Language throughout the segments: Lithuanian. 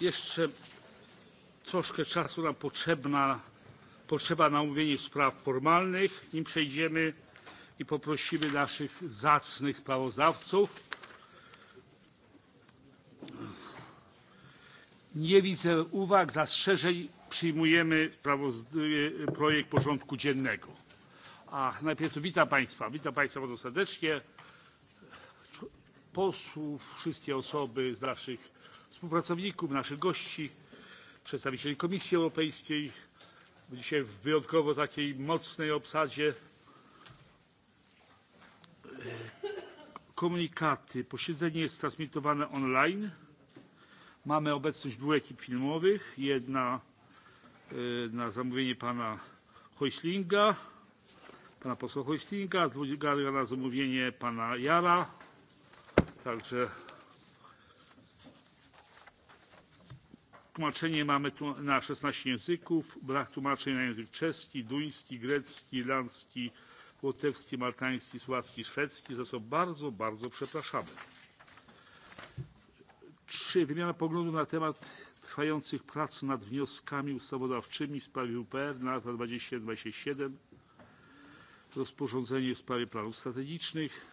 jeszcze troszkę czasu nam potrzeba na omówienie spraw formalnych nim przejdziemy i poprosimy naszych zacnych sprawozdawców. nie widzę uwag zastrzeżeń przyjmujemy projekt porządku dziennego. a najpierw to witam państwa witam państwa bardzo serdecznie posłów wszystkie osoby z naszych współpracowników, naszych gości, przedstawicieli Komisji Europejskiej. Dzisiaj w wyjątkowo takiej mocnej obsadzie komunikaty. Posiedzenie jest transmitowane online. Mamy obecność dwóch ekip filmowych. Jedna e, na zamówienie pana Hoislinga, pana posła Hoislinga, druga na zamówienie pana Jara. Także Tłumaczenie mamy tu na 16 języków, brak tłumaczeń na język czeski, duński, grecki, irlandzki, łotewski, maltański, słowacki, szwedzki, za co bardzo, bardzo przepraszamy. Trzy, wymiana poglądów na temat trwających prac nad wnioskami ustawodawczymi w sprawie WPR na lata 2027, rozporządzenie w sprawie planów strategicznych,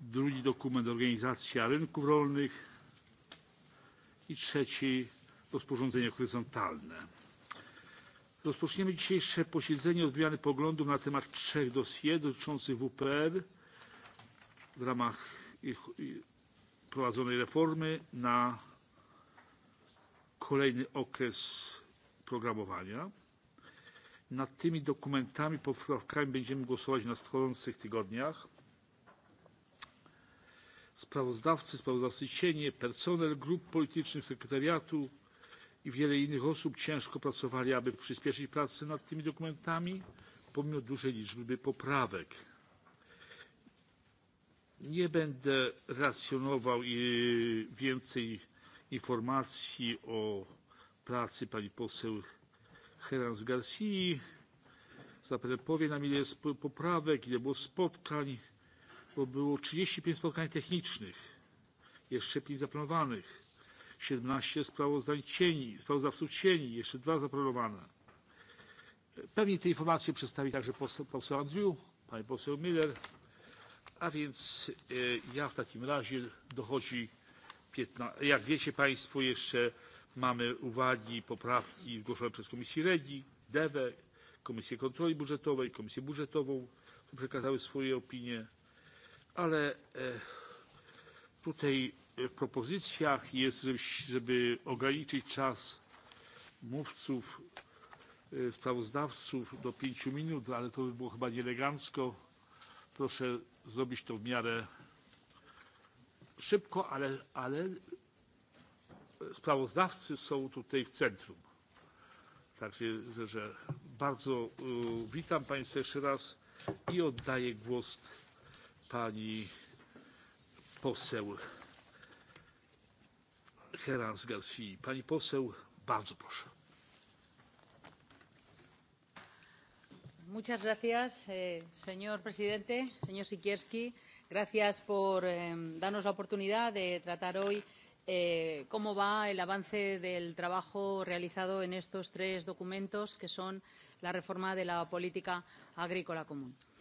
drugi dokument Organizacja Rynków Rolnych, i trzeci rozporządzenie horyzontalne. Rozpoczniemy dzisiejsze posiedzenie od wymiany poglądów na temat trzech dossier dotyczących WPR w ramach ich prowadzonej reformy na kolejny okres programowania. Nad tymi dokumentami, poprawkami będziemy głosować w następujących tygodniach sprawozdawcy sprawozdawcy cienie personel grup politycznych sekretariatu i wiele innych osób ciężko pracowali aby przyspieszyć pracę nad tymi dokumentami pomimo dużej liczby poprawek. nie będę relacjonował więcej informacji o pracy pani poseł herranz garca zapewne powie nam ile jest poprawek ile było spotkań bo było 35 spotkań technicznych, jeszcze 5 zaplanowanych, 17 sprawozdań cieni, sprawozdawców cieni, jeszcze dwa zaplanowane. Pewnie te informacje przedstawi także poseł, poseł Andriu, pani poseł Miller, a więc e, ja w takim razie dochodzi 15, jak wiecie Państwo jeszcze mamy uwagi, poprawki zgłoszone przez Komisję Regi, DEWE, e, Komisję Kontroli Budżetowej, Komisję Budżetową, które przekazały swoje opinie ale e, tutaj e, w propozycjach jest, żeby ograniczyć czas mówców, e, sprawozdawców do pięciu minut, ale to by było chyba nieelegancko. Proszę zrobić to w miarę szybko, ale, ale sprawozdawcy są tutaj w centrum. Także że bardzo witam Państwa jeszcze raz i oddaję głos pani poseł Herans Garcia. Pani poseł, bardzo proszę. Muchas gracias, eh, señor presidente, señor Sikierski. Gracias por eh, darnos la oportunidad de tratar hoy eh, cómo va el avance del trabajo realizado en estos tres documentos, que son la reforma de la política agrícola común. Eh,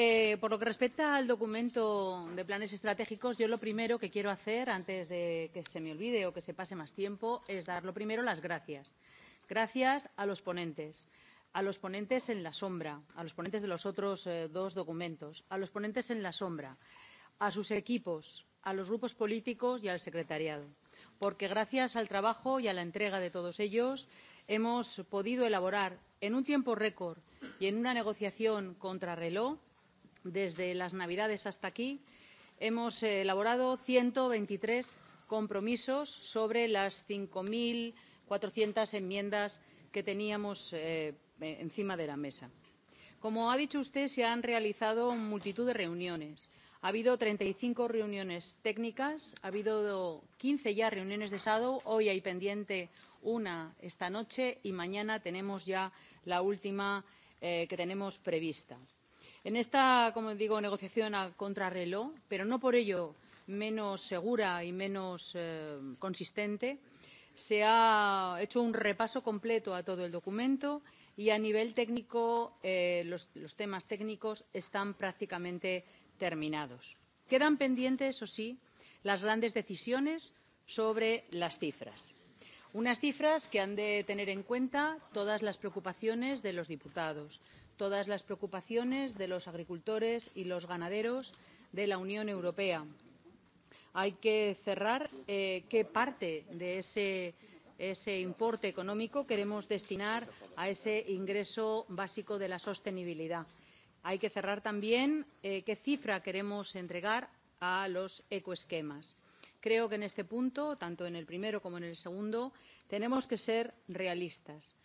Eh, por lo que respecta al documento de planes estratégicos, yo lo primero que quiero hacer, antes de que se me olvide o que se pase más tiempo, es dar lo primero las gracias. Gracias a los ponentes, a los ponentes en la sombra, a los ponentes de los otros eh, dos documentos, a los ponentes en la sombra, a sus equipos, a los grupos políticos y al secretariado, porque gracias al trabajo y a la entrega de todos ellos hemos podido elaborar en un tiempo récord y en una negociación contrarreloj desde las navidades hasta aquí hemos elaborado ciento veintitrés compromisos sobre las cinco cuatrocientos enmiendas que teníamos eh, encima de la mesa. como ha dicho usted se han realizado multitud de reuniones ha habido treinta y cinco reuniones técnicas ha habido quince ya reuniones de ponentes hoy hay pendiente una esta noche y mañana tenemos ya la última eh, que tenemos prevista. En esta, como digo, negociación a contrarreloj, pero no por ello menos segura y menos eh, consistente, se ha hecho un repaso completo a todo el documento y a nivel técnico eh, los, los temas técnicos están prácticamente terminados. Quedan pendientes, eso sí, las grandes decisiones sobre las cifras. Unas cifras que han de tener en cuenta todas las preocupaciones de los diputados, todas las preocupaciones de los agricultores y los ganaderos de la Unión Europea. Hay que cerrar eh, qué parte de ese, ese importe económico queremos destinar a ese ingreso básico de la sostenibilidad. Hay que cerrar también eh, qué cifra queremos entregar a los ecoesquemas. Creo que en este punto, tanto en el primero como en el segundo, tenemos que ser realistas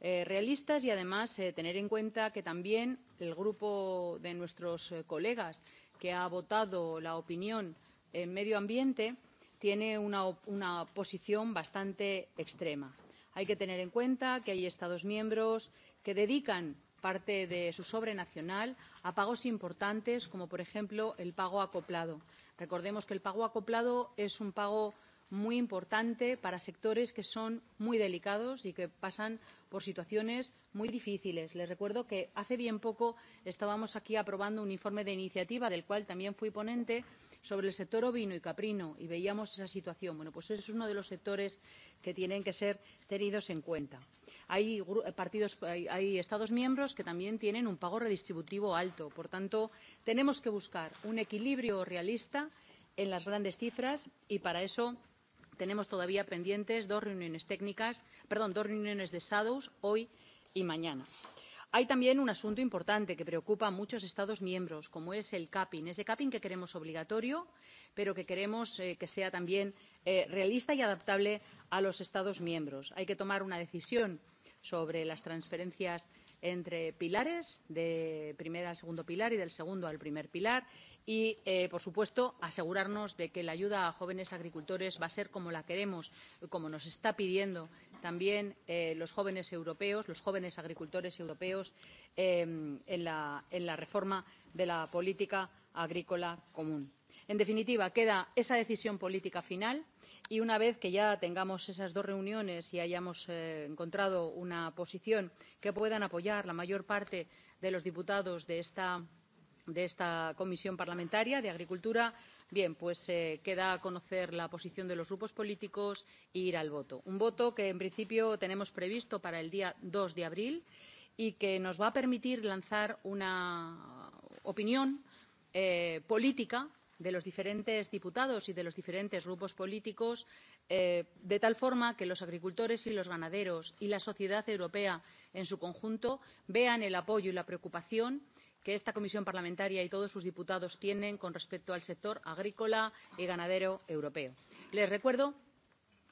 eh, realistas y además eh, tener en cuenta que también el grupo de nuestros eh, colegas que ha votado la opinión en medio ambiente tiene una, una posición bastante extrema. Hay que tener en cuenta que hay Estados miembros que dedican parte de su sobre nacional a pagos importantes, como por ejemplo el pago acoplado. Recordemos que el pago acoplado es un pago muy importante para sectores que son muy delicados y que pasan por situaciones muy difíciles. Les recuerdo que hace bien poco estábamos aquí aprobando un informe de iniciativa, del cual también fui ponente, sobre el sector ovino y caprino, y veíamos esa situación. Bueno, pues es uno de los sectores que tienen que ser tenidos en cuenta. Hay, partidos, hay, hay Estados miembros que también tienen un pago redistributivo alto. Por tanto, tenemos que buscar un equilibrio realista en las grandes cifras y para eso tenemos todavía pendientes dos reuniones técnicas, perdón, dos reuniones de SADOWS hoy y mañana. Hay también un asunto importante que preocupa a muchos Estados miembros, como es el capping. Ese capping que queremos obligatorio, pero que queremos eh, que sea también eh, realista y adaptable a los Estados miembros. Hay que tomar una decisión sobre las transferencias entre pilares, de primer al segundo pilar y del segundo al primer pilar, y, eh, por supuesto, asegurarnos de que la ayuda a jóvenes agricultores va a ser como la queremos, como nos está pidiendo también eh, los jóvenes europeos, los jóvenes agricultores europeos eh, en, la, en la reforma de la política agrícola común. En definitiva, queda esa decisión política final y una vez que ya tengamos esas dos reuniones y hayamos eh, encontrado una posición que puedan apoyar la mayor parte de los diputados de esta de esta Comisión Parlamentaria de Agricultura. Bien, pues eh, queda conocer la posición de los grupos políticos e ir al voto. Un voto que, en principio, tenemos previsto para el día 2 de abril y que nos va a permitir lanzar una opinión eh, política de los diferentes diputados y de los diferentes grupos políticos, eh, de tal forma que los agricultores y los ganaderos y la sociedad europea en su conjunto vean el apoyo y la preocupación eh, que esta comisión parlamentaria y todos sus diputados tienen con respecto al sector agrícola y ganadero europeo. les recuerdo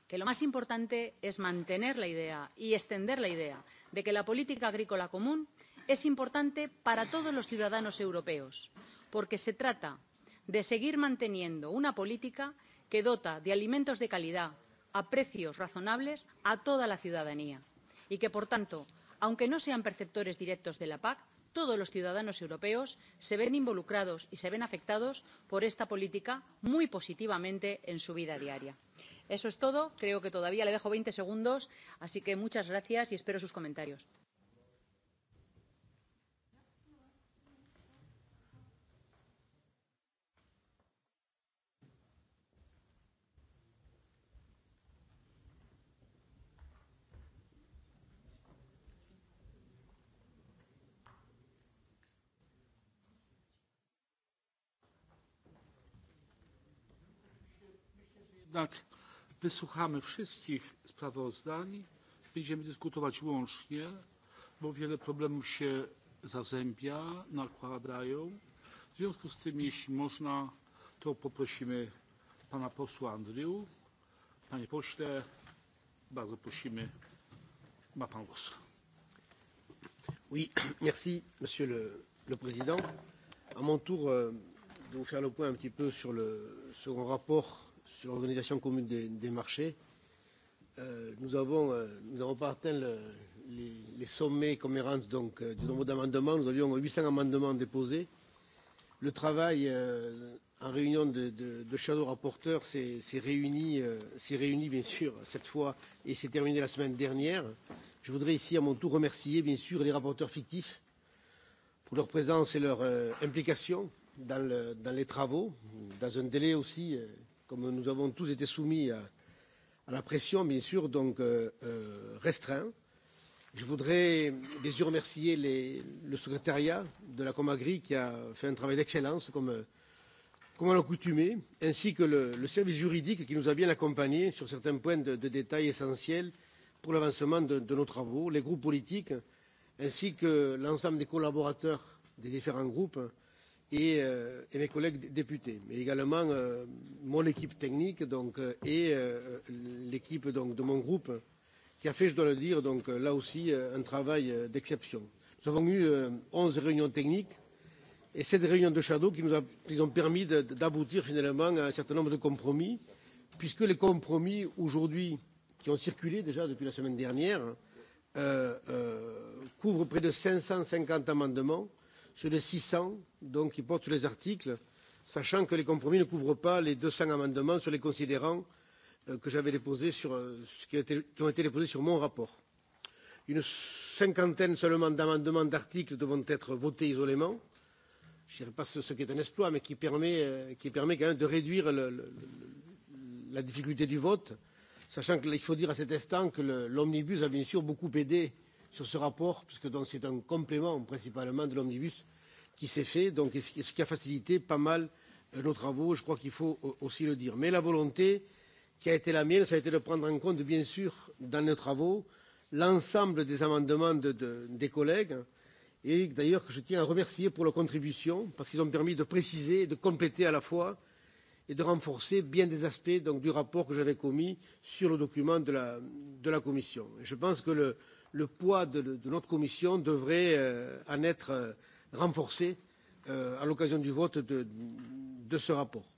que lo más importante es mantener la idea y extender la idea de que la política agrícola común es importante para todos los ciudadanos europeos porque se trata de seguir manteniendo una política que dota de alimentos de calidad a precios razonables a toda la ciudadanía y que por tanto aunque no sean perceptores directos de la pac todos los ciudadanos europeos se ven involucrados y se ven afectados por esta política muy positivamente en su vida diaria. eso es todo. creo que todavía le dejo veinte segundos así que muchas gracias y espero sus comentarios. jednak wysłuchamy wszystkich sprawozdań będziemy dyskutować łącznie bo wiele problemów się zazębia nakładają w związku z tym jeśli można to poprosimy pana posła Andriu. Panie pośle, bardzo prosimy, ma pan głos. Oui, merci Monsieur le, le Président. À mon tour euh, de vous faire le point un petit peu sur le second rapport sur l'organisation commune des, des marchés, euh, nous n'avons euh, nous avons pas atteint le, les, les sommets commérence donc, euh, du nombre d'amendements. Nous avions 800 amendements déposés. Le travail euh, en réunion de, de, de shadow rapporteurs s'est réuni, euh, réuni, bien sûr, cette fois et s'est terminé la semaine dernière. Je voudrais ici, à mon tour, remercier, bien sûr, les rapporteurs fictifs pour leur présence et leur euh, implication dans, le, dans les travaux, dans un délai aussi euh, comme nous avons tous été soumis à, à la pression, bien sûr, donc euh, euh, restreint. Je voudrais bien sûr remercier les, le secrétariat de la Comagri qui a fait un travail d'excellence comme, comme on l'a coutumé, ainsi que le, le service juridique qui nous a bien accompagnés sur certains points de, de détail essentiels pour l'avancement de, de nos travaux, les groupes politiques, ainsi que l'ensemble des collaborateurs des différents groupes et, euh, et mes collègues députés, mais également euh, mon équipe technique donc, euh, et euh, l'équipe donc, de mon groupe qui a fait, je dois le dire, donc, euh, là aussi euh, un travail d'exception. Nous avons eu euh, 11 réunions techniques et cette réunion de shadow qui nous a, qui nous ont permis d'aboutir finalement à un certain nombre de compromis, puisque les compromis aujourd'hui qui ont circulé déjà depuis la semaine dernière euh, euh, couvrent près de 550 amendements sur les 600, donc qui portent les articles, sachant que les compromis ne couvrent pas les 200 amendements sur les considérants euh, que j'avais déposés sur, euh, qui, a été, qui ont été déposés sur mon rapport. Une cinquantaine seulement d'amendements d'articles devront être votés isolément. Je ne dirais pas ce, ce qui est un exploit, mais qui permet, euh, qui permet quand même de réduire le, le, la difficulté du vote, sachant qu'il faut dire à cet instant que l'omnibus a bien sûr beaucoup aidé euh, sur ce rapport, puisque donc c'est un complément principalement de l'omnibus qui s'est fait, donc et ce qui a facilité pas mal euh, nos travaux. Je crois qu'il faut euh, aussi le dire. Mais la volonté qui a été la mienne, ça a été de prendre en compte, bien sûr, dans nos travaux, l'ensemble des amendements de, de, des collègues et d'ailleurs que je tiens à remercier pour leur contribution parce qu'ils ont permis de préciser, de compléter à la fois et de renforcer bien des aspects donc, du rapport que j'avais commis sur le document de la, de la Commission. Et je pense que le, euh, le poids de, de notre commission devrait euh, en être euh, renforcé euh, à l'occasion du vote de, de ce rapport.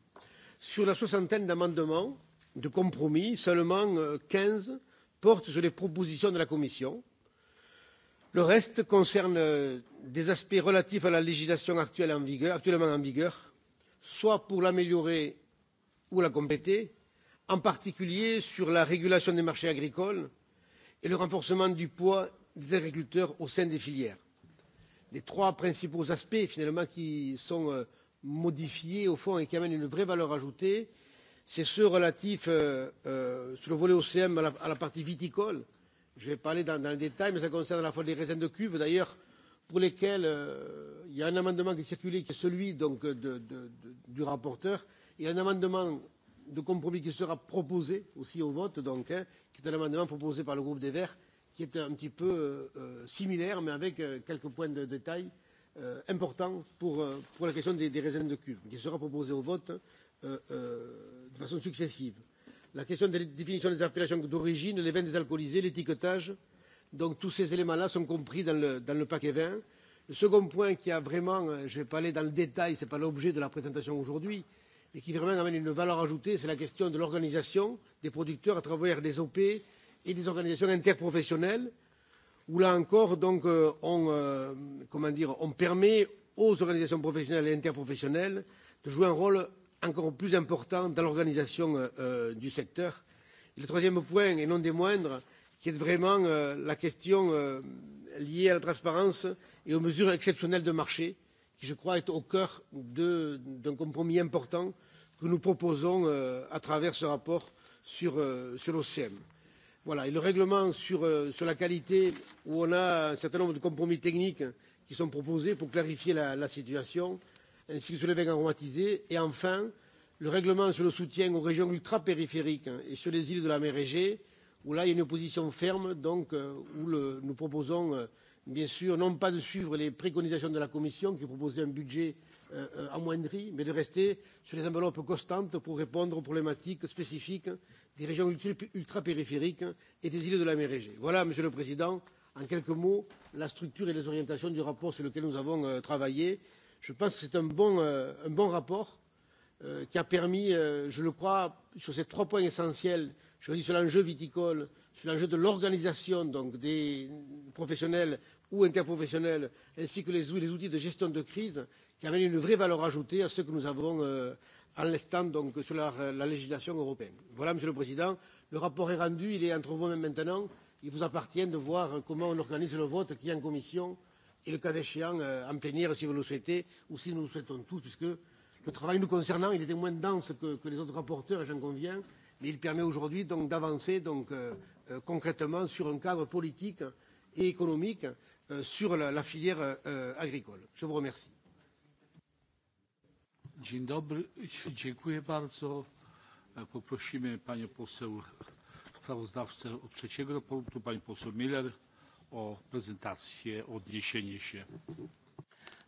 Sur la soixantaine d'amendements de compromis, seulement euh, 15 portent sur les propositions de la Commission. Le reste concerne euh, des aspects relatifs à la législation actuelle en vigueur, actuellement en vigueur, soit pour l'améliorer ou la compléter, en particulier sur la régulation des marchés agricoles, et le renforcement du poids des agriculteurs au sein des filières. Les trois principaux aspects finalement qui sont euh, modifiés au fond et qui amènent une vraie valeur ajoutée, c'est ceux relatifs euh, euh, sur le volet OCM à la, à la partie viticole. Je vais parler dans, dans le détail, mais ça concerne à la fois les raisins de cuve d'ailleurs, pour lesquels euh, il y a un amendement qui est circulé, qui est celui donc de, de, de, du rapporteur, et un amendement de compromis qui sera proposé aussi au vote, donc, hein, qui est un amendement proposé par le groupe des Verts, qui est un petit peu euh, euh, similaire, mais avec euh, quelques points de détail euh, importants pour, euh, pour la question des, des raisins de cuve, qui sera proposé au vote euh, euh, de façon successive. La question de la définition des appellations d'origine, les vins désalcoolisés, l'étiquetage, donc tous ces éléments-là sont compris dans le, dans le paquet vin. Le second point qui a vraiment, euh, je ne vais pas aller dans le détail, ce n'est pas l'objet de la présentation aujourd'hui, euh, et qui vraiment amène une valeur ajoutée, c'est la question de l'organisation des producteurs à travers des OP et des organisations interprofessionnelles, où là encore, donc, euh, on, euh, comment dire, on permet aux organisations professionnelles et interprofessionnelles de jouer un rôle encore plus important dans l'organisation euh, euh du secteur. Et le troisième point, et non des moindres, qui est vraiment euh, la question euh, liée à la transparence et aux mesures exceptionnelles de marché euh, qui, je crois, est au cœur d'un compromis important que nous proposons euh, à travers ce rapport sur, euh, sur l'OCM. Voilà, et le règlement sur, euh, sur la qualité, où on a un certain nombre de compromis techniques qui sont proposés pour clarifier la, la situation, ainsi que sur les vins aromatisés, et enfin, le règlement sur le soutien aux régions ultrapériphériques et sur les îles de la mer Égée, où là, il y a une opposition ferme, donc, euh, où le, nous proposons euh, bien sûr, non pas de suivre les préconisations de la Commission qui proposait un budget euh, euh, amoindri, mais de rester sur les enveloppes constantes pour répondre aux problématiques spécifiques des régions ultrapériphériques et des îles de la mer Égée. Voilà, Monsieur le Président, en quelques mots, la structure et les orientations du rapport sur lequel nous avons euh, travaillé. Je pense que c'est un, bon, euh, un bon rapport euh, qui a permis, euh, je le crois, sur ces trois points essentiels, je dis sur l'enjeu viticole, sur l'enjeu de l'organisation donc des professionnels ou interprofessionnels, ainsi que les, les outils de gestion de crise, qui amènent une vraie valeur ajoutée à ce que nous avons euh, en l'instant donc sur la, la législation européenne. Voilà, Monsieur le Président, le rapport est rendu, il est entre vous même maintenant. Il vous appartient de voir comment on organise le vote qui est en commission et le cas échéant euh, en plénière si vous le souhaitez ou si nous le souhaitons tous, puisque le travail nous concernant, il était moins dense que, que les autres rapporteurs, j'en conviens, mais il permet aujourd'hui donc d'avancer donc euh, euh, concrètement sur un cadre politique et économique euh, sur la, la filière euh, agricole. Je vous remercie. Dzień dobry, dziękuję bardzo. E, poprosimy panią poseł sprawozdawcę od trzeciego raportu, panią poseł Miller o prezentację, o odniesienie się. Dziękuję.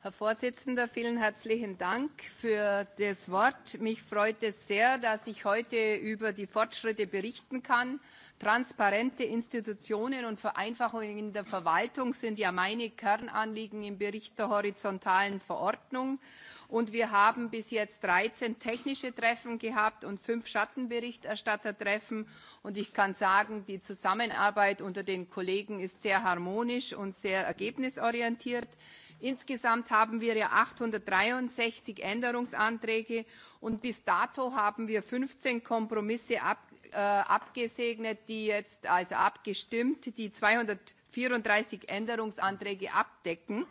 Herr Vorsitzender, vielen herzlichen Dank für das Wort. Mich freut es sehr, dass ich heute über die Fortschritte berichten kann. Transparente Institutionen und Vereinfachungen in der Verwaltung sind ja meine Kernanliegen im Bericht der horizontalen Verordnung. Und wir haben bis jetzt 13 technische Treffen gehabt und fünf Schattenberichterstattertreffen. Und ich kann sagen, die Zusammenarbeit unter den Kollegen ist sehr harmonisch und sehr ergebnisorientiert. Insgesamt haben wir ja 863 Änderungsanträge und bis dato haben wir 15 Kompromisse ab, äh, abgesegnet, die jetzt also abgestimmt, die 234 Änderungsanträge abdecken.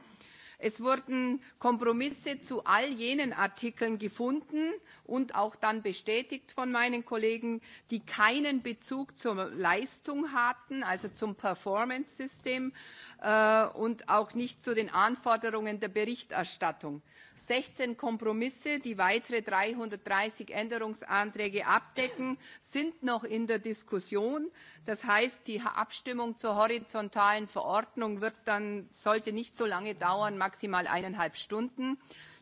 Es wurden Kompromisse zu all jenen Artikeln gefunden und auch dann bestätigt von meinen Kollegen, die keinen Bezug zur Leistung hatten, also zum Performance-System äh, und auch nicht zu den Anforderungen der Berichterstattung. 16 Kompromisse, die weitere 330 Änderungsanträge abdecken, sind noch in der Diskussion. Das heißt, die Abstimmung zur horizontalen Verordnung wird dann, sollte nicht so lange dauern, maximal eineinhalb Stunden.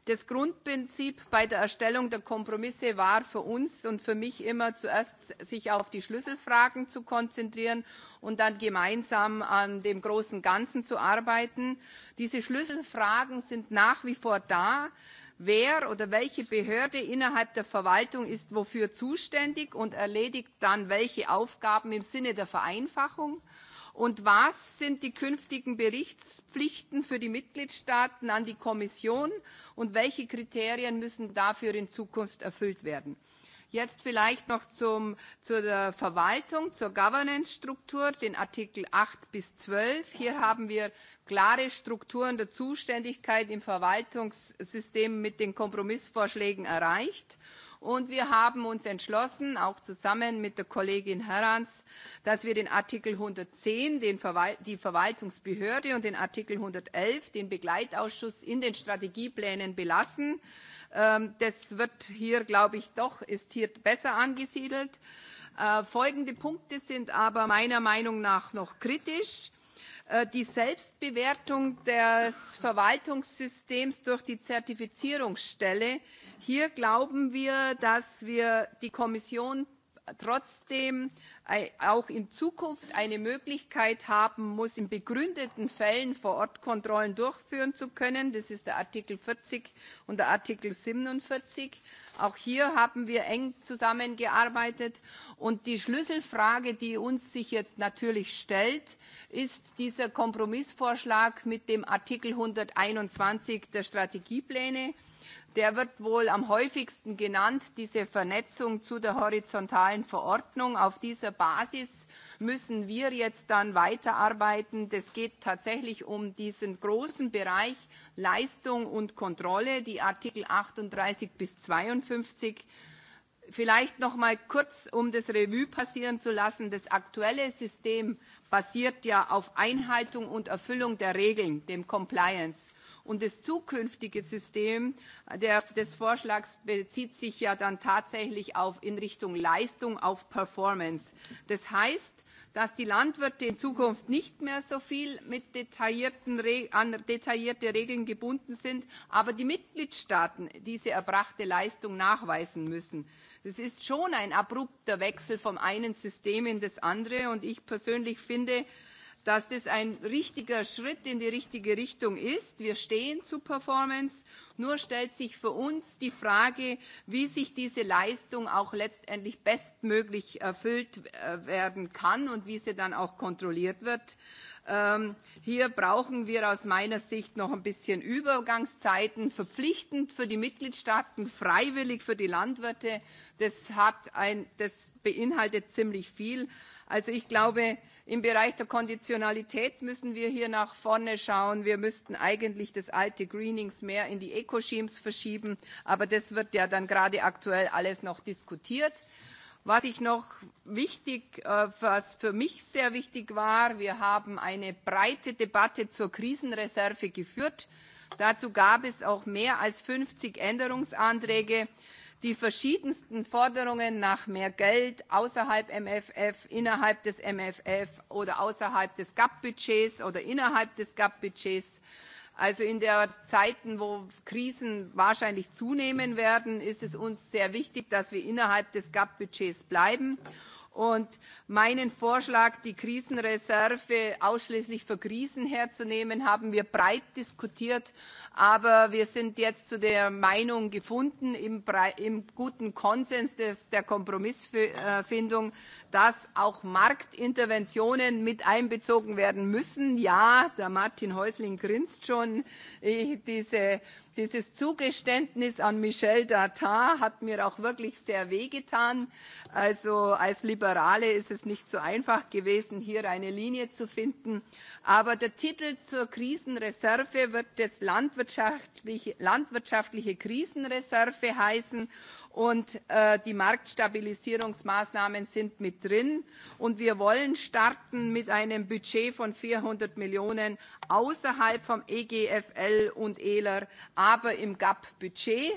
Das Grundprinzip bei der Erstellung der Kompromisse war für uns und für mich immer zuerst, sich auf die Schlüsselfragen zu konzentrieren und dann gemeinsam an dem großen Ganzen zu arbeiten. Diese Schlüsselfragen sind nach wie vor da wer oder welche Behörde innerhalb der Verwaltung ist wofür zuständig und erledigt dann welche Aufgaben im Sinne der Vereinfachung. Und was sind die künftigen Berichtspflichten für die Mitgliedstaaten an die Kommission und welche Kriterien müssen dafür in Zukunft erfüllt werden? Jetzt vielleicht noch zum, zur der Verwaltung, zur Governance-Struktur, den Artikel 8 bis 12. Hier haben wir klare Strukturen der Zuständigkeit im Verwaltungssystem mit den Kompromissvorschlägen erreicht. Und wir haben uns entschlossen, auch zusammen mit der Kollegin Herrans, dass wir den Artikel 110, den Verwal die Verwaltungsbehörde und den Artikel 111, den Begleitausschuss in den Strategieplänen belassen. Ähm, das wird hier, glaube ich, doch ist hier besser angesiedelt. Äh, folgende Punkte sind aber meiner Meinung nach noch kritisch äh, die Selbstbewertung des Verwaltungssystems durch die Zertifizierungsstelle Hier glauben wir, dass wir die Kommission trotzdem äh, auch in Zukunft eine Möglichkeit haben muss, in begründeten Fällen vor Ort Kontrollen durchführen zu können. Das ist der Artikel 40 und der Artikel 47. Auch hier haben wir eng zusammengearbeitet. Und die Schlüsselfrage, die uns sich jetzt natürlich stellt, ist dieser Kompromissvorschlag mit dem Artikel 121 der Strategiepläne. Der wird wohl am häufigsten genannt, diese Vernetzung zu der horizontalen Verordnung. Auf dieser Basis müssen wir jetzt dann weiterarbeiten. Es geht tatsächlich um diesen großen Bereich Leistung und Kontrolle, die Artikel 38 bis 52 vielleicht noch mal kurz, um das Revue passieren zu lassen. Das aktuelle System basiert ja auf Einhaltung und Erfüllung der Regeln, dem Compliance. Und das zukünftige System äh, der, des Vorschlags bezieht sich ja dann tatsächlich auf in Richtung Leistung, auf Performance. Das heißt, dass die Landwirte in Zukunft nicht mehr so viel mit detaillierten Re an detaillierte Regeln gebunden sind, aber die Mitgliedstaaten diese erbrachte Leistung nachweisen müssen. Das ist schon ein abrupter Wechsel vom einen System in das andere und ich persönlich finde, dass das ein richtiger Schritt in die richtige Richtung ist. Wir stehen zu Performance. Nur stellt sich für uns die Frage, wie sich diese Leistung auch letztendlich bestmöglich erfüllt äh, werden kann und wie sie dann auch kontrolliert wird. Ähm, hier brauchen wir aus meiner Sicht noch ein bisschen Übergangszeiten, verpflichtend für die Mitgliedstaaten, freiwillig für die Landwirte. Das, hat ein, das beinhaltet ziemlich viel. Also ich glaube, im Bereich der Konditionalität müssen wir hier nach vorne schauen. Wir müssten eigentlich das alte Greenings mehr in die Eco-Schemes verschieben, aber das wird ja dann gerade aktuell alles noch diskutiert. Was ich noch wichtig, äh, was für mich sehr wichtig war, wir haben eine breite Debatte zur Krisenreserve geführt. Dazu gab es auch mehr als 50 Änderungsanträge die verschiedensten Forderungen nach mehr Geld außerhalb MFF, innerhalb des MFF oder außerhalb des GAP-Budgets oder innerhalb des GAP-Budgets. Also in der Zeiten, wo Krisen wahrscheinlich zunehmen werden, ist es uns sehr wichtig, dass wir innerhalb des GAP-Budgets bleiben und meinen Vorschlag, die Krisenreserve ausschließlich für Krisen herzunehmen, haben wir breit diskutiert. Aber wir sind jetzt zu der Meinung gefunden, im, im guten Konsens des, der Kompromissfindung, dass auch Marktinterventionen mit einbezogen werden müssen. Ja, der Martin Häusling grinst schon. Ich, äh, diese Dieses Zugeständnis an Michel Dartin hat mir auch wirklich sehr wehgetan. Also als Liberale ist es nicht so einfach gewesen, hier eine Linie zu finden. Aber der Titel zur Krisenreserve wird jetzt landwirtschaftliche, landwirtschaftliche Krisenreserve heißen und äh, die Marktstabilisierungsmaßnahmen sind mit drin. Und wir wollen starten mit einem Budget von 400 Millionen außerhalb vom EGFL und ELER, aber im GAP-Budget.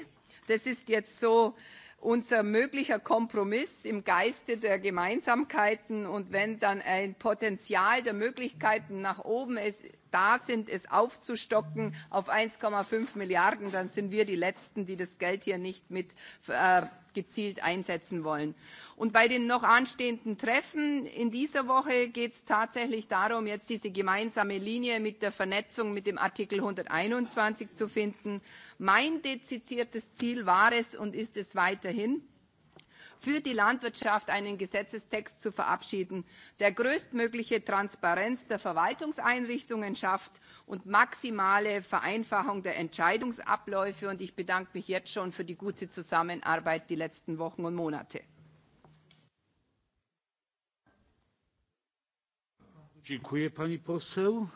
Das ist jetzt so unser möglicher Kompromiss im Geiste der Gemeinsamkeiten. Und wenn dann ein Potenzial der Möglichkeiten nach oben ist, da sind, es aufzustocken auf 1,5 Milliarden, dann sind wir die Letzten, die das Geld hier nicht mit äh, gezielt einsetzen wollen. Und bei den noch anstehenden Treffen in dieser Woche geht es tatsächlich darum, jetzt diese gemeinsame Linie mit der Vernetzung mit dem Artikel 121 zu finden. Mein dezidiertes Ziel war es und ist es weiterhin, für die Landwirtschaft einen Gesetzestext zu verabschieden, der größtmögliche Transparenz der Verwaltungseinrichtungen schafft und maximale Vereinfachung der Entscheidungsabläufe. Und ich bedanke mich jetzt schon für die gute Zusammenarbeit die letzten Wochen und Monate. Dziękuję pani poseł.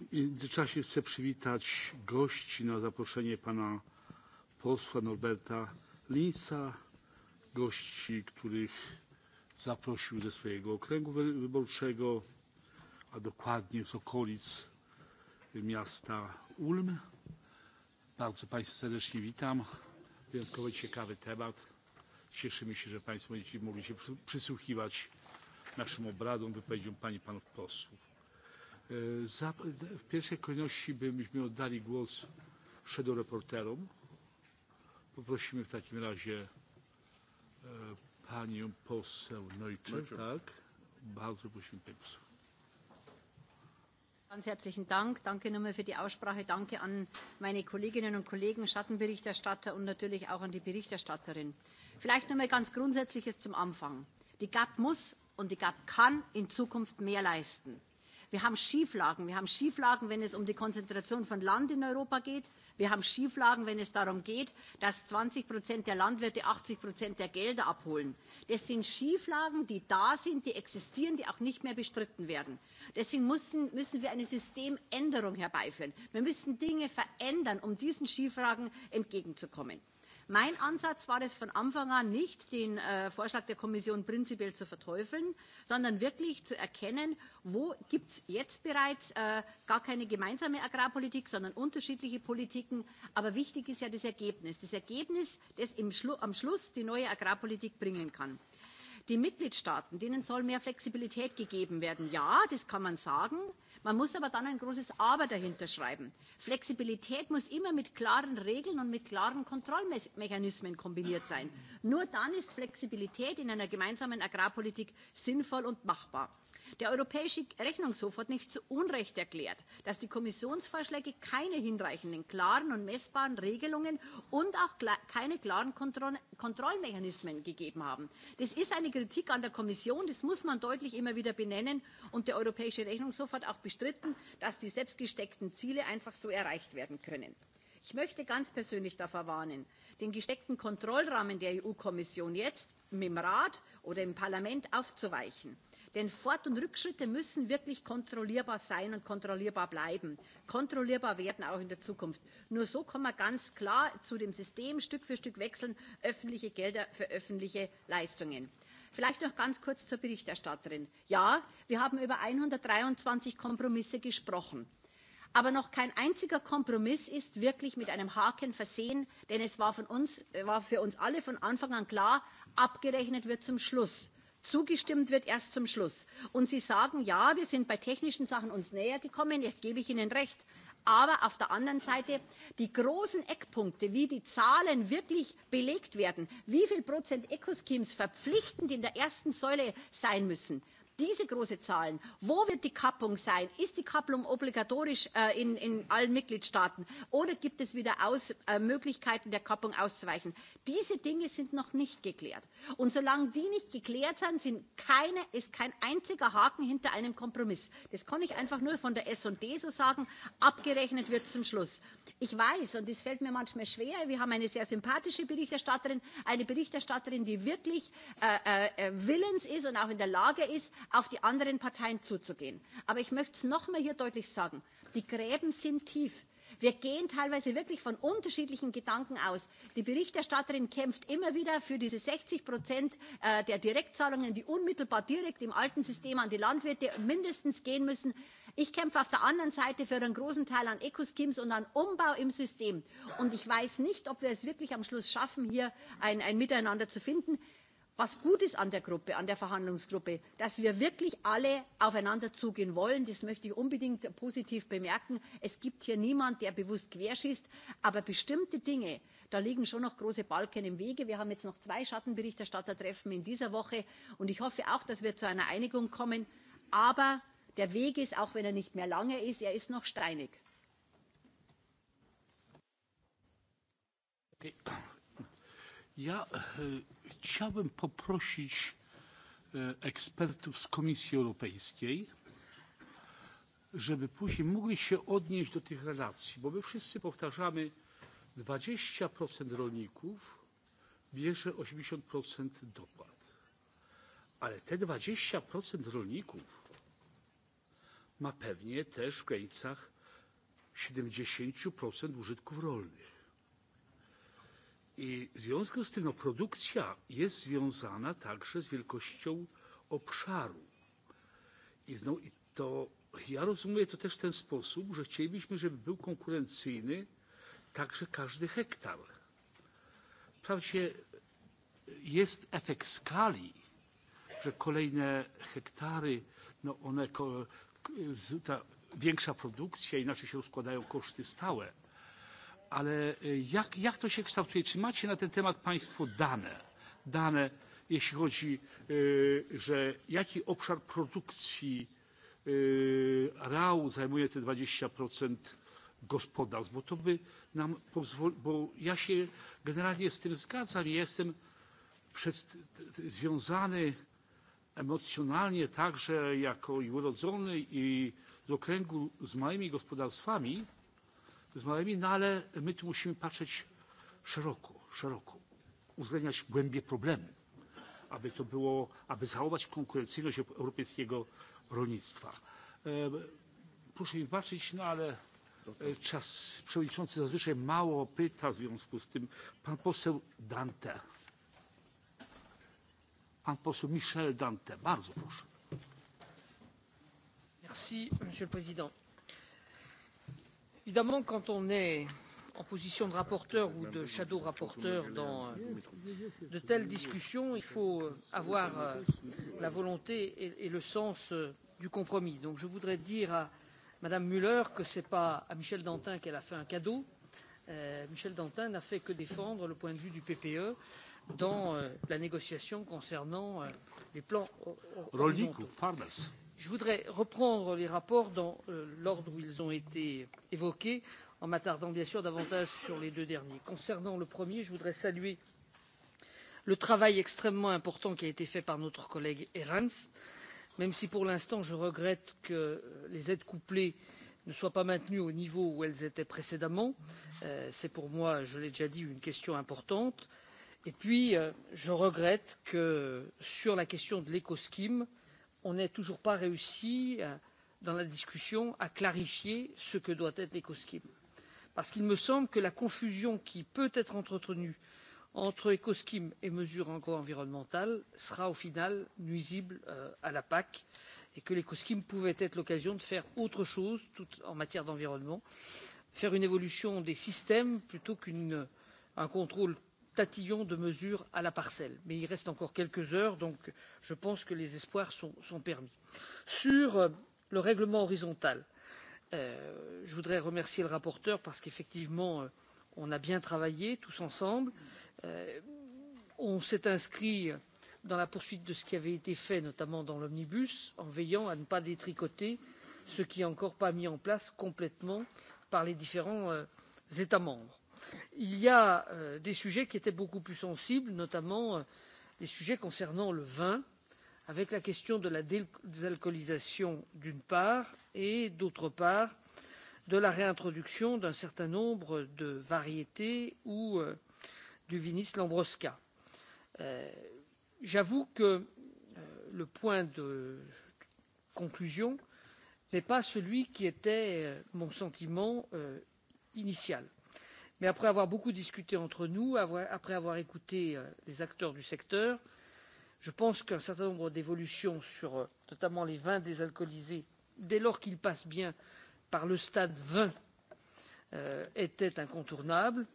W międzyczasie chcę przywitać gości na zaproszenie pana posła Norberta Linsa gości, których zaprosił ze swojego okręgu wyborczego, a dokładnie z okolic miasta Ulm. Bardzo Państwa serdecznie witam. Wyjątkowo ciekawy temat. Cieszymy się, że Państwo będziecie mogli się przysłuchiwać naszym obradom, wypowiedziom Pani i Panów posłów. E, za, w pierwszej kolejności byśmy oddali głos shadow reporterom. Poprosimy w takim razie E, panią poseł Neutscher. Tak. Bardzo prosimy, pani poseł. Ganz herzlichen Dank. Danke nochmal für die Aussprache. Danke an meine Kolleginnen und Kollegen, Schattenberichterstatter und natürlich auch an die Berichterstatterin. Vielleicht nochmal ganz Grundsätzliches zum Anfang. Die GAP muss und die GAP kann in Zukunft mehr leisten. Wir haben Schieflagen. Wir haben Schieflagen, wenn es um die Konzentration von Land in Europa geht. Wir haben Schieflagen, wenn es darum geht, dass 20 Prozent der Landwirte 80 Prozent der Gelder abholen. Das sind Schieflagen, die da sind, die existieren, die auch nicht mehr bestritten werden. Deswegen müssen, müssen wir eine Systemänderung herbeiführen. Wir müssen Dinge verändern, um diesen Schieflagen entgegenzukommen. Mein Ansatz war es von Anfang an nicht, den äh, Vorschlag der Kommission prinzipiell zu verteufeln, sondern wirklich zu erkennen, wo gibt es jetzt bereits äh, gar keine gemeinsame Agrarpolitik, sondern unterschiedliche Politiken. Aber wichtig ist ja das Ergebnis. Das Ergebnis, das im Schlu am Schluss die neue Agrarpolitik bringen kann. Die Mitgliedstaaten, denen soll mehr Flexibilität gegeben werden. Ja, das kann man sagen. Äh, Man muss aber dann ein großes Aber dahinter schreiben. Flexibilität muss immer mit klaren Regeln und mit klaren Kontrollmechanismen kombiniert sein. Nur dann ist Flexibilität in einer gemeinsamen Agrarpolitik sinnvoll und machbar. Der Europäische Rechnungshof hat nicht zu Unrecht erklärt, dass die Kommissionsvorschläge keine hinreichenden, klaren und messbaren Regelungen und auch klar, keine klaren Kontroll Kontrollmechanismen gegeben haben. Das ist eine Kritik an der Kommission, das muss man deutlich immer wieder benennen. Und der Europäische Rechnungshof hat auch bestritten, dass die selbst gesteckten Ziele einfach so erreicht werden können. Ich möchte ganz persönlich davor warnen, den gesteckten Kontrollrahmen der EU-Kommission jetzt mit dem Rat oder im Parlament aufzuweichen. Denn Fort- und Rückschritte müssen wirklich kontrollierbar sein und kontrollierbar bleiben, kontrollierbar werden auch in der Zukunft. Nur so kann man ganz klar zu dem System Stück für Stück wechseln, öffentliche Gelder für öffentliche Leistungen. Vielleicht noch ganz kurz zur Berichterstatterin. Ja, wir haben über 123 Kompromisse gesprochen. Aber noch kein einziger Kompromiss ist wirklich mit einem Haken versehen, denn es war, von uns, war für uns alle von Anfang an klar, abgerechnet wird zum Schluss. Zugestimmt wird erst zum Schluss. Und Sie sagen, ja, wir sind bei technischen Sachen uns näher gekommen, jetzt gebe ich Ihnen recht. Aber auf der anderen Seite, die großen Eckpunkte, wie die Zahlen wirklich belegt werden, wie viel Prozent Eco-Schemes verpflichtend in der ersten Säule sein müssen, diese großen Zahlen, wo wird die Kappung sein? Ist die Kappung obligatorisch äh, in, in allen Mitgliedstaaten oder gibt es wieder Aus, äh, Möglichkeiten der Kappung auszuweichen? Diese Dinge sind noch nicht geklärt. Und solange die nicht geklärt sind, sind keine, ist kein einziger Haken hinter einem Kompromiss. Das kann ich einfach nur von der S&D so sagen. Abgerechnet wird zum Schluss. Ich weiß, und es fällt mir manchmal schwer, wir haben eine sehr sympathische Berichterstatterin, eine Berichterstatterin, die wirklich äh, äh, äh willens ist und auch in der Lage ist, auf die anderen Parteien zuzugehen. Aber ich möchte es nochmal hier deutlich sagen. Die Gräben sind tief. Wir gehen teilweise wirklich von unterschiedlichen Gedanken aus. Die Berichterstatterin kämpft immer wieder für diese 60 Prozent äh, der Direktzahlungen, die unmittelbar direkt im alten System an die Landwirte mindestens gehen müssen. Ich kämpfe auf der anderen Seite für einen großen Teil an Ecoschemes und an Umbau im System. Und ich weiß nicht, ob wir es wirklich am Schluss schaffen, hier ein, ein Miteinander zu finden was gut ist an der Gruppe, an der Verhandlungsgruppe, dass wir wirklich alle aufeinander zugehen wollen. Das möchte ich unbedingt positiv bemerken. Es gibt hier niemand, der bewusst querschießt, aber bestimmte Dinge, da liegen schon noch große Balken im Wege. Wir haben jetzt noch zwei Schattenberichterstattertreffen in dieser Woche und ich hoffe auch, dass wir zu einer Einigung kommen. Aber der Weg ist, auch wenn er nicht mehr lange ist, er ist noch steinig. Okay. Ja, äh Chciałbym poprosić e, ekspertów z Komisji Europejskiej, żeby później mogli się odnieść do tych relacji, bo my wszyscy powtarzamy, 20% rolników bierze 80% dopłat. Ale te 20% rolników ma pewnie też w granicach 70% użytków rolnych. I w związku z tym no, produkcja jest związana także z wielkością obszaru. I, znowu, I to ja rozumiem to też w ten sposób, że chcielibyśmy, żeby był konkurencyjny także każdy hektar. Wprawdzie jest efekt skali, że kolejne hektary, no one, ta większa produkcja, inaczej się rozkładają koszty stałe, ale jak, jak to się kształtuje? Czy macie na ten temat Państwo dane? Dane, jeśli chodzi, że jaki obszar produkcji rał zajmuje te 20% gospodarstw? Bo to by nam pozwoliło, bo ja się generalnie z tym zgadzam. Ja jestem przed, związany emocjonalnie także jako i urodzony i z okręgu z małymi gospodarstwami, z małymi, no ale my tu musimy patrzeć szeroko, szeroko, uwzględniać głębie problemy, aby to było, aby zachować konkurencyjność europejskiego rolnictwa. E, proszę mi wybaczyć, no ale e, czas przewodniczący zazwyczaj mało pyta w związku z tym. Pan poseł Dante. Pan poseł Michel Dante. Bardzo proszę. Merci, Monsieur le Président Évidemment, quand on est en position de rapporteur ou de shadow rapporteur dans euh, de telles discussions, il faut euh, avoir euh, la volonté et le sens du compromis. Donc je voudrais dire à Madame Muller que ce n'est pas à Michel Dantin qu'elle a fait un cadeau. Euh, Michel Dantin n'a fait que défendre le point de vue du PPE dans euh, la négociation concernant euh, les plans. Rolników, farmers je voudrais reprendre les rapports dans euh, l'ordre où ils ont été évoqués en m'attardant bien sûr davantage sur les deux derniers. concernant le premier je voudrais saluer le travail extrêmement important qui a été fait par notre collègue herranz même si pour l'instant je regrette que euh, les aides couplées ne soient pas maintenues au niveau où elles étaient précédemment. Euh, c'est pour moi je l'ai déjà dit une question importante. et puis je regrette que sur la question de l'éco scheme on n'a toujours pas réussi euh, dans la discussion à clarifier ce que doit être l'EcoSkim. Parce qu'il me semble que la confusion qui peut être entretenue entre EcoSkim et mesures agroenvironnementales sera au final nuisible euh, à la PAC et que l'EcoSkim pouvait être l'occasion de faire autre chose tout, en matière d'environnement, faire une évolution des systèmes plutôt qu'un contrôle tatillons de mesures à la parcelle mais il reste encore quelques heures donc je pense que les espoirs sont, sont permis. sur euh, le règlement horizontal euh, je voudrais remercier le rapporteur parce qu'effectivement euh, on a bien travaillé tous ensemble euh, on s'est inscrit dans la poursuite de ce qui avait été fait notamment dans l'omnibus en veillant à ne pas détricoter ce qui n'est encore pas mis en place complètement par les différents euh, états membres il y a euh, des sujets qui étaient beaucoup plus sensibles, notamment euh, les sujets concernant le vin, avec la question de la désalcoolisation d'une part et d'autre part de la réintroduction d'un certain nombre de variétés ou euh, du vinis lambrosca. Euh, J'avoue que euh, le point de conclusion n'est pas celui qui était euh, mon sentiment euh, initial mais après avoir beaucoup discuté entre nous après avoir écouté euh, les acteurs du secteur je pense qu'un certain nombre d'évolutions sur euh, notamment les vins désalcoolisés dès lors qu'ils passent bien par le stade vin euh, étaient incontournables.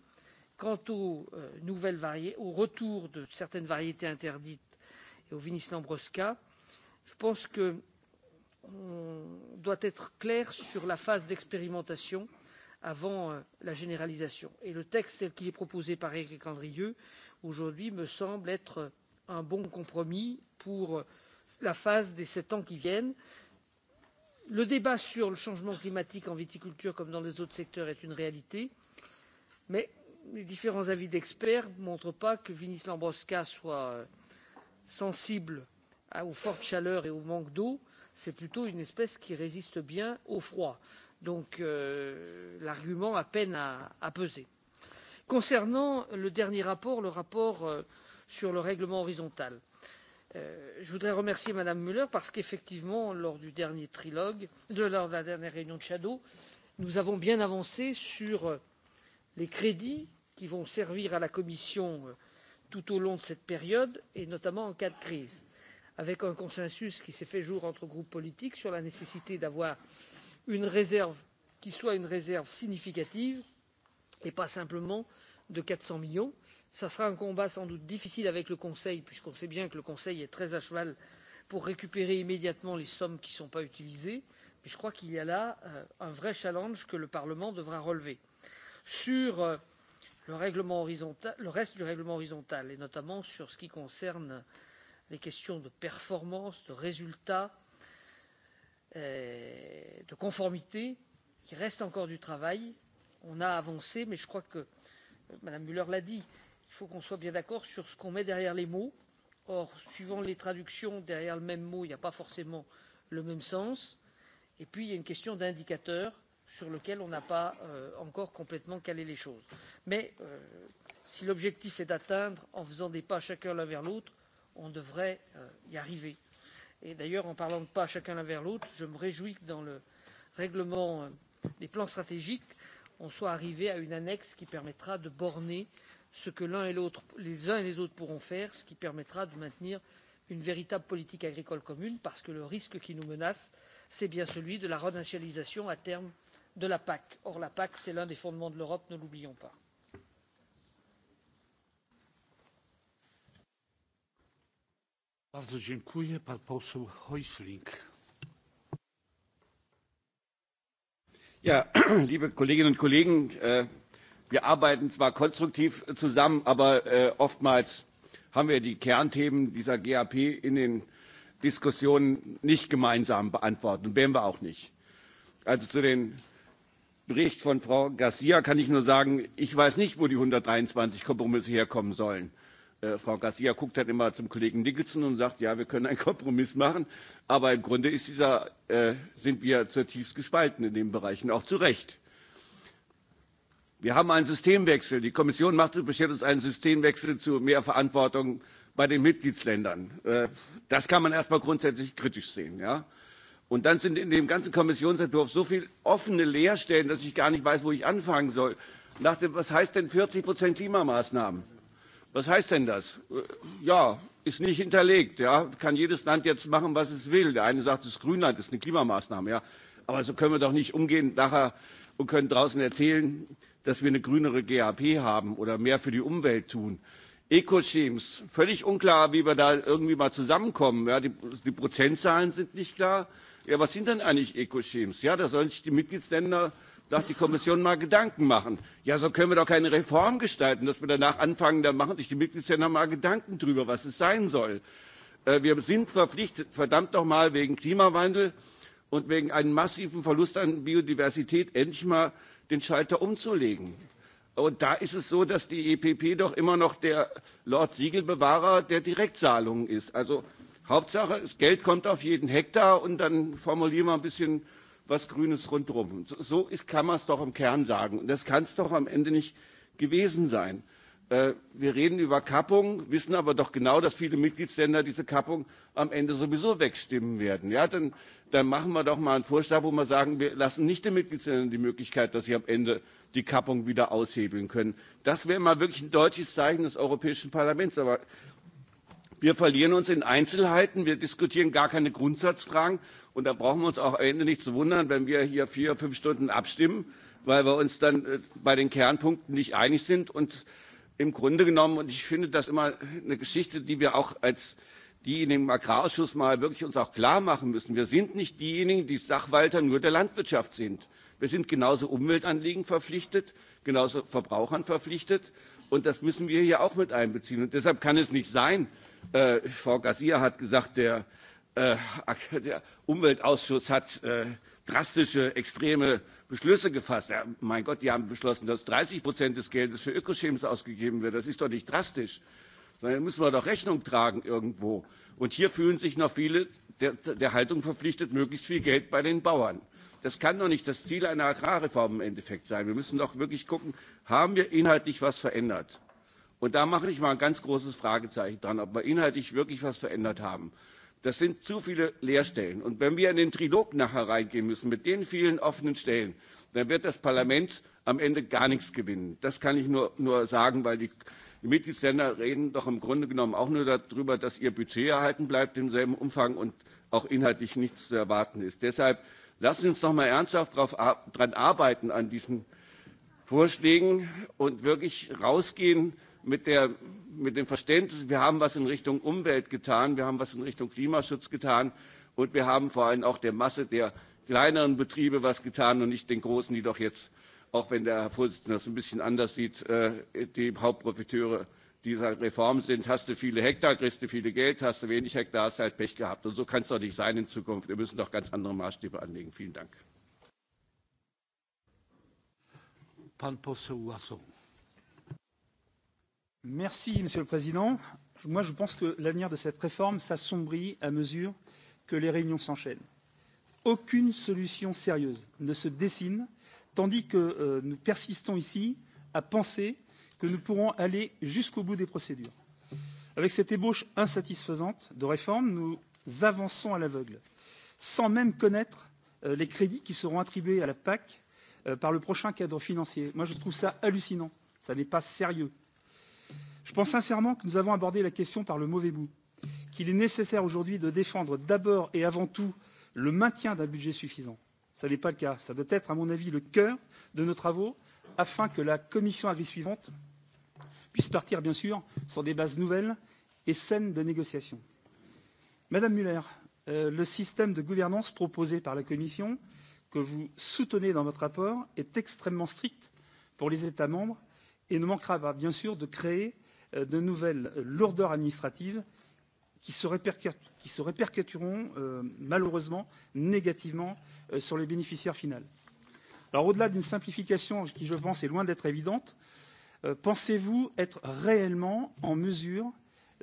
quant aux retours de certaines variétés interdites et au vinis lambrosca je pense qu'on doit être clair sur la phase d'expérimentation avant euh, la généralisation. Et le texte tel qu'il est proposé par Éric Andrieux aujourd'hui me semble être euh, un bon compromis pour euh, la phase des sept ans qui viennent. Le débat sur le changement climatique en viticulture comme dans les autres secteurs est une réalité, mais les différents avis d'experts ne montrent pas que Vinis Lambrosca soit sensible aux fortes chaleurs et au manque d'eau. C'est plutôt une espèce qui résiste bien au froid. Donc euh, l'argument a peine à, à peser. Concernant le dernier rapport, le rapport euh, sur le règlement horizontal, euh, je voudrais remercier Madame Müller parce qu'effectivement, lors du dernier trilogue, de, lors de la dernière réunion de Shadow, nous avons bien avancé sur euh, les crédits qui vont servir à la Commission euh, tout au long de cette période et notamment en cas de crise, avec un consensus qui s'est fait jour entre groupes politiques sur la nécessité d'avoir euh, une réserve qui soit une réserve significative et pas simplement de quatre cents millions. ce sera un combat sans doute difficile avec le conseil puisqu'on sait bien que le conseil est très à cheval pour récupérer immédiatement les sommes qui ne sont pas utilisées mais je crois qu'il y a là euh, un vrai challenge que le parlement devra relever. sur euh, le reste du règlement horizontal et notamment sur ce qui concerne les questions de performance de résultats Euh, de conformité. Il reste encore du travail. On a avancé, mais je crois que euh, Mme Müller l'a dit, il faut qu'on soit bien d'accord sur ce qu'on met derrière les mots. Or, suivant les traductions, derrière le même mot, il n'y a pas forcément le même sens. Et puis, il y a une question d'indicateurs sur lequel on n'a pas euh, encore complètement calé les choses. Mais euh, si l'objectif est d'atteindre, en faisant des pas chacun l'un vers l'autre, on devrait euh, y arriver. Euh, et d'ailleurs en parlant de pas chacun l'un vers l'autre je me réjouis que dans le règlement euh, des plans stratégiques on soit arrivé à une annexe qui permettra de borner ce que l'un et l'autre les uns et les autres pourront faire ce qui permettra de maintenir une véritable politique agricole commune parce que le risque qui nous menace c'est bien celui de la renationalisation à terme de la pac. or la pac c'est l'un des fondements de l'europe ne l'oublions pas. Bardzo dziękuję. Pan poseł Heusling. Ja, liebe Kolleginnen und Kollegen, äh, wir arbeiten zwar konstruktiv zusammen, aber äh, oftmals haben wir die Kernthemen dieser GAP in den Diskussionen nicht gemeinsam beantworten und werden wir auch nicht. Also zu dem Bericht von Frau Garcia kann ich nur sagen, ich weiß nicht, wo die 123 Kompromisse herkommen sollen äh, Frau Garcia guckt dann immer zum Kollegen Nicholson und sagt, ja, wir können einen Kompromiss machen. Aber im Grunde ist dieser, äh, sind wir zutiefst gespalten in den Bereichen, auch zu Recht. Wir haben einen Systemwechsel. Die Kommission macht, bestellt uns einen Systemwechsel zu mehr Verantwortung bei den Mitgliedsländern. Äh, das kann man erstmal grundsätzlich kritisch sehen. Ja? Und dann sind in dem ganzen Kommissionsentwurf so viele offene Leerstellen, dass ich gar nicht weiß, wo ich anfangen soll. Ich dachte, was heißt denn 40 Prozent Klimamaßnahmen? Was heißt denn das? Ja, ist nicht hinterlegt. Ja? Kann jedes Land jetzt machen, was es will. Der eine sagt, es ist Grünland, das ist eine Klimamaßnahme. Ja? Aber so können wir doch nicht umgehen nachher und können draußen erzählen, dass wir eine grünere GAP haben oder mehr für die Umwelt tun. Ecoschemes, völlig unklar, wie wir da irgendwie mal zusammenkommen. Ja, die, die Prozentzahlen sind nicht klar. Ja, was sind denn eigentlich Ecoschemes? Ja, da sollen sich die Mitgliedsländer äh, sagt die Kommission mal Gedanken machen. Ja, so können wir doch keine Reform gestalten, dass wir danach anfangen, da machen sich die Mitgliedsländer mal Gedanken drüber, was es sein soll. Äh, wir sind verpflichtet, verdammt doch mal, wegen Klimawandel und wegen einem massiven Verlust an Biodiversität endlich mal den Schalter umzulegen. Und da ist es so, dass die EPP doch immer noch der Lord Siegelbewahrer der Direktzahlungen ist. Also Hauptsache, das Geld kommt auf jeden Hektar und dann formulieren wir ein bisschen was Grünes rundherum. So, so ist, kann man es doch im Kern sagen. Und das kann es doch am Ende nicht gewesen sein. Äh, wir reden über Kappung, wissen aber doch genau, dass viele Mitgliedsländer diese Kappung am Ende sowieso wegstimmen werden. Ja, dann, dann machen wir doch mal einen Vorschlag, wo wir sagen, wir lassen nicht den Mitgliedsländern die Möglichkeit, dass sie am Ende die Kappung wieder aushebeln können. Das wäre mal wirklich ein deutliches Zeichen des Europäischen Parlaments. Aber wir verlieren uns in Einzelheiten, wir diskutieren gar keine Grundsatzfragen Und da brauchen wir uns auch am Ende nicht zu wundern, wenn wir hier vier, fünf Stunden abstimmen, weil wir uns dann äh, bei den Kernpunkten nicht einig sind. Und im Grunde genommen, und ich finde das immer eine Geschichte, die wir auch als diejenigen im Agrarausschuss mal wirklich uns auch klar machen müssen. Wir sind nicht diejenigen, die Sachwalter nur der Landwirtschaft sind. Wir sind genauso Umweltanliegen verpflichtet, genauso Verbrauchern verpflichtet. Und das müssen wir hier auch mit einbeziehen. Und deshalb kann es nicht sein, äh, Frau Garcia hat gesagt, der, äh, der Umweltausschuss hat äh, drastische, extreme Beschlüsse gefasst. Ja, mein Gott, die haben beschlossen, dass 30 Prozent des Geldes für Ökoschemes ausgegeben wird. Das ist doch nicht drastisch, sondern müssen wir doch Rechnung tragen irgendwo. Und hier fühlen sich noch viele der, der Haltung verpflichtet, möglichst viel Geld bei den Bauern. Das kann doch nicht das Ziel einer Agrarreform im Endeffekt sein. Wir müssen doch wirklich gucken, haben wir inhaltlich was verändert? Und da mache ich mal ein ganz großes Fragezeichen dran, ob wir inhaltlich wirklich was verändert haben. Das sind zu viele Leerstellen. Und wenn wir in den Trilog nachher reingehen müssen mit den vielen offenen Stellen, dann wird das Parlament am Ende gar nichts gewinnen. Das kann ich nur, nur sagen, weil die, die Mitgliedsländer reden doch im Grunde genommen auch nur darüber, dass ihr Budget erhalten bleibt im selben Umfang und auch inhaltlich nichts zu erwarten ist. Deshalb lassen Sie uns noch mal ernsthaft daran arbeiten, an diesen Vorschlägen und wirklich rausgehen, mit, der, mit dem Verständnis, wir haben was in Richtung Umwelt getan, wir haben was in Richtung Klimaschutz getan und wir haben vor allem auch der Masse der kleineren Betriebe was getan und nicht den großen, die doch jetzt, auch wenn der Herr Vorsitzende das ein bisschen anders sieht, äh, die Hauptprofiteure dieser Reform sind. Hast du viele Hektar, kriegst du viele Geld, hast du wenig Hektar, hast du halt Pech gehabt. Und so kann es doch nicht sein in Zukunft. Wir müssen doch ganz andere Maßstäbe anlegen. Vielen Dank. Pan poseł Łasow. Merci, Monsieur le Président. Moi, je pense que l'avenir de cette réforme s'assombrit à mesure que les réunions s'enchaînent. Aucune solution sérieuse ne se dessine, tandis que euh, nous persistons ici à penser que nous pourrons aller jusqu'au bout des procédures. Avec cette ébauche insatisfaisante de réforme, nous avançons à l'aveugle, sans même connaître euh, les crédits qui seront attribués à la PAC euh, par le prochain cadre financier. Moi, je trouve ça hallucinant. Ça n'est pas sérieux. Je pense sincèrement que nous avons abordé la question par le mauvais bout, qu'il est nécessaire aujourd'hui de défendre d'abord et avant tout le maintien d'un budget suffisant. Ce n'est pas le cas. Ça doit être, à mon avis, le cœur de nos travaux, afin que la commission agri suivante puisse partir, bien sûr, sur des bases nouvelles et saines de négociation. Madame Muller, euh, le système de gouvernance proposé par la Commission, que vous soutenez dans votre rapport, est extrêmement strict pour les États membres et ne manquera pas, bien sûr, de créer Euh, de nouvelles lourdeurs administratives qui se, qui se répercuteront euh, malheureusement négativement euh, sur le bénéficiaire final. Alors au-delà d'une simplification qui, je pense, est loin d'être évidente, euh, pensez-vous être réellement en mesure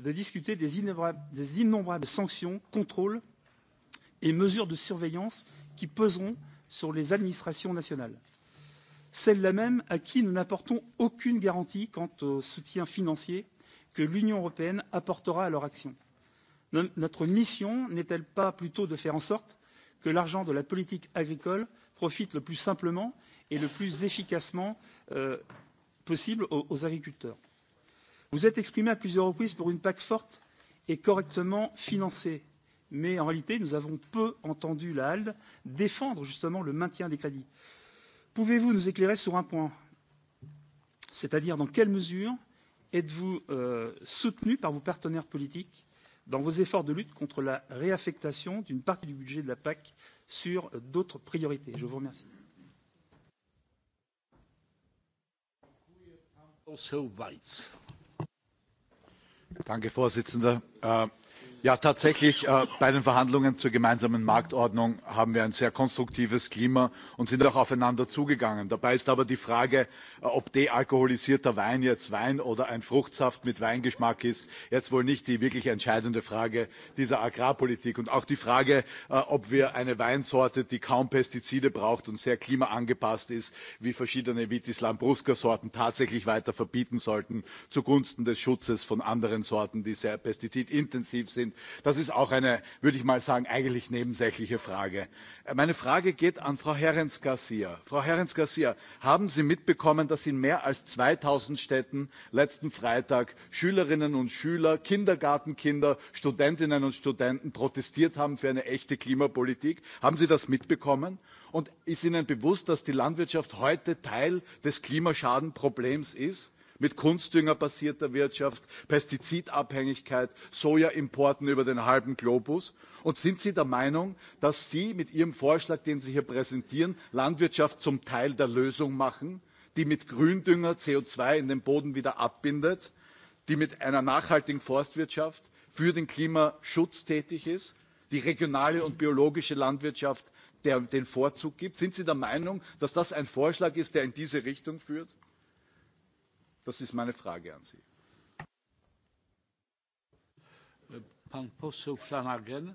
de discuter des innombrables, des innombrables sanctions, contrôles et mesures de surveillance qui peseront sur les administrations nationales celles-là mêmes à qui nous n'apportons aucune garantie quant au soutien financier que l'Union européenne apportera à leur action. Notre mission n'est-elle pas plutôt de faire en sorte que l'argent de la politique agricole profite le plus simplement et le plus efficacement euh, possible aux, aux agriculteurs Vous êtes exprimé à plusieurs reprises pour une PAC forte et correctement financée. Mais en réalité, nous avons peu entendu la HALDE défendre justement le maintien des crédits. Pouvez-vous nous éclairer sur un point C'est-à-dire dans quelle mesure êtes-vous euh, soutenu par vos partenaires politiques dans vos efforts de lutte contre la réaffectation d'une partie du budget de la PAC sur euh, d'autres priorités Je vous remercie. Danke, Vorsitzender. Äh, Ja, tatsächlich, äh, bei den Verhandlungen zur gemeinsamen Marktordnung haben wir ein sehr konstruktives Klima und sind auch aufeinander zugegangen. Dabei ist aber die Frage, äh, ob dealkoholisierter Wein jetzt Wein oder ein Fruchtsaft mit Weingeschmack ist, jetzt wohl nicht die wirklich entscheidende Frage dieser Agrarpolitik. Und auch die Frage, äh, ob wir eine Weinsorte, die kaum Pestizide braucht und sehr klimaangepasst ist, wie verschiedene Vitis Lambrusca-Sorten tatsächlich weiter verbieten sollten, zugunsten des Schutzes von anderen Sorten, die sehr pestizidintensiv sind sind. Das ist auch eine, würde ich mal sagen, eigentlich nebensächliche Frage. Äh, meine Frage geht an Frau Herrens-Garcia. Frau Herrens-Garcia, haben Sie mitbekommen, dass in mehr als 2000 Städten letzten Freitag Schülerinnen und Schüler, Kindergartenkinder, Studentinnen und Studenten protestiert haben für eine echte Klimapolitik? Haben Sie das mitbekommen? Und ist Ihnen bewusst, dass die Landwirtschaft heute Teil des Klimaschadenproblems ist? mit kunstdüngerbasierter Wirtschaft, Pestizidabhängigkeit, Sojaimporten über den halben Globus? Und sind Sie der Meinung, dass Sie mit Ihrem Vorschlag, den Sie hier präsentieren, Landwirtschaft zum Teil der Lösung machen, die mit Gründünger CO2 in den Boden wieder abbindet, die mit einer nachhaltigen Forstwirtschaft für den Klimaschutz tätig ist, die regionale und biologische Landwirtschaft der, den Vorzug gibt? Sind Sie der Meinung, dass das ein Vorschlag ist, der in diese Richtung führt? Das ist meine Frage an Sie. Pan poseł Flanagan.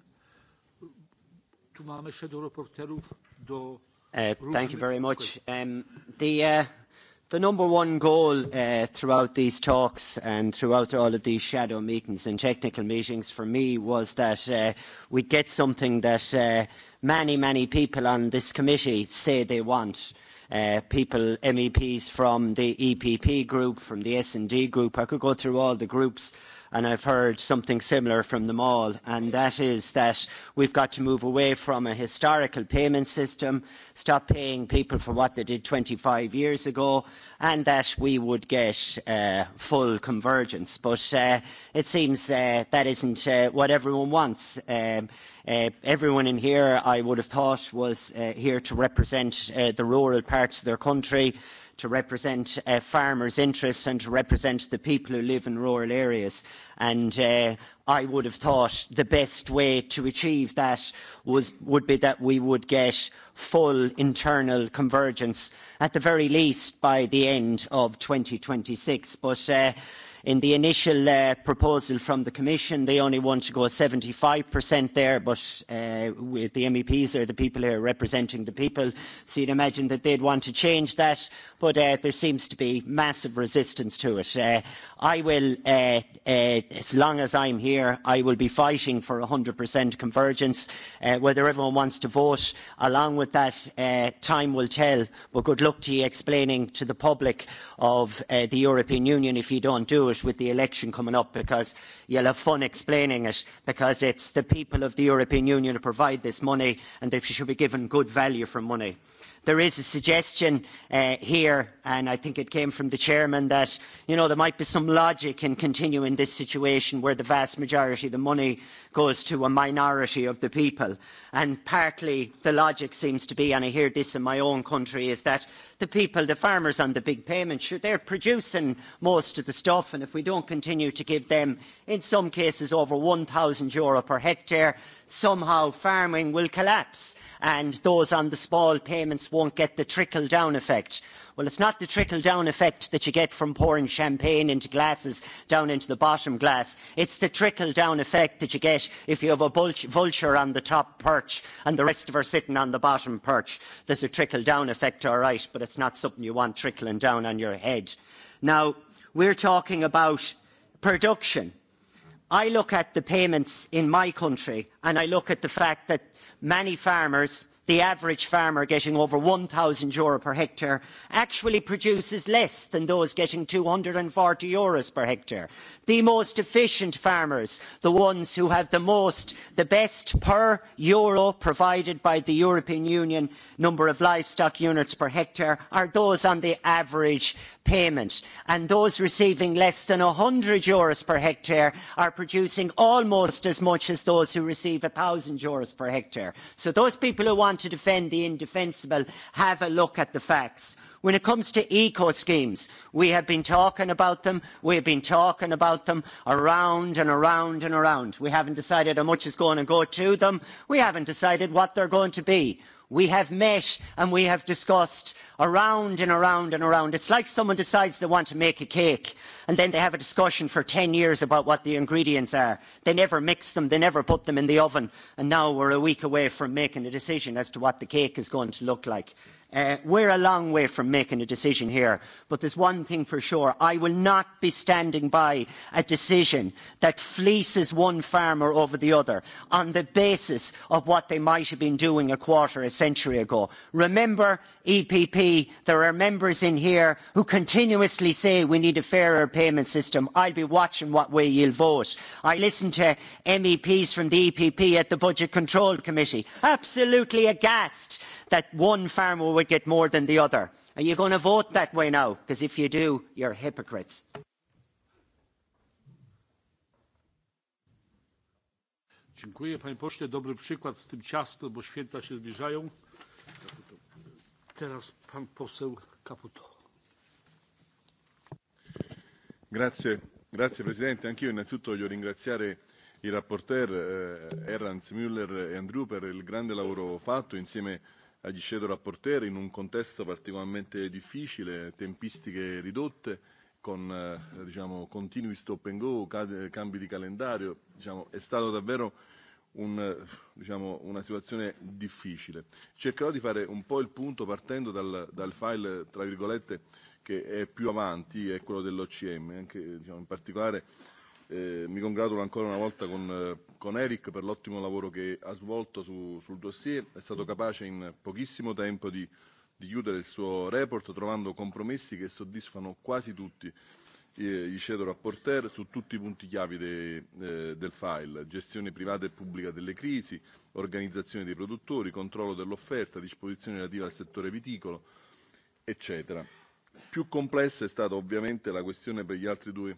Tu mamy shadow reporterów do... Uh, thank you very much. Um, the, uh, the number one goal uh, throughout these talks and throughout all of these shadow meetings and technical meetings for me was that uh, we'd get something that uh, many, many people on this committee say they want. Uh, uh, people, MEPs from the EPP group, from the S&D group. I could go through all the groups and I've heard something similar from them all, and that is that we've got to move away from a historical payment system, stop paying people for what they did 25 years ago, and that we would get uh, full convergence. But uh, it seems uh, that isn't uh, what everyone wants. Um, uh, everyone in here, I would have thought, was uh, here to represent uh, the rural parts of their country, to represent uh, farmers' interests and to represent the people who live in rural areas. And uh, I would have thought the best way to achieve that was, would be that we would get full internal convergence, at the very least by the end of 2026. But uh, in the initial uh, proposal from the Commission, they only want to go 75% there, but uh, with the MEPs are the people who are representing the people, so you'd imagine that they'd want to change that, but uh, there seems to be massive resistance to it. Uh, I will uh, uh, as long as I'm here, I will be fighting for 100% convergence. Uh, whether everyone wants to vote along with that, uh, time will tell. But good luck to you explaining to the public of uh, the European Union if you don't do it with the election coming up, because you'll have fun explaining it, because it's the people of the European Union who provide this money, and they should be given good value for money. Uh, there is a suggestion uh, here, and I think it came from the chairman, that you know there might be some logic in continuing this situation where the vast majority of the money goes to a minority of the people. And partly the logic seems to be, and I hear this in my own country, is that the people, the farmers on the big payments, they're producing most of the stuff, and if we don't continue to give them in some cases over €1,000 per hectare, somehow farming will collapse and those on the small payments won't get the trickle-down effect. Well, it's not the trickle-down effect that you get from pouring champagne into glasses down into the bottom glass. It's the trickle-down effect that you get if you have a vulture on the top perch and the rest of her sitting on the bottom perch. There's a trickle-down effect, all right, but it's not something you want trickling down on your head. Now, we're talking about production I look at the payments in my country and I look at the fact that many farmers, the average farmer getting over €1,000 per hectare, actually produces less than those getting €240 per hectare. The most efficient farmers, the ones who have the most, the best per euro provided by the European Union number of livestock units per hectare, are those on the average payment and those receiving less than 100 euros per hectare are producing almost as much as those who receive 1,000 euros per hectare. So those people who want to defend the indefensible have a look at the facts. When it comes to eco schemes, we have been talking about them, we have been talking about them around and around and around. We haven't decided how much is going to go to them, we haven't decided what they're going to be we have met and we have discussed around and around and around. It's like someone decides they want to make a cake and then they have a discussion for 10 years about what the ingredients are. They never mix them, they never put them in the oven, and now we're a week away from making a decision as to what the cake is going to look like. Uh, we're a long way from making a decision here, but there's one thing for sure. I will not be standing by a decision that fleeces one farmer over the other on the basis of what they might have been doing a quarter a century ago. Remember, EPP, there are members in here who continuously say we need a fairer payment system. I'll be watching what way you'll vote. I listened to MEPs from the EPP at the Budget Control Committee, absolutely aghast that one farmer would get more than the other. Are you going to vote that way now? Because if you do, you're hypocrites. Dziękuję panie pośle. Dobry przykład z tym ciastem, bo święta się zbliżają. Teraz pan poseł Caputo. Grazie, grazie Presidente. Anch'io innanzitutto voglio ringraziare i rapporteur eh, Errans Müller e Andrew per il grande lavoro fatto insieme agli shadow rapporteur in un contesto particolarmente difficile, tempistiche ridotte, con eh, diciamo, continui stop and go, cade, cambi di calendario. Diciamo, è stato davvero un, diciamo, una situazione difficile. Cercherò di fare un po' il punto partendo dal, dal file, tra virgolette, che è più avanti, è quello dell'OCM, anche diciamo, in particolare Eh, mi congratulo ancora una volta con, eh, con Eric per l'ottimo lavoro che ha svolto su, sul dossier. È stato capace in pochissimo tempo di, di chiudere il suo report trovando compromessi che soddisfano quasi tutti eh, i shadow rapporteur su tutti i punti chiavi de, eh, del file, gestione privata e pubblica delle crisi, organizzazione dei produttori, controllo dell'offerta, disposizioni relative al settore viticolo, eccetera. Più complessa è stata ovviamente la questione per gli altri due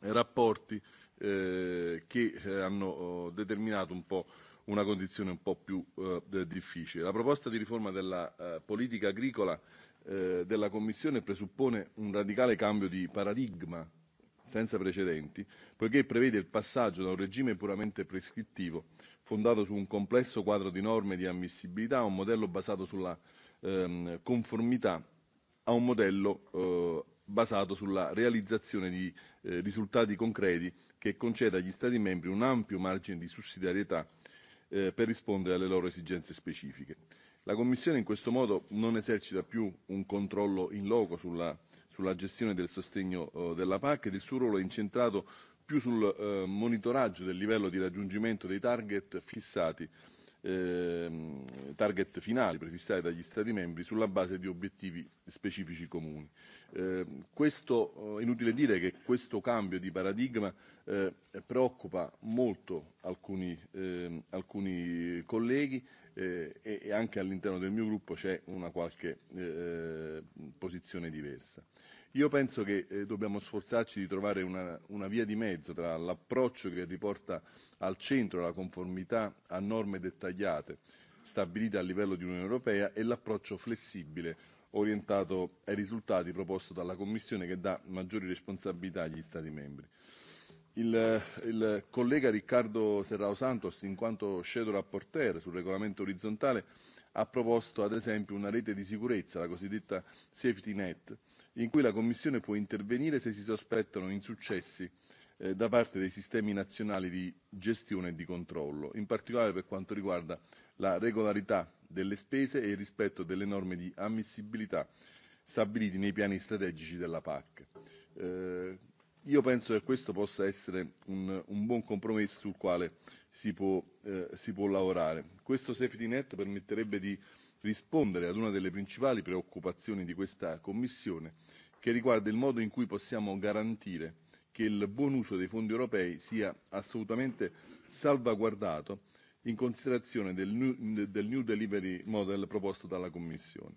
rapporti eh, che eh, hanno oh, determinato un po' una condizione un po' più eh, eh, difficile. La proposta di riforma della eh, politica agricola eh, della Commissione presuppone un radicale cambio di paradigma senza precedenti, poiché prevede il passaggio da un regime puramente prescrittivo, fondato su un complesso quadro di norme di ammissibilità, a un modello basato sulla ehm, conformità, a un modello eh, basato sulla realizzazione di eh, risultati concreti che conceda agli Stati membri un ampio margine di sussidiarietà eh, per rispondere alle loro esigenze specifiche. La Commissione in questo modo non esercita più un controllo in loco sulla, sulla gestione del sostegno eh, della PAC ed il suo ruolo è incentrato più sul eh, monitoraggio del livello di raggiungimento dei target fissati eh, ehm, target finali prefissati dagli Stati membri sulla base di obiettivi specifici comuni. Ehm, eh, questo, inutile dire che questo cambio di paradigma eh, preoccupa molto alcuni, eh, alcuni colleghi eh, e, e anche all'interno del mio gruppo c'è una qualche eh, posizione diversa. Eh, Io penso che eh, dobbiamo sforzarci di trovare una, una via di mezzo tra l'approccio che riporta al centro la conformità a norme dettagliate stabilite a livello di Unione Europea e l'approccio flessibile orientato ai risultati proposto dalla Commissione che dà maggiori responsabilità agli Stati membri. Il, il collega Riccardo Serrao Santos, in quanto shadow rapporteur sul regolamento orizzontale, ha proposto ad esempio una rete di sicurezza, la cosiddetta safety net, in cui la Commissione può intervenire se si sospettano insuccessi eh, da parte dei sistemi nazionali di gestione e di controllo, in particolare per quanto riguarda la regolarità delle spese e il rispetto delle norme di ammissibilità stabiliti nei piani strategici della PAC. Eh, io penso che questo possa essere un, un buon compromesso sul quale si può, eh, si può lavorare. Questo safety net permetterebbe di eh, rispondere ad una delle principali preoccupazioni di questa Commissione, che riguarda il modo in cui possiamo garantire che il buon uso dei fondi europei sia assolutamente salvaguardato in considerazione del New, del new Delivery Model proposto dalla Commissione.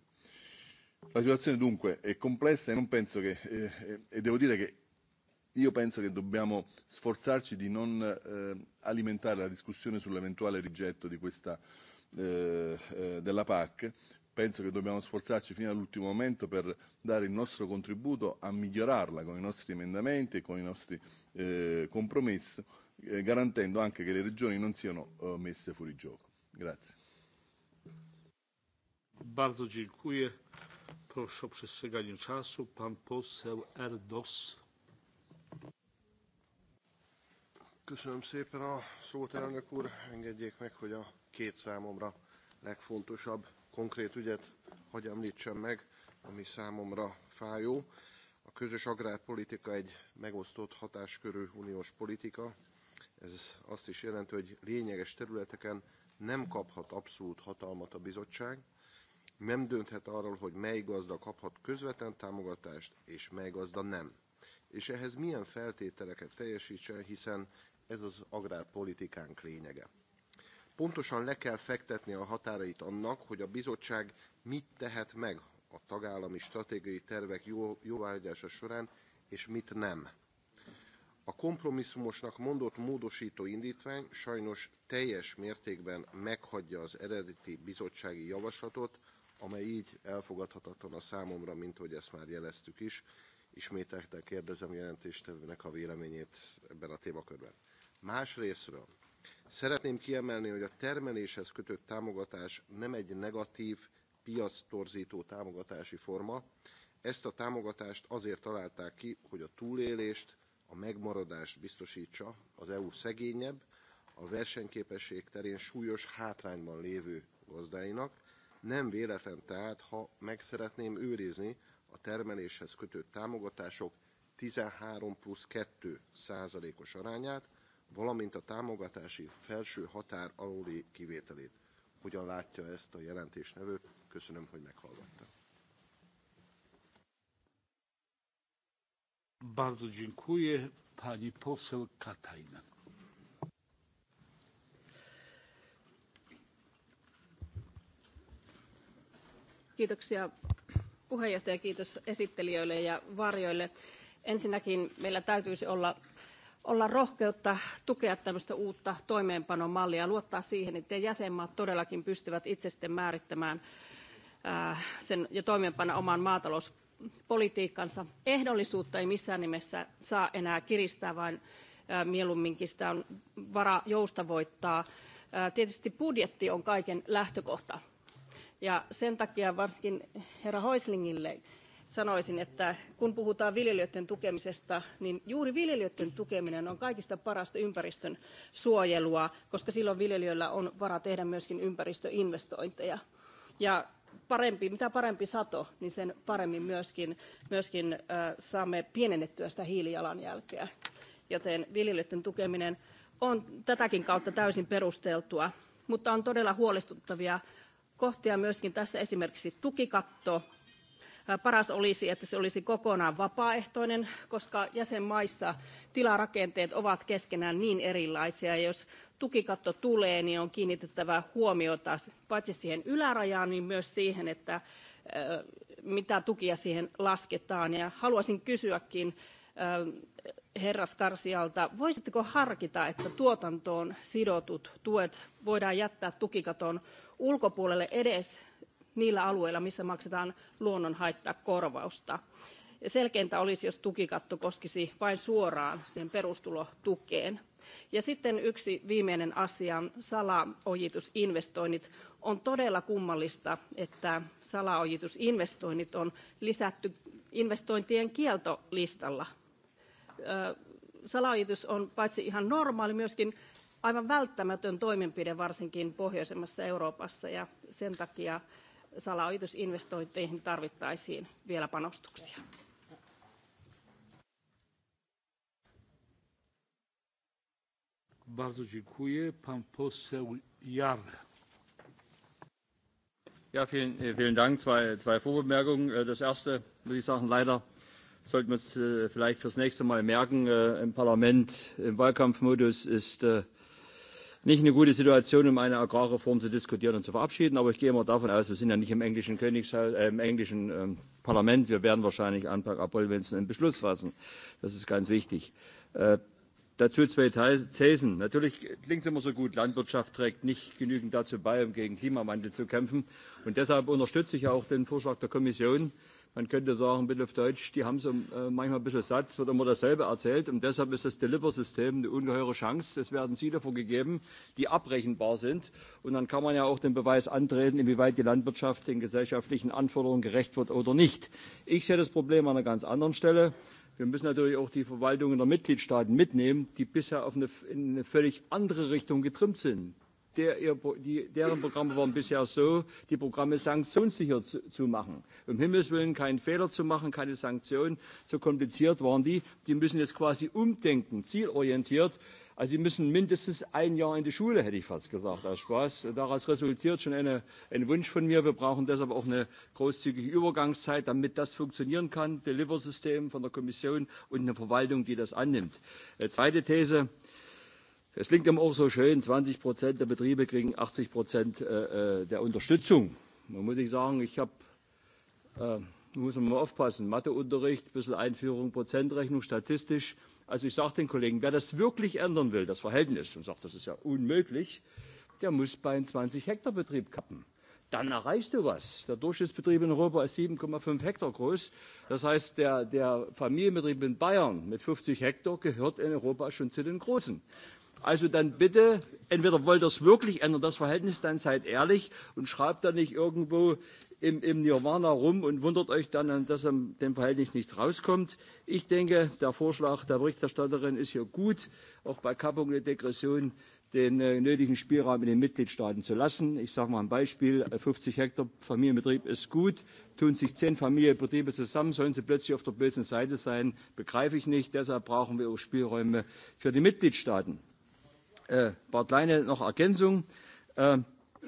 La situazione dunque è complessa e non penso che, eh, e devo dire che io penso che dobbiamo sforzarci di non eh, alimentare la discussione sull'eventuale rigetto di questa eh, eh, della PAC. Penso che dobbiamo sforzarci fino all'ultimo momento per dare il nostro contributo a migliorarla con i nostri emendamenti e con i nostri eh, compromessi, eh, garantendo anche che le regioni non siano eh, messe fuori gioco. Grazie. Bardzo dziękuję. Proszę o przestrzeganie czasu. Pan poseł Erdos. Köszönöm szépen a szót, elnök úr. Engedjék meg, hogy a két számomra legfontosabb konkrét ügyet hagy említsem meg, ami számomra fájó. A közös agrárpolitika egy megosztott hatáskörű uniós politika. Ez azt is jelenti, hogy lényeges területeken nem kaphat abszolút hatalmat a bizottság, nem dönthet arról, hogy mely gazda kaphat közvetlen támogatást, és mely gazda nem. És ehhez milyen feltételeket teljesítsen, hiszen ez az agrárpolitikánk lényege. Pontosan le kell fektetni a határait annak, hogy a bizottság mit tehet meg a tagállami stratégiai tervek jó, jóváhagyása során, és mit nem. A kompromisszumosnak mondott módosító indítvány sajnos teljes mértékben meghagyja az eredeti bizottsági javaslatot, amely így elfogadhatatlan a számomra, mint hogy ezt már jeleztük is. Ismételten kérdezem jelentéstevőnek a véleményét ebben a témakörben. Másrésztről Szeretném kiemelni, hogy a termeléshez kötött támogatás nem egy negatív, piactorzító támogatási forma. Ezt a támogatást azért találták ki, hogy a túlélést, a megmaradást biztosítsa az EU szegényebb, a versenyképesség terén súlyos hátrányban lévő gazdáinak. Nem véletlen tehát, ha meg szeretném őrizni a termeléshez kötött támogatások 13 plusz 2 százalékos arányát, valamint a támogatási felső határ aluli kivételét. Hogyan látja ezt a jelentésnevő? Köszönöm, hogy meghallgatta. Bardzo dziękuję. Pani poseł Katajna. Kiitoksia puheenjohtaja, kiitos esittelijöille ja varjoille. Ensinnäkin meillä täytyisi olla olla rohkeutta tukea tämmöistä uutta toimeenpanomallia ja luottaa siihen, että jäsenmaat todellakin pystyvät itse sitten määrittämään sen ja toimeenpana oman maatalouspolitiikkansa. Ehdollisuutta ei missään nimessä saa enää kiristää, vaan mieluumminkin sitä on vara joustavoittaa. Tietysti budjetti on kaiken lähtökohta. Ja sen takia varsinkin herra Hoislingille sanoisin, että kun puhutaan viljelijöiden tukemisesta, niin juuri viljelijöiden tukeminen on kaikista parasta ympäristön suojelua, koska silloin viljelijöillä on vara tehdä myöskin ympäristöinvestointeja. Ja parempi, mitä parempi sato, niin sen paremmin myöskin, myöskin äh, saamme pienennettyä sitä hiilijalanjälkeä. Joten viljelijöiden tukeminen on tätäkin kautta täysin perusteltua, mutta on todella huolestuttavia kohtia myöskin tässä esimerkiksi tukikatto, paras olisi, että se olisi kokonaan vapaaehtoinen, koska jäsenmaissa tilarakenteet ovat keskenään niin erilaisia. Ja jos tukikatto tulee, niin on kiinnitettävä huomiota paitsi siihen ylärajaan, niin myös siihen, että mitä tukia siihen lasketaan. Ja haluaisin kysyäkin herra Skarsialta, voisitteko harkita, että tuotantoon sidotut tuet voidaan jättää tukikaton ulkopuolelle edes niillä alueilla, missä maksetaan luonnonhaittakorvausta. Selkeintä olisi, jos tukikatto koskisi vain suoraan sen perustulotukeen. Ja sitten yksi viimeinen asia, salaojitusinvestoinnit. On todella kummallista, että salaojitusinvestoinnit on lisätty investointien kieltolistalla. Salaojitus on paitsi ihan normaali, myöskin aivan välttämätön toimenpide, varsinkin pohjoisemmassa Euroopassa, ja sen takia salaojitusinvestointeihin tarvittaisiin vielä panostuksia. Bardzo dziękuję. Pan poseł Jar. Ja, vielen, vielen Dank. Zwei, zwei Vorbemerkungen. Äh, das erste, muss ich sagen, leider sollten wir uns äh, vielleicht fürs nächste Mal merken. Äh, Im Parlament, im Wahlkampfmodus ist nicht eine gute Situation, um eine Agrarreform zu diskutieren und zu verabschieden. Aber ich gehe mal davon aus, wir sind ja nicht im englischen, Königshaus, äh, im englischen ähm, Parlament. Wir werden wahrscheinlich Anfang April, wenn es einen Beschluss fassen. Das ist ganz wichtig. Äh, Dazu zwei Thesen. Natürlich klingt es immer so gut, Landwirtschaft trägt nicht genügend dazu bei, um gegen Klimawandel zu kämpfen. Und deshalb unterstütze ich auch den Vorschlag der Kommission, Man könnte sagen, ein bisschen auf Deutsch, die haben es äh, manchmal ein bisschen satt, es wird immer dasselbe erzählt. Und deshalb ist das Deliver-System eine ungeheure Chance. Es werden Ziele vorgegeben, die abrechenbar sind. Und dann kann man ja auch den Beweis antreten, inwieweit die Landwirtschaft den gesellschaftlichen Anforderungen gerecht wird oder nicht. Ich sehe das Problem an einer ganz anderen Stelle. Wir müssen natürlich auch die Verwaltungen der Mitgliedstaaten mitnehmen, die bisher auf eine, in eine völlig andere Richtung getrimmt sind der, die, deren Programme waren bisher so, die Programme sanktionssicher zu, zu machen. Um Himmels Willen keinen Fehler zu machen, keine Sanktionen, so kompliziert waren die. Die müssen jetzt quasi umdenken, zielorientiert. Also sie müssen mindestens ein Jahr in die Schule, hätte ich fast gesagt, aus Spaß. Daraus resultiert schon eine, ein Wunsch von mir. Wir brauchen deshalb auch eine großzügige Übergangszeit, damit das funktionieren kann. Deliver-System von der Kommission und eine Verwaltung, die das annimmt. Äh, zweite These. Es klingt immer auch so schön, 20 Prozent der Betriebe kriegen 80 Prozent äh, äh, der Unterstützung. Da muss ich sagen, ich habe, äh, muss man mal aufpassen, Matheunterricht, ein bisschen Einführung, Prozentrechnung, statistisch. Also ich sage den Kollegen, wer das wirklich ändern will, das Verhältnis, und sagt, das ist ja unmöglich, der muss bei einem 20-Hektar-Betrieb kappen dann erreichst du was. Der Durchschnittsbetrieb in Europa ist 7,5 Hektar groß. Das heißt, der, der Familienbetrieb in Bayern mit 50 Hektar gehört in Europa schon zu den Großen. Also dann bitte, entweder wollt ihr es wirklich ändern, das Verhältnis, dann seid ehrlich und schreibt da nicht irgendwo im, im Nirvana rum und wundert euch dann, dass an dem Verhältnis nichts rauskommt. Ich denke, der Vorschlag der Berichterstatterin ist hier gut, auch bei Kappung der Degression den äh, nötigen Spielraum in den Mitgliedstaaten zu lassen. Ich sage mal ein Beispiel, 50 äh, Hektar Familienbetrieb ist gut, tun sich zehn Familienbetriebe zusammen, sollen sie plötzlich auf der bösen Seite sein, begreife ich nicht. Deshalb brauchen wir auch Spielräume für die Mitgliedstaaten. Äh, Bart Leine, noch Ergänzung. Äh,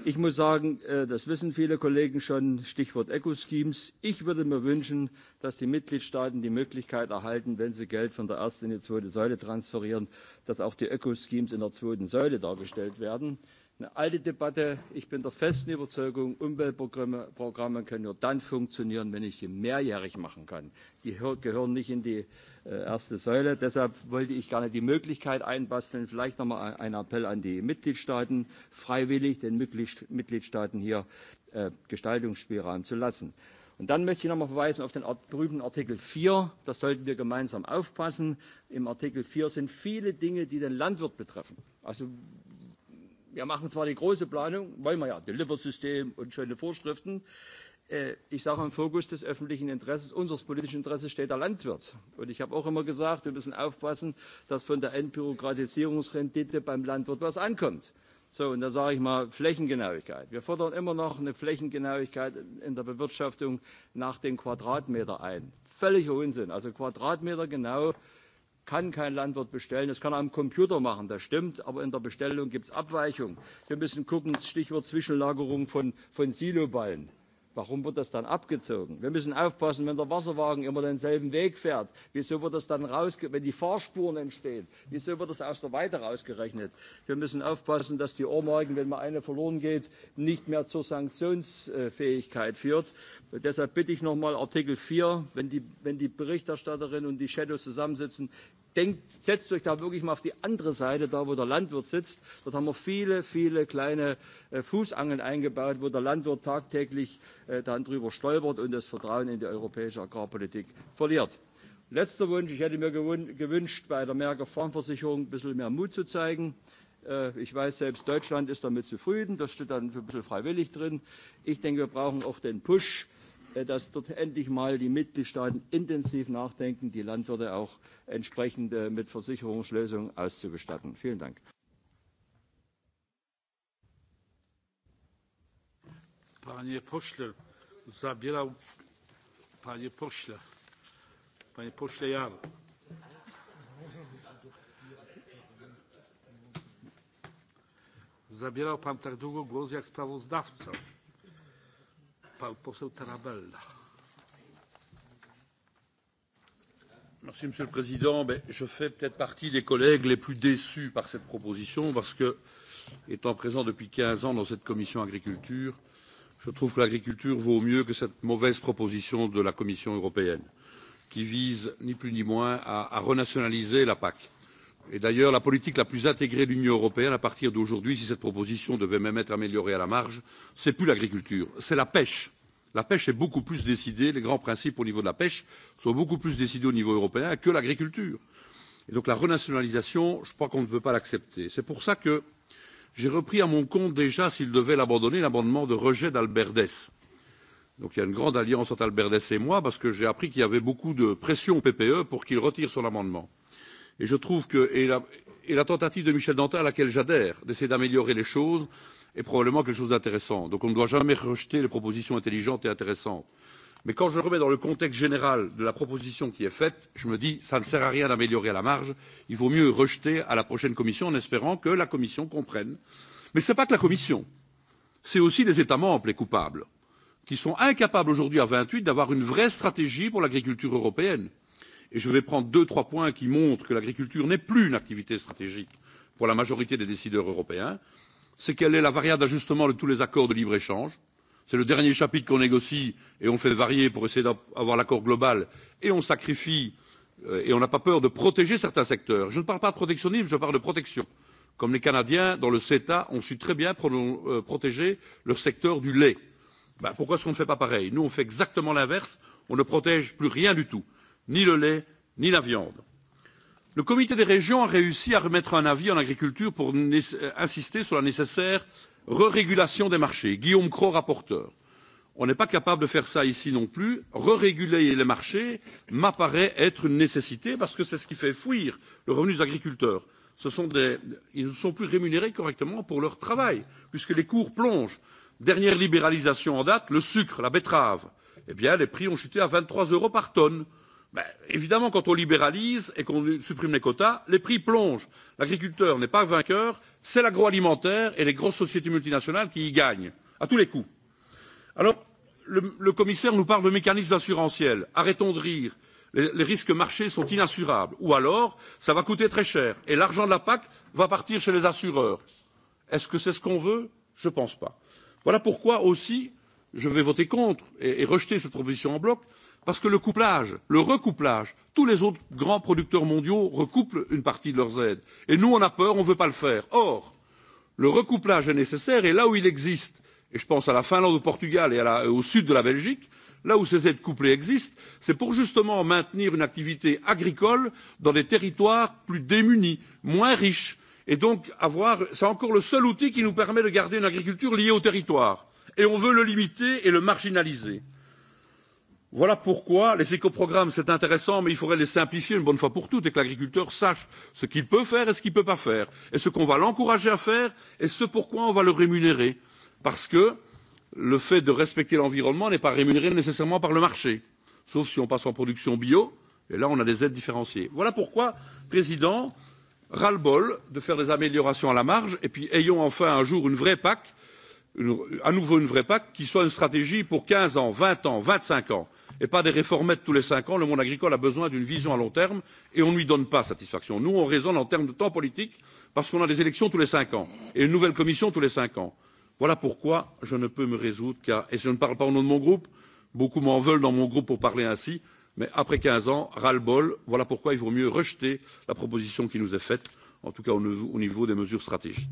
ich muss sagen, äh, das wissen viele Kollegen schon, Stichwort Eco-Schemes. Ich würde mir wünschen, dass die Mitgliedstaaten die Möglichkeit erhalten, wenn sie Geld von der ersten in die zweite Säule transferieren, dass auch die Eco-Schemes in der zweiten Säule dargestellt werden. Äh, eine alte Debatte. Ich bin der festen Überzeugung, Umweltprogramme Programme können nur dann funktionieren, wenn ich sie mehrjährig machen kann. Die gehören nicht in die äh, erste Säule. Deshalb wollte ich gerne die Möglichkeit einbasteln. Vielleicht nochmal ein Appell an die Mitgliedstaaten, freiwillig den Mitgliedstaaten hier äh, Gestaltungsspielraum zu lassen. Und dann möchte ich nochmal verweisen auf den berühmten Artikel 4. Das sollten wir gemeinsam aufpassen. Im Artikel 4 sind viele Dinge, die den Landwirt betreffen. Also Wir machen zwar die große Planung, wollen wir ja, Deliver-System und schöne Vorschriften. Äh, ich sage, im Fokus des öffentlichen Interesses, unseres politischen Interesses steht der Landwirt. Und ich habe auch immer gesagt, wir müssen aufpassen, dass von der Entbürokratisierungsrendite beim Landwirt was ankommt. So, und da sage ich mal Flächengenauigkeit. Wir fordern immer noch eine Flächengenauigkeit in der Bewirtschaftung nach den Quadratmeter ein. Völliger Unsinn. Also Quadratmeter genau kann kein Landwirt bestellen. Das kann er am Computer machen, das stimmt, aber in der Bestellung gibt es Abweichungen. Wir müssen gucken, Stichwort Zwischenlagerung von, von Siloballen. Warum wird das dann abgezogen? Wir müssen aufpassen, wenn der Wasserwagen immer denselben Weg fährt. Wieso wird das dann raus, wenn die Fahrspuren entstehen? Wieso wird das aus der Weite rausgerechnet? Wir müssen aufpassen, dass die Ohrmarken, wenn mal eine verloren geht, nicht mehr zur Sanktionsfähigkeit führt. Und deshalb bitte ich nochmal Artikel 4, wenn die, wenn die Berichterstatterin und die Shadows zusammensitzen, denkt, setzt euch da wirklich mal auf die andere Seite, da wo der Landwirt sitzt. Dort haben wir viele, viele kleine äh, Fußangeln eingebaut, wo der Landwirt tagtäglich äh, dann drüber stolpert und das Vertrauen in die europäische Agrarpolitik verliert. Letzter Wunsch, ich hätte mir gewünscht, bei der Merkel Farmversicherung ein bisschen mehr Mut zu zeigen. Äh, ich weiß, selbst Deutschland ist damit zufrieden. Das steht dann ein bisschen freiwillig drin. Ich denke, wir brauchen auch den Push Äh, dass dort endlich mal die Mitgliedstaaten intensiv nachdenken, die Landwirte auch entsprechend äh, mit Versicherungslösungen auszustatten. Vielen Dank. Panie pośle, zabierał panie pośle, panie pośle Jar. Zabierał pan tak długo głos jak sprawozdawca. Pan poseł Tarabella. Merci, Monsieur le Président. Ben, je fais peut-être partie des collègues les plus déçus par cette proposition parce que, étant présent depuis 15 ans dans cette commission agriculture, je trouve que l'agriculture vaut mieux que cette mauvaise proposition de la Commission européenne qui vise ni plus ni moins à, à renationaliser la PAC est d'ailleurs la politique la plus intégrée de l'Union européenne à partir d'aujourd'hui, si cette proposition devait même être améliorée à la marge, c'est plus l'agriculture, c'est la pêche. La pêche est beaucoup plus décidée, les grands principes au niveau de la pêche sont beaucoup plus décidés au niveau européen que l'agriculture. Et donc la renationalisation, je crois qu'on ne peut pas l'accepter. C'est pour ça que j'ai repris à mon compte déjà, s'il devait l'abandonner, l'amendement de rejet d'Albert Dess. Donc il y a une grande alliance entre Albert Dess et moi, parce que j'ai appris qu'il y avait beaucoup de pression au PPE pour qu'il retire son amendement. Et je trouve que et la, et la tentative de Michel Dantin, à laquelle j'adhère, d'essayer d'améliorer les choses, est probablement quelque chose d'intéressant. Donc on ne doit jamais rejeter les propositions intelligentes et intéressantes. Mais quand je remets dans le contexte général de la proposition qui est faite, je me dis ça ne sert à rien d'améliorer à la marge, il vaut mieux rejeter à la prochaine commission en espérant que la commission comprenne. Mais ce n'est pas que la commission, c'est aussi les États membres les coupables, qui sont incapables aujourd'hui à 28 d'avoir une vraie stratégie pour l'agriculture européenne. Euh, et je vais prendre deux, trois points qui montrent que l'agriculture n'est plus une activité stratégique pour la majorité des décideurs européens, c'est qu'elle est la variable d'ajustement de tous les accords de libre-échange. C'est le dernier chapitre qu'on négocie et on fait varier pour essayer d'avoir l'accord global et on sacrifie euh, et on n'a pas peur de protéger certains secteurs. Je ne parle pas de protectionnisme, je parle de protection. Comme les Canadiens, dans le CETA, ont su très bien pro euh, protéger leur secteur du lait. Ben, pourquoi est-ce qu'on ne fait pas pareil Nous, on fait exactement l'inverse, on ne protège plus rien du tout ni le lait, ni la viande. Le comité des régions a réussi à remettre un avis en agriculture pour insister sur la nécessaire rérégulation des marchés. Guillaume Cro, rapporteur. On n'est pas capable de faire ça ici non plus. Reréguler les marchés m'apparaît être une nécessité parce que c'est ce qui fait fuir le revenu des agriculteurs. Ce sont des, ils ne sont plus rémunérés correctement pour leur travail puisque les cours plongent. Dernière libéralisation en date, le sucre, la betterave. Eh bien, les prix ont chuté à 23 euros par tonne. Euh, ben, évidemment, quand on libéralise et qu'on supprime les quotas, les prix plongent. L'agriculteur n'est pas vainqueur, c'est l'agroalimentaire et les grosses sociétés multinationales qui y gagnent, à tous les coups. Alors, le, le commissaire nous parle de mécanismes assurantiels. Arrêtons de rire. Les, les risques marchés sont inassurables. Ou alors, ça va coûter très cher. Et l'argent de la PAC va partir chez les assureurs. Est-ce que c'est ce qu'on veut Je ne pense pas. Voilà pourquoi aussi, je vais voter contre et, et rejeter cette proposition en bloc, euh, parce que le couplage, le recouplage, tous les autres grands producteurs mondiaux recouplent une partie de leurs aides. Et nous, on a peur, on ne veut pas le faire. Or, le recouplage est nécessaire et là où il existe, et je pense à la Finlande, au Portugal et à la, au sud de la Belgique, là où ces aides couplées existent, c'est pour justement maintenir une activité agricole dans des territoires plus démunis, moins riches. Et donc, avoir, c'est encore le seul outil qui nous permet de garder une agriculture liée au territoire. Et on veut le limiter et le marginaliser. Euh, Voilà pourquoi les écoprogrammes, c'est intéressant, mais il faudrait les simplifier une bonne fois pour toutes et que l'agriculteur sache ce qu'il peut faire et ce qu'il ne peut pas faire, et ce qu'on va l'encourager à faire et ce pourquoi on va le rémunérer. Parce que le fait de respecter l'environnement n'est pas rémunéré nécessairement par le marché, sauf si on passe en production bio, et là on a des aides différenciées. Voilà pourquoi, Président, ras-le-bol de faire des améliorations à la marge, et puis ayons enfin un jour une vraie PAC, une, à nouveau une vraie PAC, qui soit une stratégie pour 15 ans, 20 ans, 25 ans et pas des réformettes tous les cinq ans. Le monde agricole a besoin d'une vision à long terme et on ne lui donne pas satisfaction. Nous, on raisonne en termes de temps politique parce qu'on a des élections tous les cinq ans et une nouvelle commission tous les cinq ans. Voilà pourquoi je ne peux me résoudre qu'à et je ne parle pas au nom de mon groupe beaucoup m'en veulent dans mon groupe pour parler ainsi mais après quinze ans ras le bol voilà pourquoi il vaut mieux rejeter la proposition qui nous est faite en tout cas au niveau des mesures stratégiques.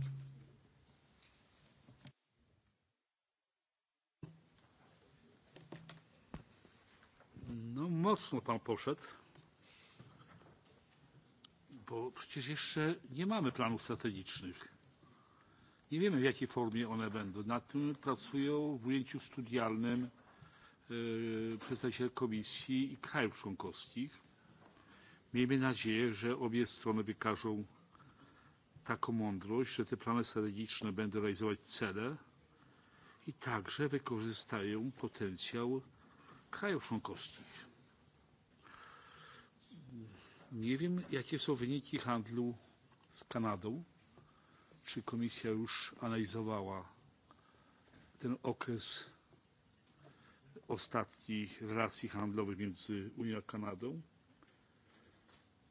mocno pan poszedł, bo przecież jeszcze nie mamy planów strategicznych. Nie wiemy, w jakiej formie one będą. Nad tym pracują w ujęciu studialnym yy, e, przedstawiciele Komisji i krajów członkowskich. Miejmy nadzieję, że obie strony wykażą taką mądrość, że te plany strategiczne będą realizować cele i także wykorzystają potencjał krajów członkowskich. Nie wiem, jakie są wyniki handlu z Kanadą. Czy komisja już analizowała ten okres ostatnich relacji handlowych między Unią a Kanadą?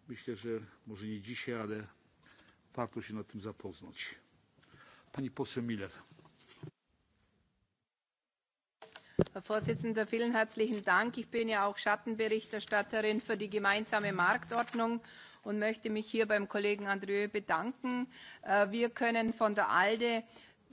Myślę, że może nie dzisiaj, ale warto się nad tym zapoznać. Pani poseł Miller. Herr Vorsitzender, vielen herzlichen Dank. Ich bin ja auch Schattenberichterstatterin für die gemeinsame Marktordnung und möchte mich hier beim Kollegen Andrieu bedanken. Äh, wir können von der ALDE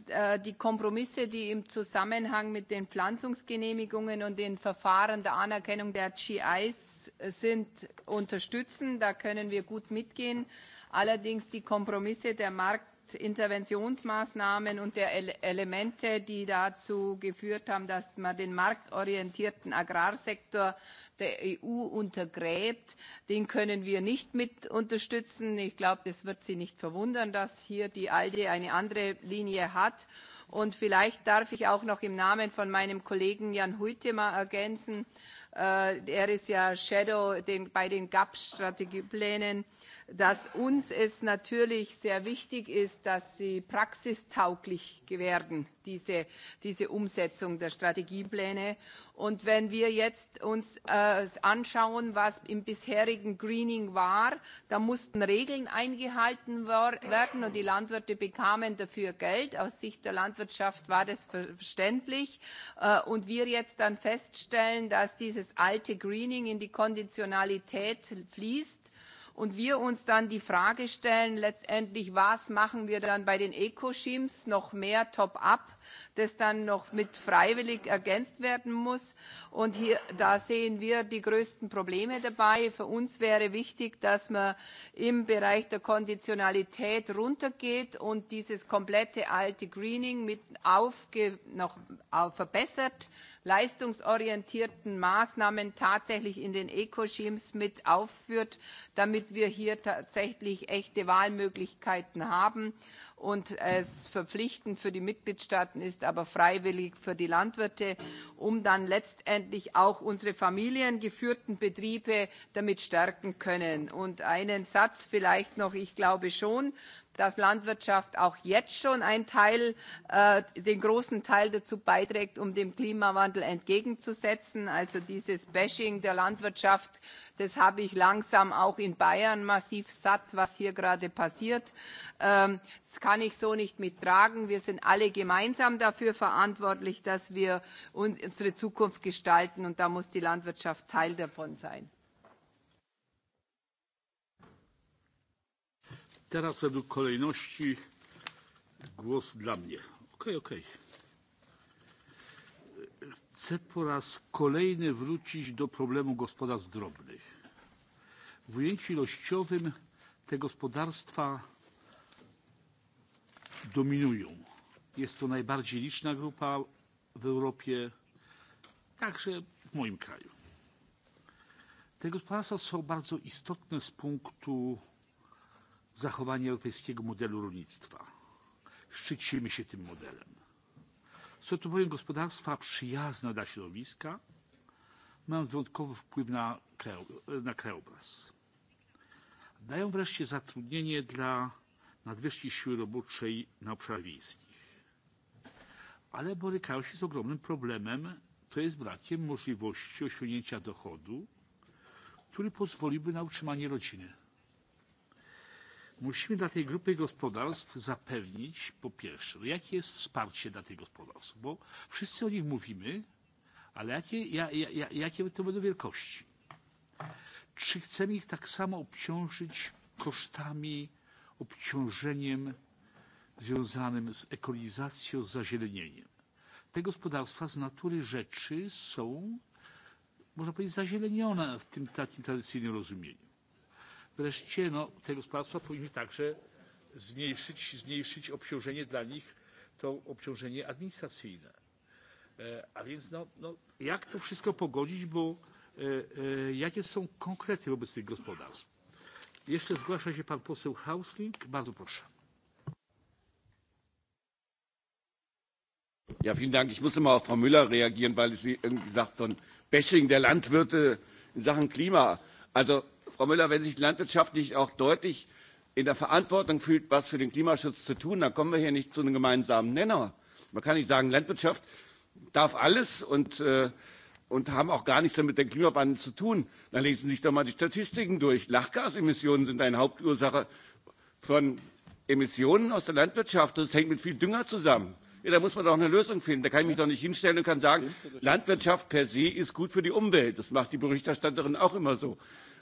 äh, die Kompromisse, die im Zusammenhang mit den Pflanzungsgenehmigungen und den Verfahren der Anerkennung der GIs sind, unterstützen. Da können wir gut mitgehen. Allerdings die Kompromisse der Markt und Interventionsmaßnahmen und der Ele Elemente, die dazu geführt haben, dass man den marktorientierten Agrarsektor der EU untergräbt, den können wir nicht mit unterstützen. Ich glaube, es wird Sie nicht verwundern, dass hier die ALDE eine andere Linie hat. Und vielleicht darf ich auch noch im Namen von meinem Kollegen Jan Huitema ergänzen, äh, äh, er ist ja Shadow den, bei den GAP-Strategieplänen, dass uns es natürlich sehr wichtig ist, dass sie praxistauglich werden diese, diese Umsetzung der Strategiepläne. Und wenn wir jetzt uns äh, anschauen, was im bisherigen Greening war, da mussten Regeln eingehalten werden und die Landwirte bekamen dafür Geld. Aus Sicht der Landwirtschaft war das verständlich. Äh, und wir jetzt dann feststellen, dass dieses alte Greening in die Konditionalität fließt und wir uns dann die Frage stellen, letztendlich, was machen wir dann bei den Eco-Schemes, noch mehr Top-up, das dann noch mit freiwillig ergänzt werden muss. Und hier, da sehen wir die größten Probleme dabei. Für uns wäre wichtig, dass man im Bereich der Konditionalität runtergeht und dieses komplette alte Greening mit aufge, noch auf verbessert leistungsorientierten Maßnahmen tatsächlich in den Eco-Schemes mit aufführt, damit wir hier tatsächlich echte Wahlmöglichkeiten haben. Und es verpflichtend für die Mitgliedstaaten ist, aber freiwillig für die Landwirte, um dann letztendlich auch unsere familiengeführten Betriebe damit stärken können. Und einen Satz vielleicht noch. Ich glaube schon, dass Landwirtschaft auch jetzt schon einen Teil, äh, den großen Teil dazu beiträgt, um dem Klimawandel entgegenzusetzen. Also dieses Bashing der Landwirtschaft, das habe ich langsam auch in Bayern massiv satt, was hier gerade passiert. Ähm, das kann ich so nicht mittragen. Wir sind alle gemeinsam dafür verantwortlich, dass wir uns, unsere Zukunft gestalten und da muss die Landwirtschaft Teil davon sein. Teraz według kolejności głos dla mnie. Okej, okay, okej. Okay. Chcę po raz kolejny wrócić do problemu gospodarstw drobnych. W ujęciu ilościowym te gospodarstwa dominują. Jest to najbardziej liczna grupa w Europie, także w moim kraju. Te gospodarstwa są bardzo istotne z punktu zachowanie europejskiego modelu rolnictwa. Szczycimy się tym modelem. Są to bowiem gospodarstwa przyjazne dla środowiska, mają wyjątkowy wpływ na, krajo, na krajobraz. Dają wreszcie zatrudnienie dla nadwyżki siły roboczej na obszarach wiejskich. Ale borykają się z ogromnym problemem, to jest brakiem możliwości osiągnięcia dochodu, który pozwoliłby na utrzymanie rodziny musimy dla tej grupy gospodarstw zapewnić po pierwsze, jakie jest wsparcie dla tych gospodarstw, bo wszyscy o nich mówimy, ale jakie, ja, ja, jakie to będą wielkości? Czy chcemy ich tak samo obciążyć kosztami, obciążeniem związanym z ekologizacją, z zazielenieniem? Te gospodarstwa z natury rzeczy są, można powiedzieć, zazielenione w tym takim tradycyjnym rozumieniu wreszcie no, te gospodarstwa powinny także zmniejszyć, zmniejszyć obciążenie dla nich, to obciążenie administracyjne. E, a więc no, no, jak to wszystko pogodzić, bo e, e, jakie są konkrety wobec tych gospodarstw? Jeszcze zgłasza się pan poseł Hausling. Bardzo proszę. Ja, vielen Dank. Ich muss immer auf Frau Müller reagieren, weil sie irgendwie sagt, von Bashing der Landwirte in Sachen Klima. Also Frau Müller, wenn sich Landwirtschaft nicht auch deutlich in der Verantwortung fühlt, was für den Klimaschutz zu tun, dann kommen wir hier nicht zu einem gemeinsamen Nenner. Man kann nicht sagen, Landwirtschaft darf alles und, äh, und haben auch gar nichts damit mit dem Klimawandel zu tun. Dann lesen Sie sich doch mal die Statistiken durch. Lachgasemissionen sind eine Hauptursache von Emissionen aus der Landwirtschaft. Das hängt mit viel Dünger zusammen. Ja, da muss man doch eine Lösung finden. Da kann ich mich doch nicht hinstellen und kann sagen, Landwirtschaft per se ist gut für die Umwelt. Das macht die Berichterstatterin auch immer so.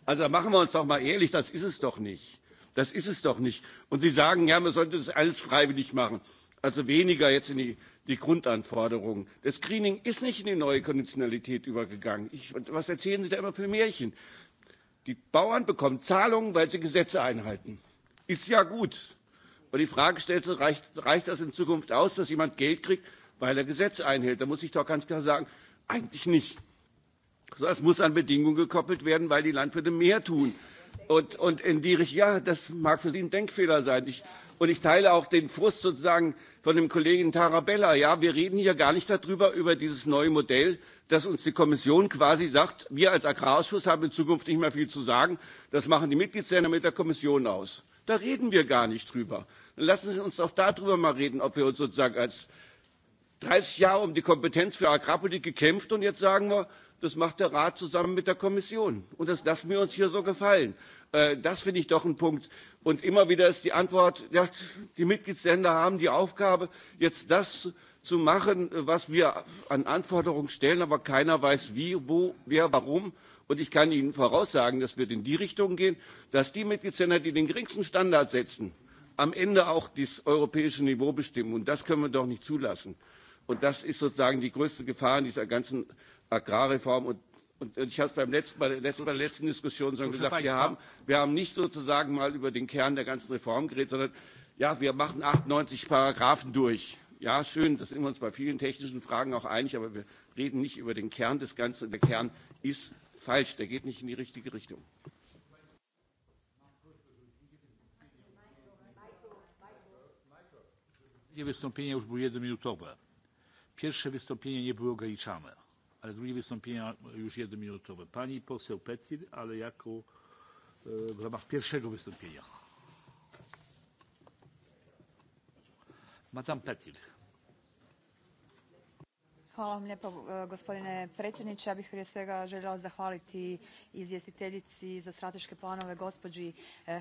Also machen wir uns doch mal ehrlich, das ist es doch nicht. Das ist es doch nicht. Und Sie sagen, ja, man sollte das alles freiwillig machen. Also weniger jetzt in die, die Grundanforderungen. Das Screening ist nicht in die neue Konditionalität übergegangen. Ich, was erzählen Sie da immer für Märchen? Die Bauern bekommen Zahlungen, weil sie Gesetze einhalten. Ist ja gut. Aber die Frage stellt sich, reicht, reicht das in Zukunft aus, dass jemand Geld kriegt, weil er Gesetze einhält? Da muss ich doch ganz klar sagen, eigentlich nicht. Das muss an Bedingungen gekoppelt werden, weil die Landwirte mehr tun. Und, und in die Richtung, ja, das mag für Sie ein Denkfehler sein. Ich, und ich teile auch den Frust sozusagen von dem Kollegen Tarabella. Ja, wir reden hier gar nicht darüber, über dieses neue Modell, dass uns die Kommission quasi sagt, wir als Agrarausschuss haben in Zukunft nicht mehr viel zu sagen. Das machen die Mitgliedsländer mit der Kommission aus. Da reden wir gar nicht drüber. Dann lassen Sie uns doch darüber mal reden, ob wir uns sozusagen als 30 Jahre um die Kompetenz für Agrarpolitik gekämpft und jetzt sagen wir, Das macht der Rat zusammen mit der Kommission. Und das lassen wir uns hier so gefallen. Äh, das finde ich doch ein Punkt. Und immer wieder ist die Antwort, ja, die Mitgliedsländer haben die Aufgabe, jetzt das zu machen, was wir an Anforderungen stellen, aber keiner weiß wie, wo, wer, warum. Und ich kann Ihnen voraussagen, das wird in die Richtung gehen, dass die Mitgliedsländer, die den geringsten Standard setzen, am Ende auch das europäische Niveau bestimmen. Und das können wir doch nicht zulassen. Und das ist sozusagen die größte Gefahr in dieser ganzen Agrarreform und und ich habe es beim letzten, bei, letzten, bei der letzten Diskussion schon gesagt, wir haben, wir haben nicht sozusagen mal über den Kern der ganzen Reform geredet, sondern ja, wir machen 98 Paragraphen durch. Ja, schön, das sind wir uns bei vielen technischen Fragen auch einig, aber wir reden nicht über den Kern des Ganzen. Und der Kern ist falsch, der geht nicht in die richtige Richtung. wystąpienia już były jednominutowe. Pierwsze wystąpienie nie były ograniczane ale drugie wystąpienia już jednominutowe. Pani poseł Petir, ale jako e, w ramach pierwszego wystąpienia. Madame Petir. Hvala vam lijepo e, gospodine predsjednie. ja bih prije svega eljela zahvaliti izvjestiteljici za strateke planove gospoi e,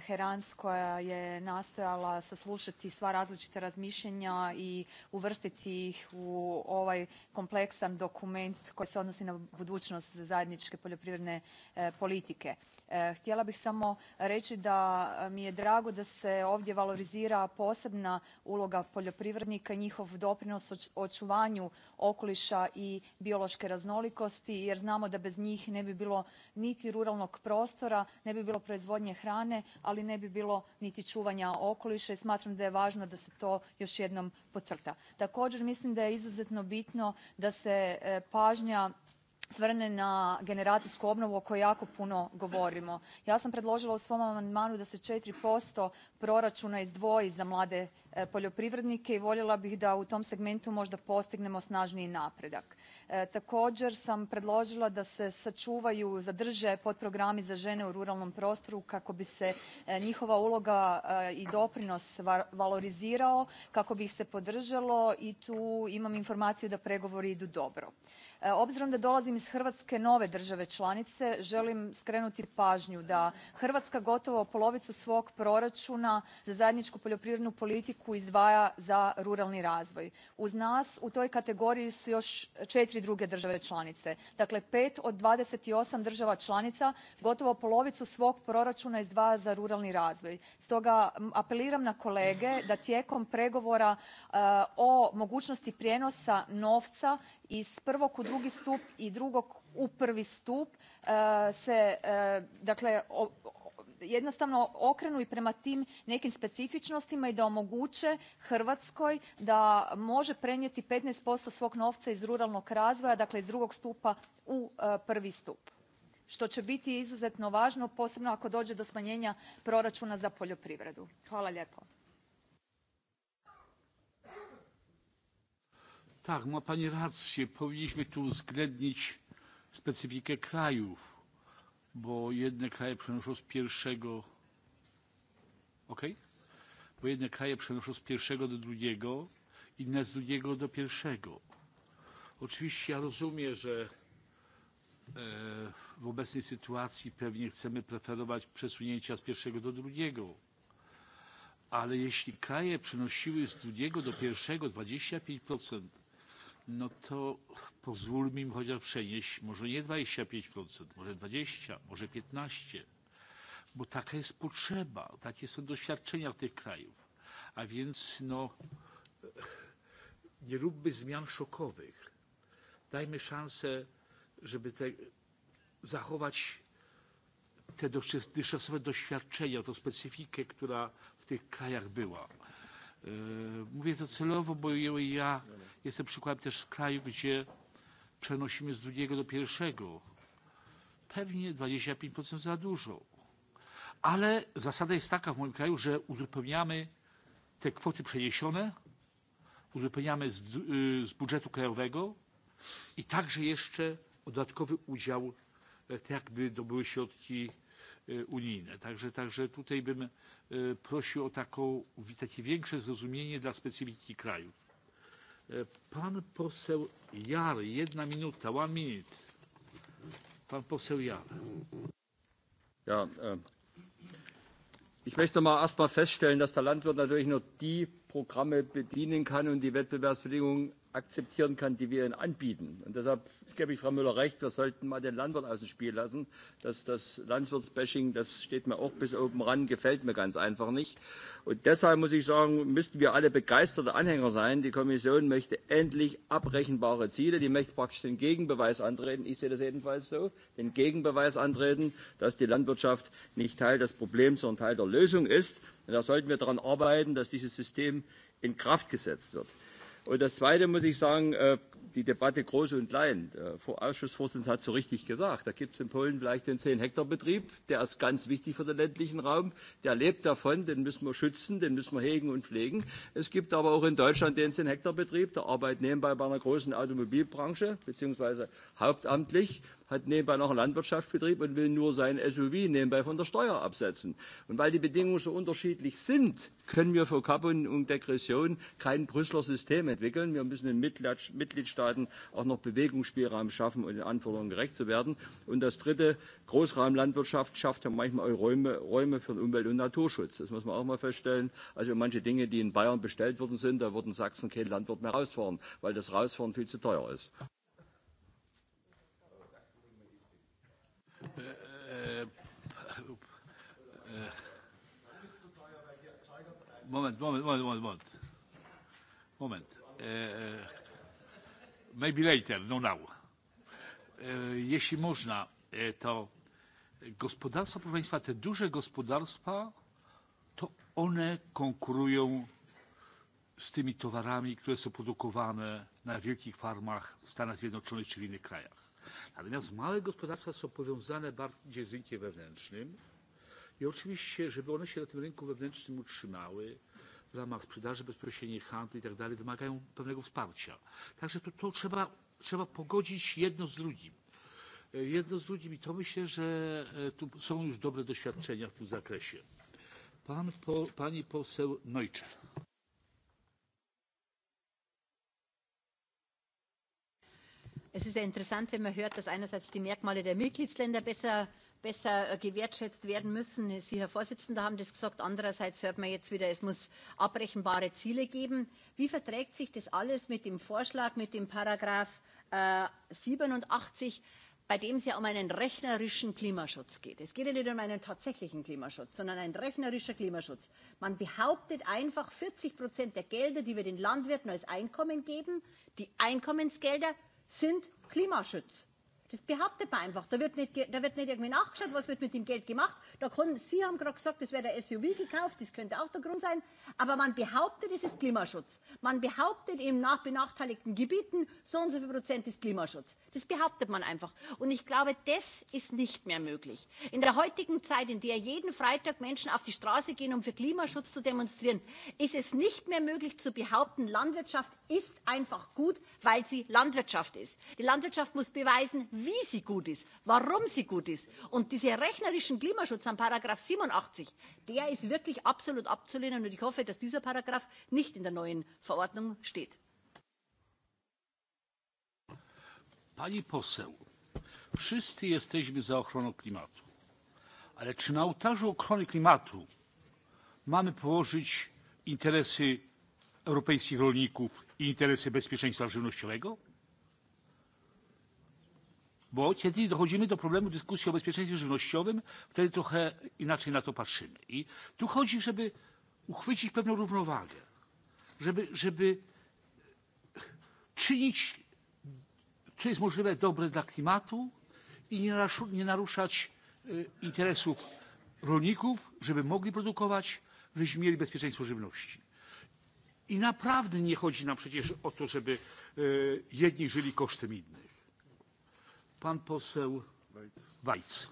herranz koja je nastojala sasluati sva razliita razmiljanja i uvrstiti ih u ovaj kompleksan dokument koji se odnosi na budunost zajednike poljoprivredne e, politike. E, htjela bih samo reći da e, mi je drago da se ovdje valorizira posebna uloga poljoprivrednika i njihov doprinos očuvanju okoliša i biološke raznolikosti jer znamo da bez njih ne bi bilo niti ruralnog prostora ne bi bilo proizvodnje hrane ali ne bi bilo niti čuvanja okoliša i smatram da je važno da se to još jednom podcrta. također mislim da je izuzetno bitno da se e, pažnja osvrne na generacijsku obnovu o kojoj jako puno govorimo. ja sam predloila u svom amandmanu da se four prorauna izdvoji za mlade E, poljoprivrednike i voljela bih da u tom segmentu možda postignemo snažniji napredak. E, također sam predložila da se sačuvaju zadrže potprogrami za žene u ruralnom prostoru kako bi se e, njihova uloga i doprinos valorizirao kako bi ih se podržalo i tu imam informaciju da pregovori idu dobro. obzirom da dolazim iz hrvatske nove države članice želim skrenuti pažnju da hrvatska gotovo polovicu svog proračuna za zajedničku poljoprivrednu politiku poruku izdvaja za ruralni razvoj. uz nas u toj kategoriji su još četiri druge države članice. dakle pet od dvadeset osam država članica gotovo polovicu svog proračuna izdvaja za ruralni razvoj. stoga apeliram na kolege da tijekom pregovora e, o mogućnosti prijenosa novca iz prvog u drugi stup i drugog u prvi stup e, se e, dakle jednostavno okrenuli prema tim nekim specifičnostima i da omoguće hrvatskoj da može prenijeti fifteen svog novca iz ruralnog razvoja dakle iz drugog stupa u e, prvi stup što će biti izuzetno važno posebno ako dođe do smanjenja proračuna za poljoprivredu. hvala lijepo. tak ma pani rację powinniśmy tu uwzględnić specyfikę krajów bo jedne kraje przenoszą z pierwszego, ok? Bo jedne kraje przenoszą z pierwszego do drugiego, inne z drugiego do pierwszego. Oczywiście ja rozumiem, że e, w obecnej sytuacji pewnie chcemy preferować przesunięcia z pierwszego do drugiego. Ale jeśli kraje przenosiły z drugiego do pierwszego 25%, no to pozwólmy im chociaż przenieść może nie 25%, może 20, może 15, bo taka jest potrzeba, takie są doświadczenia tych krajów. A więc no, nie róbmy zmian szokowych. Dajmy szansę, żeby te, zachować te dotychczasowe doświadczenia, tą specyfikę, która w tych krajach była E, mówię to celowo, bo ja jestem przykładem też z kraju, gdzie przenosimy z drugiego do pierwszego. Pewnie 25% za dużo. Ale zasada jest taka w moim kraju, że uzupełniamy te kwoty przeniesione, uzupełniamy z, z budżetu krajowego i także jeszcze dodatkowy udział, e, tak jakby to były środki E, unijne. Także, także tutaj bym e, prosił o taką, takie większe zrozumienie dla specyfiki krajów. E, pan poseł Jar, jedna minuta, one minute. Pan poseł Jar. Ja, äh, ich möchte mal erst mal feststellen, dass der Landwirt natürlich nur die Programme bedienen kann und die Wettbewerbsbedingungen akzeptieren kann, die wir ihnen anbieten. Und deshalb gebe ich Frau Müller recht, wir sollten mal den Landwirt aus dem Spiel lassen. Das, das Landwirtsbashing, das steht mir auch bis oben ran, gefällt mir ganz einfach nicht. Und deshalb muss ich sagen, müssten wir alle begeisterte Anhänger sein. Die Kommission möchte endlich abrechenbare Ziele. Die möchte praktisch den Gegenbeweis antreten. Ich sehe das jedenfalls so. Den Gegenbeweis antreten, dass die Landwirtschaft nicht Teil des Problems, sondern Teil der Lösung ist. Und da sollten wir daran arbeiten, dass dieses System in Kraft gesetzt wird. Und das Zweite muss ich sagen, äh, die Debatte Große und Klein. Der Ausschussvorsitzende hat es so richtig gesagt. Da gibt es in Polen vielleicht den 10-Hektar-Betrieb. Der ist ganz wichtig für den ländlichen Raum. Der lebt davon. Den müssen wir schützen. Den müssen wir hegen und pflegen. Es gibt aber auch in Deutschland den 10-Hektar-Betrieb. Der arbeitet nebenbei bei einer großen Automobilbranche, beziehungsweise hauptamtlich hat nebenbei noch einen Landwirtschaftsbetrieb und will nur sein SUV nebenbei von der Steuer absetzen. Und weil die Bedingungen so unterschiedlich sind, können wir für Kappen und Degression kein Brüsseler System entwickeln. Wir müssen einen Mitgliedstaat Mitgliedstaaten auch noch Bewegungsspielraum schaffen, um den Anforderungen gerecht zu werden. Und das Dritte, Großraumlandwirtschaft schafft ja manchmal auch Räume, Räume für den Umwelt- und Naturschutz. Das muss man auch mal feststellen. Also manche Dinge, die in Bayern bestellt worden sind, da würden Sachsen kein Landwirt mehr rausfahren, weil das Rausfahren viel zu teuer ist. Moment, Moment, Moment, Moment, Moment. Moment. Äh, äh Maybe later, no now. E, jeśli można, e, to gospodarstwa, proszę Państwa, te duże gospodarstwa, to one konkurują z tymi towarami, które są produkowane na wielkich farmach w Stanach Zjednoczonych czy w innych krajach. Natomiast małe gospodarstwa są powiązane bardziej z rynkiem wewnętrznym i oczywiście, żeby one się na tym rynku wewnętrznym utrzymały, w ramach sprzedaży bezpośredniej, handlu itd. wymagają pewnego wsparcia. Także to, to trzeba, trzeba pogodzić jedno z drugim. E, jedno z drugim i to myślę, że e, tu są już dobre doświadczenia w tym zakresie. Pan, po, pani poseł Neutscher. Es ist ja interessant, wenn man hört, dass einerseits die Merkmale der Mitgliedsländer besser äh, besser äh, gewertschätzt werden müssen. Sie, Herr Vorsitzender, haben das gesagt. Andererseits hört man jetzt wieder, es muss abrechenbare Ziele geben. Wie verträgt sich das alles mit dem Vorschlag, mit dem Paragraph äh, 87, bei dem es ja um einen rechnerischen Klimaschutz geht. Es geht ja nicht um einen tatsächlichen Klimaschutz, sondern ein rechnerischer Klimaschutz. Man behauptet einfach, 40 Prozent der Gelder, die wir den Landwirten als Einkommen geben, die Einkommensgelder, sind Klimaschutz Das behauptet man einfach. Da wird, nicht, da wird nicht irgendwie nachgeschaut, was wird mit dem Geld gemacht. Da können, Sie haben gerade gesagt, das wäre der SUV gekauft, das könnte auch der Grund sein. Aber man behauptet, es ist Klimaschutz. Man behauptet in nach benachteiligten Gebieten, so und so viel Prozent ist Klimaschutz. Das behauptet man einfach. Und ich glaube, das ist nicht mehr möglich. In der heutigen Zeit, in der jeden Freitag Menschen auf die Straße gehen, um für Klimaschutz zu demonstrieren, ist es nicht mehr möglich zu behaupten, Landwirtschaft ist einfach gut, weil sie Landwirtschaft ist. Die Landwirtschaft muss beweisen, wie sie gut ist, warum sie gut ist. Und dieser rechnerischen Klimaschutz an Paragraph 87, der ist wirklich absolut abzulehnen. Und ich hoffe, dass dieser Paragraph nicht in der neuen Verordnung steht. Pani poseł, wszyscy jesteśmy za ochroną klimatu, ale czy na ołtarzu ochrony klimatu mamy położyć interesy europejskich rolników i interesy bezpieczeństwa żywnościowego? bo kiedy dochodzimy do problemu dyskusji o bezpieczeństwie żywnościowym, wtedy trochę inaczej na to patrzymy. I tu chodzi, żeby uchwycić pewną równowagę, żeby, żeby czynić, co jest możliwe, dobre dla klimatu i nie naruszać interesów rolników, żeby mogli produkować, żebyśmy mieli bezpieczeństwo żywności. I naprawdę nie chodzi nam przecież o to, żeby jedni żyli kosztem innych Pan poseł Weiz.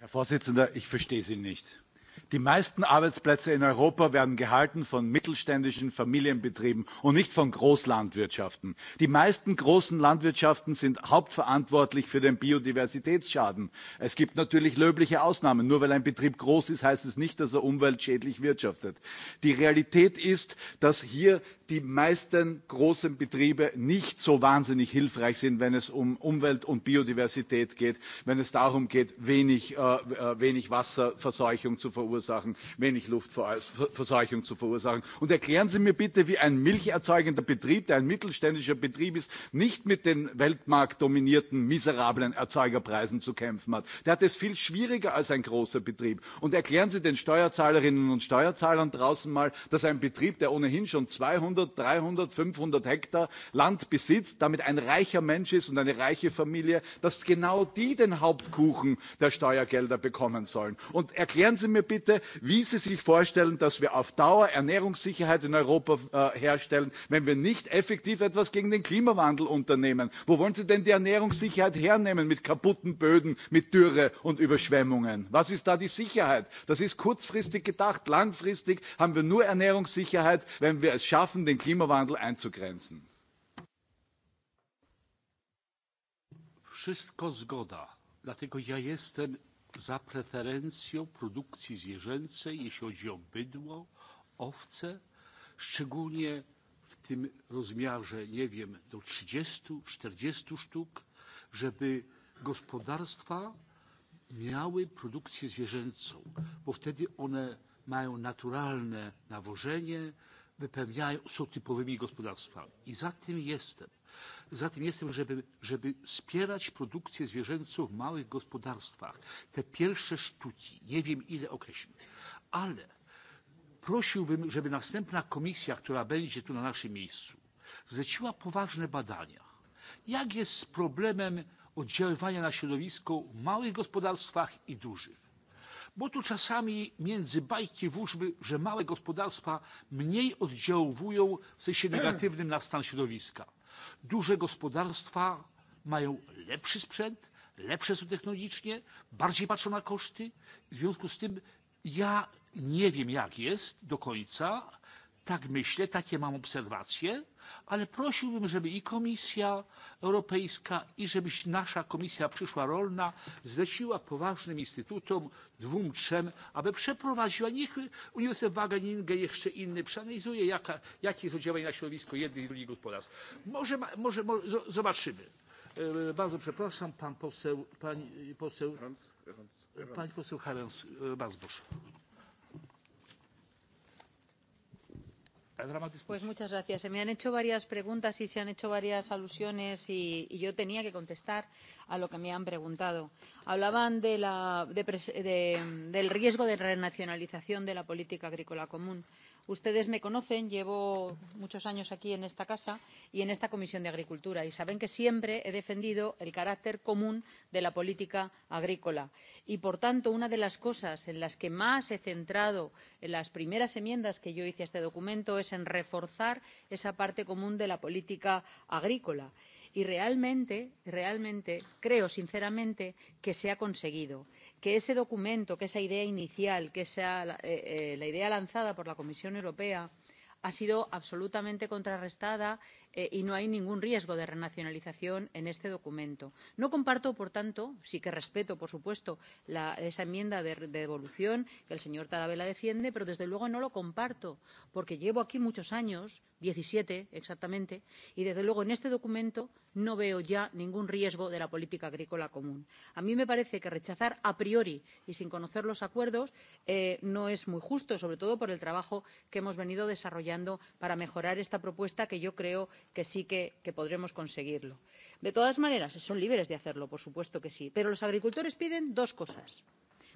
Herr Vorsitzender, ich verstehe Sie nicht. Die meisten Arbeitsplätze in Europa werden gehalten von mittelständischen Familienbetrieben und nicht von Großlandwirtschaften. Die meisten großen Landwirtschaften sind hauptverantwortlich für den Biodiversitätsschaden. Es gibt natürlich löbliche Ausnahmen. Nur weil ein Betrieb groß ist, heißt es nicht, dass er umweltschädlich wirtschaftet. Die Realität ist, dass hier die meisten großen Betriebe nicht so wahnsinnig hilfreich sind, wenn es um Umwelt und Biodiversität geht, wenn es darum geht, wenig, äh, äh, wenig Wasserverseuchung zu verursachen, wenig Luftverseuchung zu verursachen. Und erklären Sie mir bitte, wie ein milcherzeugender Betrieb, der ein mittelständischer Betrieb ist, nicht mit den weltmarktdominierten miserablen Erzeugerpreisen zu kämpfen hat. Der hat es viel schwieriger als ein großer Betrieb. Und erklären Sie den Steuerzahlerinnen und Steuerzahlern draußen mal, dass ein Betrieb, der ohnehin schon 200 200, 300, 500 Hektar Land besitzt, damit ein reicher Mensch ist und eine reiche Familie, dass genau die den Hauptkuchen der Steuergelder bekommen sollen. Und erklären Sie mir bitte, wie Sie sich vorstellen, dass wir auf Dauer Ernährungssicherheit in Europa äh, herstellen, wenn wir nicht effektiv etwas gegen den Klimawandel unternehmen. Wo wollen Sie denn die Ernährungssicherheit hernehmen mit kaputten Böden, mit Dürre und Überschwemmungen? Was ist da die Sicherheit? Das ist kurzfristig gedacht. Langfristig haben wir nur Ernährungssicherheit, wenn wir es schaffen, den Klimawandel einzugrenzen. Wszystko zgoda. Dlatego ja jestem za preferencją produkcji zwierzęcej, jeśli chodzi o bydło, owce, szczególnie w tym rozmiarze, nie wiem, do 30-40 sztuk, żeby gospodarstwa miały produkcję zwierzęcą, bo wtedy one mają naturalne nawożenie, wypełniają, są typowymi gospodarstwami. I za tym jestem. Za tym jestem, żeby, żeby wspierać produkcję zwierzęcą w małych gospodarstwach. Te pierwsze sztuki, nie wiem ile określmy, ale prosiłbym, żeby następna komisja, która będzie tu na naszym miejscu, zleciła poważne badania. Jak jest z problemem oddziaływania na środowisko w małych gospodarstwach i dużych? bo tu czasami między bajki wróżby, że małe gospodarstwa mniej oddziałują w sensie negatywnym na stan środowiska. Duże gospodarstwa mają lepszy sprzęt, lepsze są technologicznie, bardziej patrzą na koszty. W związku z tym ja nie wiem jak jest do końca, tak myślę, takie mam obserwacje, ale prosiłbym, żeby i Komisja Europejska, i żeby nasza komisja przyszła rolna zleciła poważnym instytutom, dwóm, trzem, aby przeprowadziła, niech Uniwersytet Wageningen jeszcze inny przeanalizuje, jaka, jakie jest oddziaływanie na środowisko jednych i drugich gospodarstw. Może, może, może zobaczymy. E, bardzo przepraszam, pan poseł, pani poseł, pani poseł Harens, bardzo proszę. Pues muchas gracias. Se me han hecho varias preguntas y se han hecho varias alusiones y, y yo tenía que contestar a lo que me han preguntado. Hablaban de la, de, de, del riesgo de renacionalización de la política agrícola común. Eh, Ustedes me conocen, llevo muchos años aquí en esta casa y en esta Comisión de Agricultura y saben que siempre he defendido el carácter común de la política agrícola. Y, por tanto, una de las cosas en las que más he centrado en las primeras enmiendas que yo hice a este documento es en reforzar esa parte común de la política agrícola. Y Y realmente, realmente creo sinceramente que se ha conseguido, que ese documento, que esa idea inicial, que esa, eh, eh, la idea lanzada por la Comisión Europea ha sido absolutamente contrarrestada eh, y no hay ningún riesgo de renacionalización en este documento. No comparto, por tanto, sí que respeto, por supuesto, la, esa enmienda de, de devolución que el señor Tarabella defiende, pero desde luego no lo comparto, porque llevo aquí muchos años, 17 exactamente, y desde luego en este documento no veo ya ningún riesgo de la política agrícola común. A mí me parece que rechazar a priori y sin conocer los acuerdos eh, no es muy justo, sobre todo por el trabajo que hemos venido desarrollando para mejorar esta propuesta que yo creo que sí que, que podremos conseguirlo. De todas maneras, son libres de hacerlo, por supuesto que sí. Pero los agricultores piden dos cosas.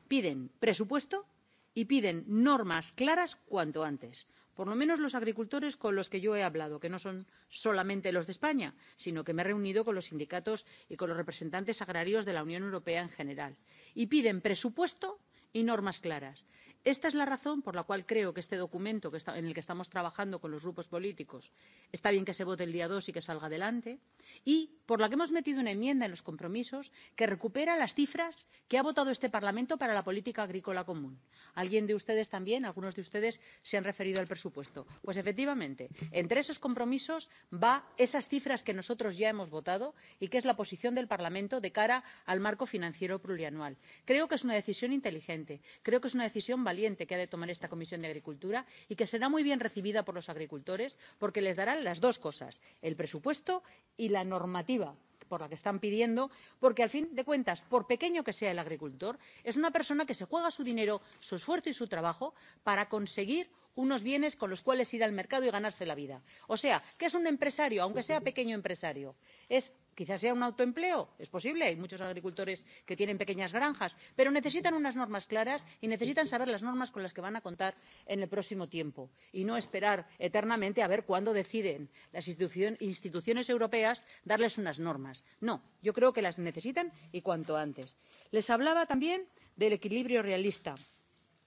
Piden presupuesto y piden normas claras cuanto antes. Por lo menos los agricultores con los que yo he hablado, que no son solamente los de España, sino que me he reunido con los sindicatos y con los representantes agrarios de la Unión Europea en general. Y piden presupuesto y normas claras esta es la razón por la cual creo que este documento que está, en el que estamos trabajando con los grupos políticos está bien que se vote el día dos y que salga adelante y por la que hemos metido una enmienda en los compromisos que recupera las cifras que ha votado este parlamento para la política agrícola común. alguien de ustedes también algunos de ustedes se han referido al presupuesto. pues efectivamente entre esos compromisos van esas cifras que nosotros ya hemos votado y que es la posición del parlamento de cara al marco financiero plurianual. creo que es una decisión inteligente creo que es una decisión valiente que ha de tomar esta Comisión de Agricultura y que será muy bien recibida por los agricultores porque les dará las dos cosas, el presupuesto y la normativa por la que están pidiendo, porque al fin de cuentas, por pequeño que sea el agricultor, es una persona que se juega su dinero, su esfuerzo y su trabajo para conseguir unos bienes con los cuales ir al mercado y ganarse la vida. O sea, que es un empresario, aunque sea pequeño empresario. Es quizás sea un autoempleo, es posible, hay muchos agricultores que tienen pequeñas granjas, pero necesitan unas normas claras y necesitan saber las normas con las que van a contar en el próximo tiempo y no esperar eternamente a ver cuándo deciden las institu instituciones europeas darles unas normas. No, yo creo que las necesitan y cuanto antes. Les hablaba también del equilibrio realista.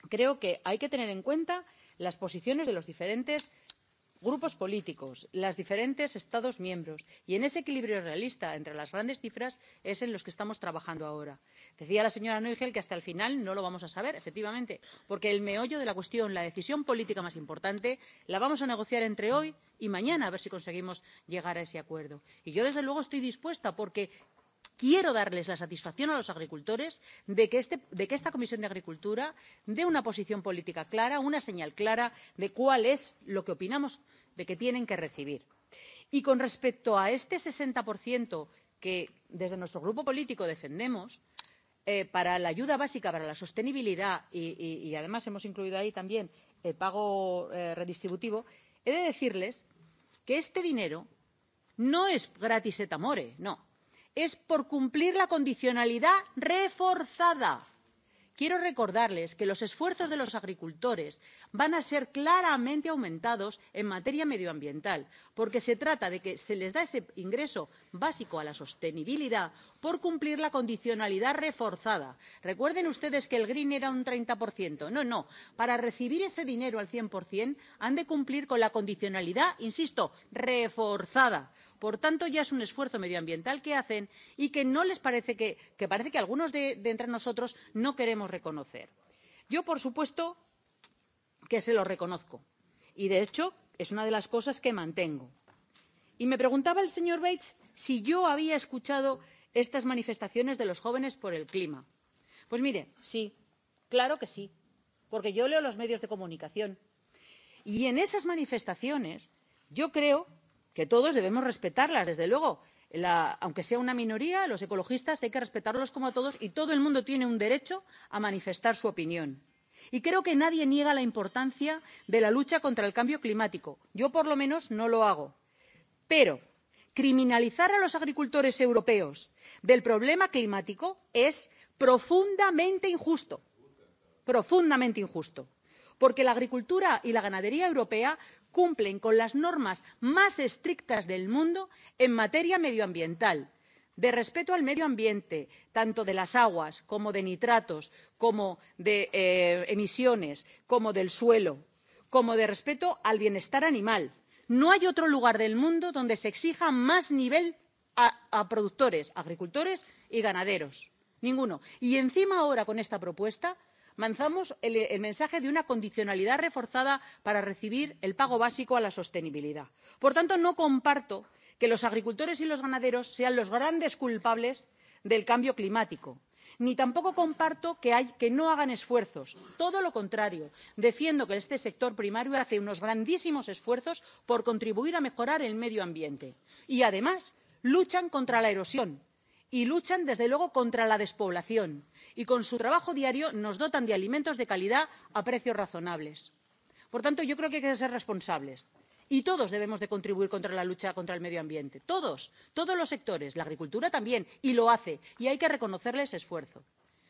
Creo que hay que tener en cuenta las posiciones de los diferentes grupos políticos los diferentes estados miembros y en ese equilibrio realista entre las grandes cifras es en lo que estamos trabajando ahora. decía la señora noichl que hasta el final no lo vamos a saber efectivamente porque el meollo de la cuestión la decisión política más importante la vamos a negociar entre hoy y mañana a ver si conseguimos llegar a ese acuerdo. y yo desde luego estoy dispuesta porque quiero darles la satisfacción a los agricultores de que, este, de que esta comisión de agricultura dé una posición política clara una señal clara de cuál es lo que opinamos de que tienen que recibir. y con respecto a este sesenta que desde nuestro grupo político defendemos eh, para la ayuda básica para la sostenibilidad y, y, y además hemos incluido ahí también el pago eh, redistributivo he de decirles que este dinero no es gratis et amore no es por cumplir la condicionalidad reforzada. Quiero recordarles que los esfuerzos de los agricultores van a ser claramente aumentados en materia medioambiental, porque se trata de que se les da ese ingreso básico a la sostenibilidad por cumplir la condicionalidad reforzada. Recuerden ustedes que el green era un 30%. No, no. Para recibir ese dinero al 100% han de cumplir con la condicionalidad, insisto, reforzada. Por tanto, ya es un esfuerzo medioambiental que hacen y que no les parece que, que parece que algunos de, de entre nosotros no queremos reconocer. Yo, por supuesto, que se lo reconozco. Y, de hecho, es una de las cosas que mantengo. Y me preguntaba el señor Bates si yo había escuchado estas manifestaciones de los jóvenes por el clima. Pues mire, sí, claro que sí, porque yo leo los medios de comunicación. Y en esas manifestaciones yo creo que todos debemos respetarlas, desde luego. La, aunque sea una minoría, los ecologistas hay que respetarlos como a todos y todo el mundo tiene un derecho a manifestar su opinión. Y creo que nadie niega la importancia de la lucha contra el cambio climático. Yo, por lo menos, no lo hago. Pero criminalizar a los agricultores europeos del problema climático es profundamente injusto profundamente injusto porque la agricultura y la ganadería europea cumplen con las normas más estrictas del mundo en materia medioambiental de respeto al medio ambiente tanto de las aguas como de nitratos como de eh, emisiones como del suelo como de respeto al bienestar animal no hay otro lugar del mundo donde se exija más nivel a, a productores agricultores y ganaderos ninguno. y encima ahora con esta propuesta lanzamos el, el mensaje de una condicionalidad reforzada para recibir el pago básico a la sostenibilidad. por tanto no comparto que los agricultores y los ganaderos sean los grandes culpables del cambio climático ni tampoco comparto que, hay, que no hagan esfuerzos todo lo contrario defiendo que este sector primario hace unos grandísimos esfuerzos por contribuir a mejorar el medio ambiente y además luchan contra la erosión y luchan desde luego contra la despoblación y con su trabajo diario nos dotan de alimentos de calidad a precios razonables. por tanto yo creo que hay que ser responsables y todos debemos de contribuir contra la lucha contra el medio ambiente todos todos los sectores la agricultura también y lo hace y hay que reconocerle ese esfuerzo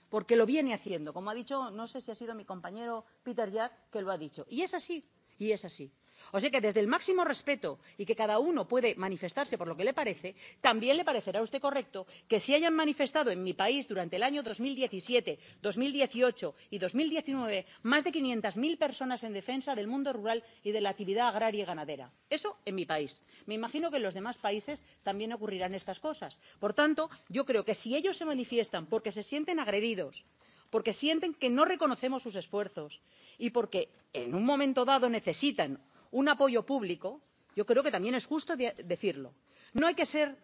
porque lo viene haciendo como ha dicho no sé si ha sido mi compañero peter jaar que lo ha dicho y es así y es así. O sea que desde el máximo respeto y que cada uno puede manifestarse por lo que le parece, también le parecerá a usted correcto que se hayan manifestado en mi país durante el año 2017, 2018 y 2019 más de 500.000 personas en defensa del mundo rural y de la actividad agraria y ganadera. Eso en mi país. Me imagino que en los demás países también ocurrirán estas cosas. Por tanto, yo creo que si ellos se manifiestan porque se sienten agredidos, porque sienten que no reconocemos sus esfuerzos y porque en un momento dado necesitan un apoyo público yo creo que también es justo de decirlo. no hay que ser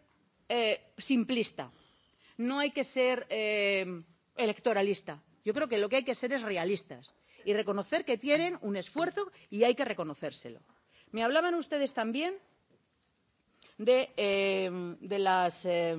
eh, simplista no hay que ser eh, electoralista yo creo que lo que hay que ser es realistas y reconocer que tienen un esfuerzo y hay que reconocérselo. me hablaban ustedes también de, eh, de, las, eh,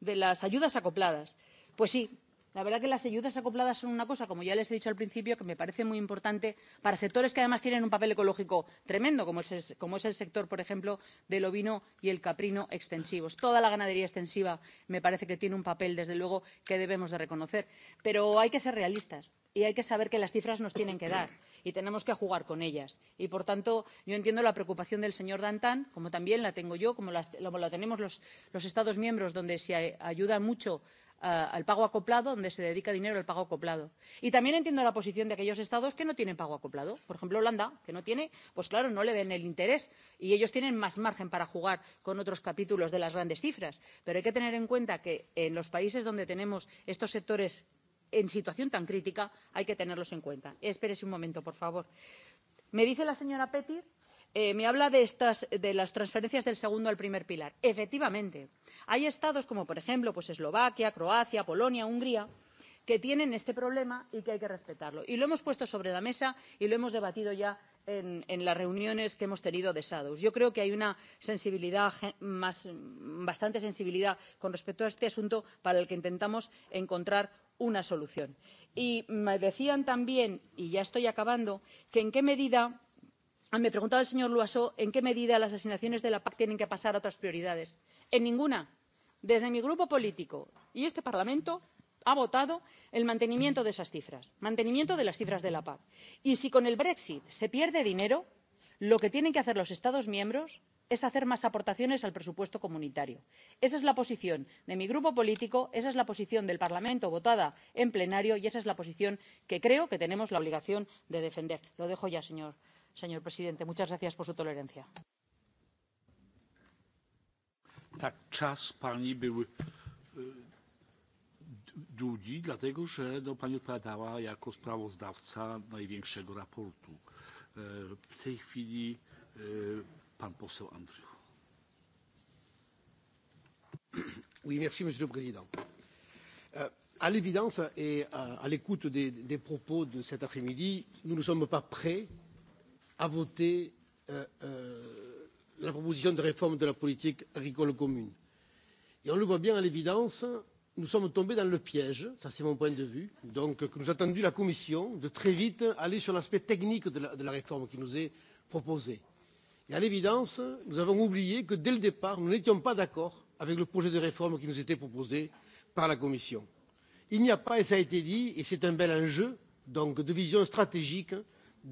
de las ayudas acopladas. pues sí La verdad que las ayudas acopladas son una cosa, como ya les he dicho al principio, que me parece muy importante para sectores que además tienen un papel ecológico tremendo, como es, como es el sector, por ejemplo, del ovino y el caprino extensivos. Toda la ganadería extensiva me parece que tiene un papel, desde luego, que debemos de reconocer. Pero hay que ser realistas y hay que saber que las cifras nos tienen que dar y tenemos que jugar con ellas. Y, por tanto, yo entiendo la preocupación del señor Dantan, como también la tengo yo, como la, como la tenemos los, los Estados miembros, donde se ayuda mucho a, eh, al pago acoplado, donde se dedica dinero al pago acoplado. Y también entiendo la posición de aquellos estados que no tienen pago acoplado. Por ejemplo, Holanda, que no tiene, pues claro, no le ven el interés y ellos tienen más margen para jugar con otros capítulos de las grandes cifras. Pero hay que tener en cuenta que en los países donde tenemos estos sectores en situación tan crítica hay que tenerlos en cuenta. Espérese un momento, por favor. Me dice la señora Petir Eh, me habla de, estas, de las transferencias del segundo al primer pilar. Efectivamente, hay estados como, por ejemplo, pues Eslovaquia, Croacia, Polonia, Hungría, que tienen este problema y que hay que respetarlo. Y lo hemos puesto sobre la mesa y lo hemos debatido ya en, en las reuniones que hemos tenido de SADUS. Yo creo que hay una sensibilidad más, bastante sensibilidad con respecto a este asunto para el que intentamos encontrar una solución. Y me decían también, y ya estoy acabando, que en qué medida me preguntaba el señor loiseau en qué medida las asignaciones de la pac tienen que pasar a otras prioridades. en ninguna. desde mi grupo político y este parlamento hemos votado el mantenimiento de esas cifras mantenimiento de las cifras de la pac. y si con el brexit se pierde dinero lo que tienen que hacer los estados miembros es hacer más aportaciones al presupuesto comunitario. esa es la posición de mi grupo político esa es la posición del parlamento votada en pleno y esa es la posición que creo que tenemos la obligación de defender. lo dejo ya señor señor presidente. Muchas gracias por su tolerancia. Tak, czas pani był y, e, długi, dlatego że no, pani odpowiadała jako sprawozdawca największego raportu. Y, e, w tej chwili y, e, pan poseł Andrzej. Oui, merci, monsieur le président à l'évidence et à, à l'écoute des, des propos de cet après midi nous ne sommes pas prêts à à voter euh, euh, la proposition de réforme de la politique agricole commune. Et on le voit bien à l'évidence, nous sommes tombés dans le piège, ça c'est mon point de vue, donc que nous a tendu la Commission de très vite aller sur l'aspect technique de la, de la réforme qui nous est proposée. Et à l'évidence, nous avons oublié que dès le départ, nous n'étions pas d'accord avec le projet de réforme qui nous était proposé par la Commission. Il n'y a pas, et ça a été dit, et c'est un bel enjeu, donc de vision stratégique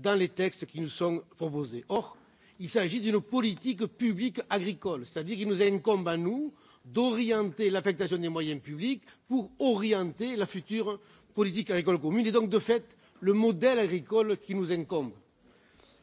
dans les textes qui nous sont proposés. Or, il s'agit d'une politique publique agricole, c'est-à-dire qu'il nous incombe à nous d'orienter l'affectation des moyens publics pour orienter la future politique agricole commune et donc, de fait, le modèle agricole qui nous incombe.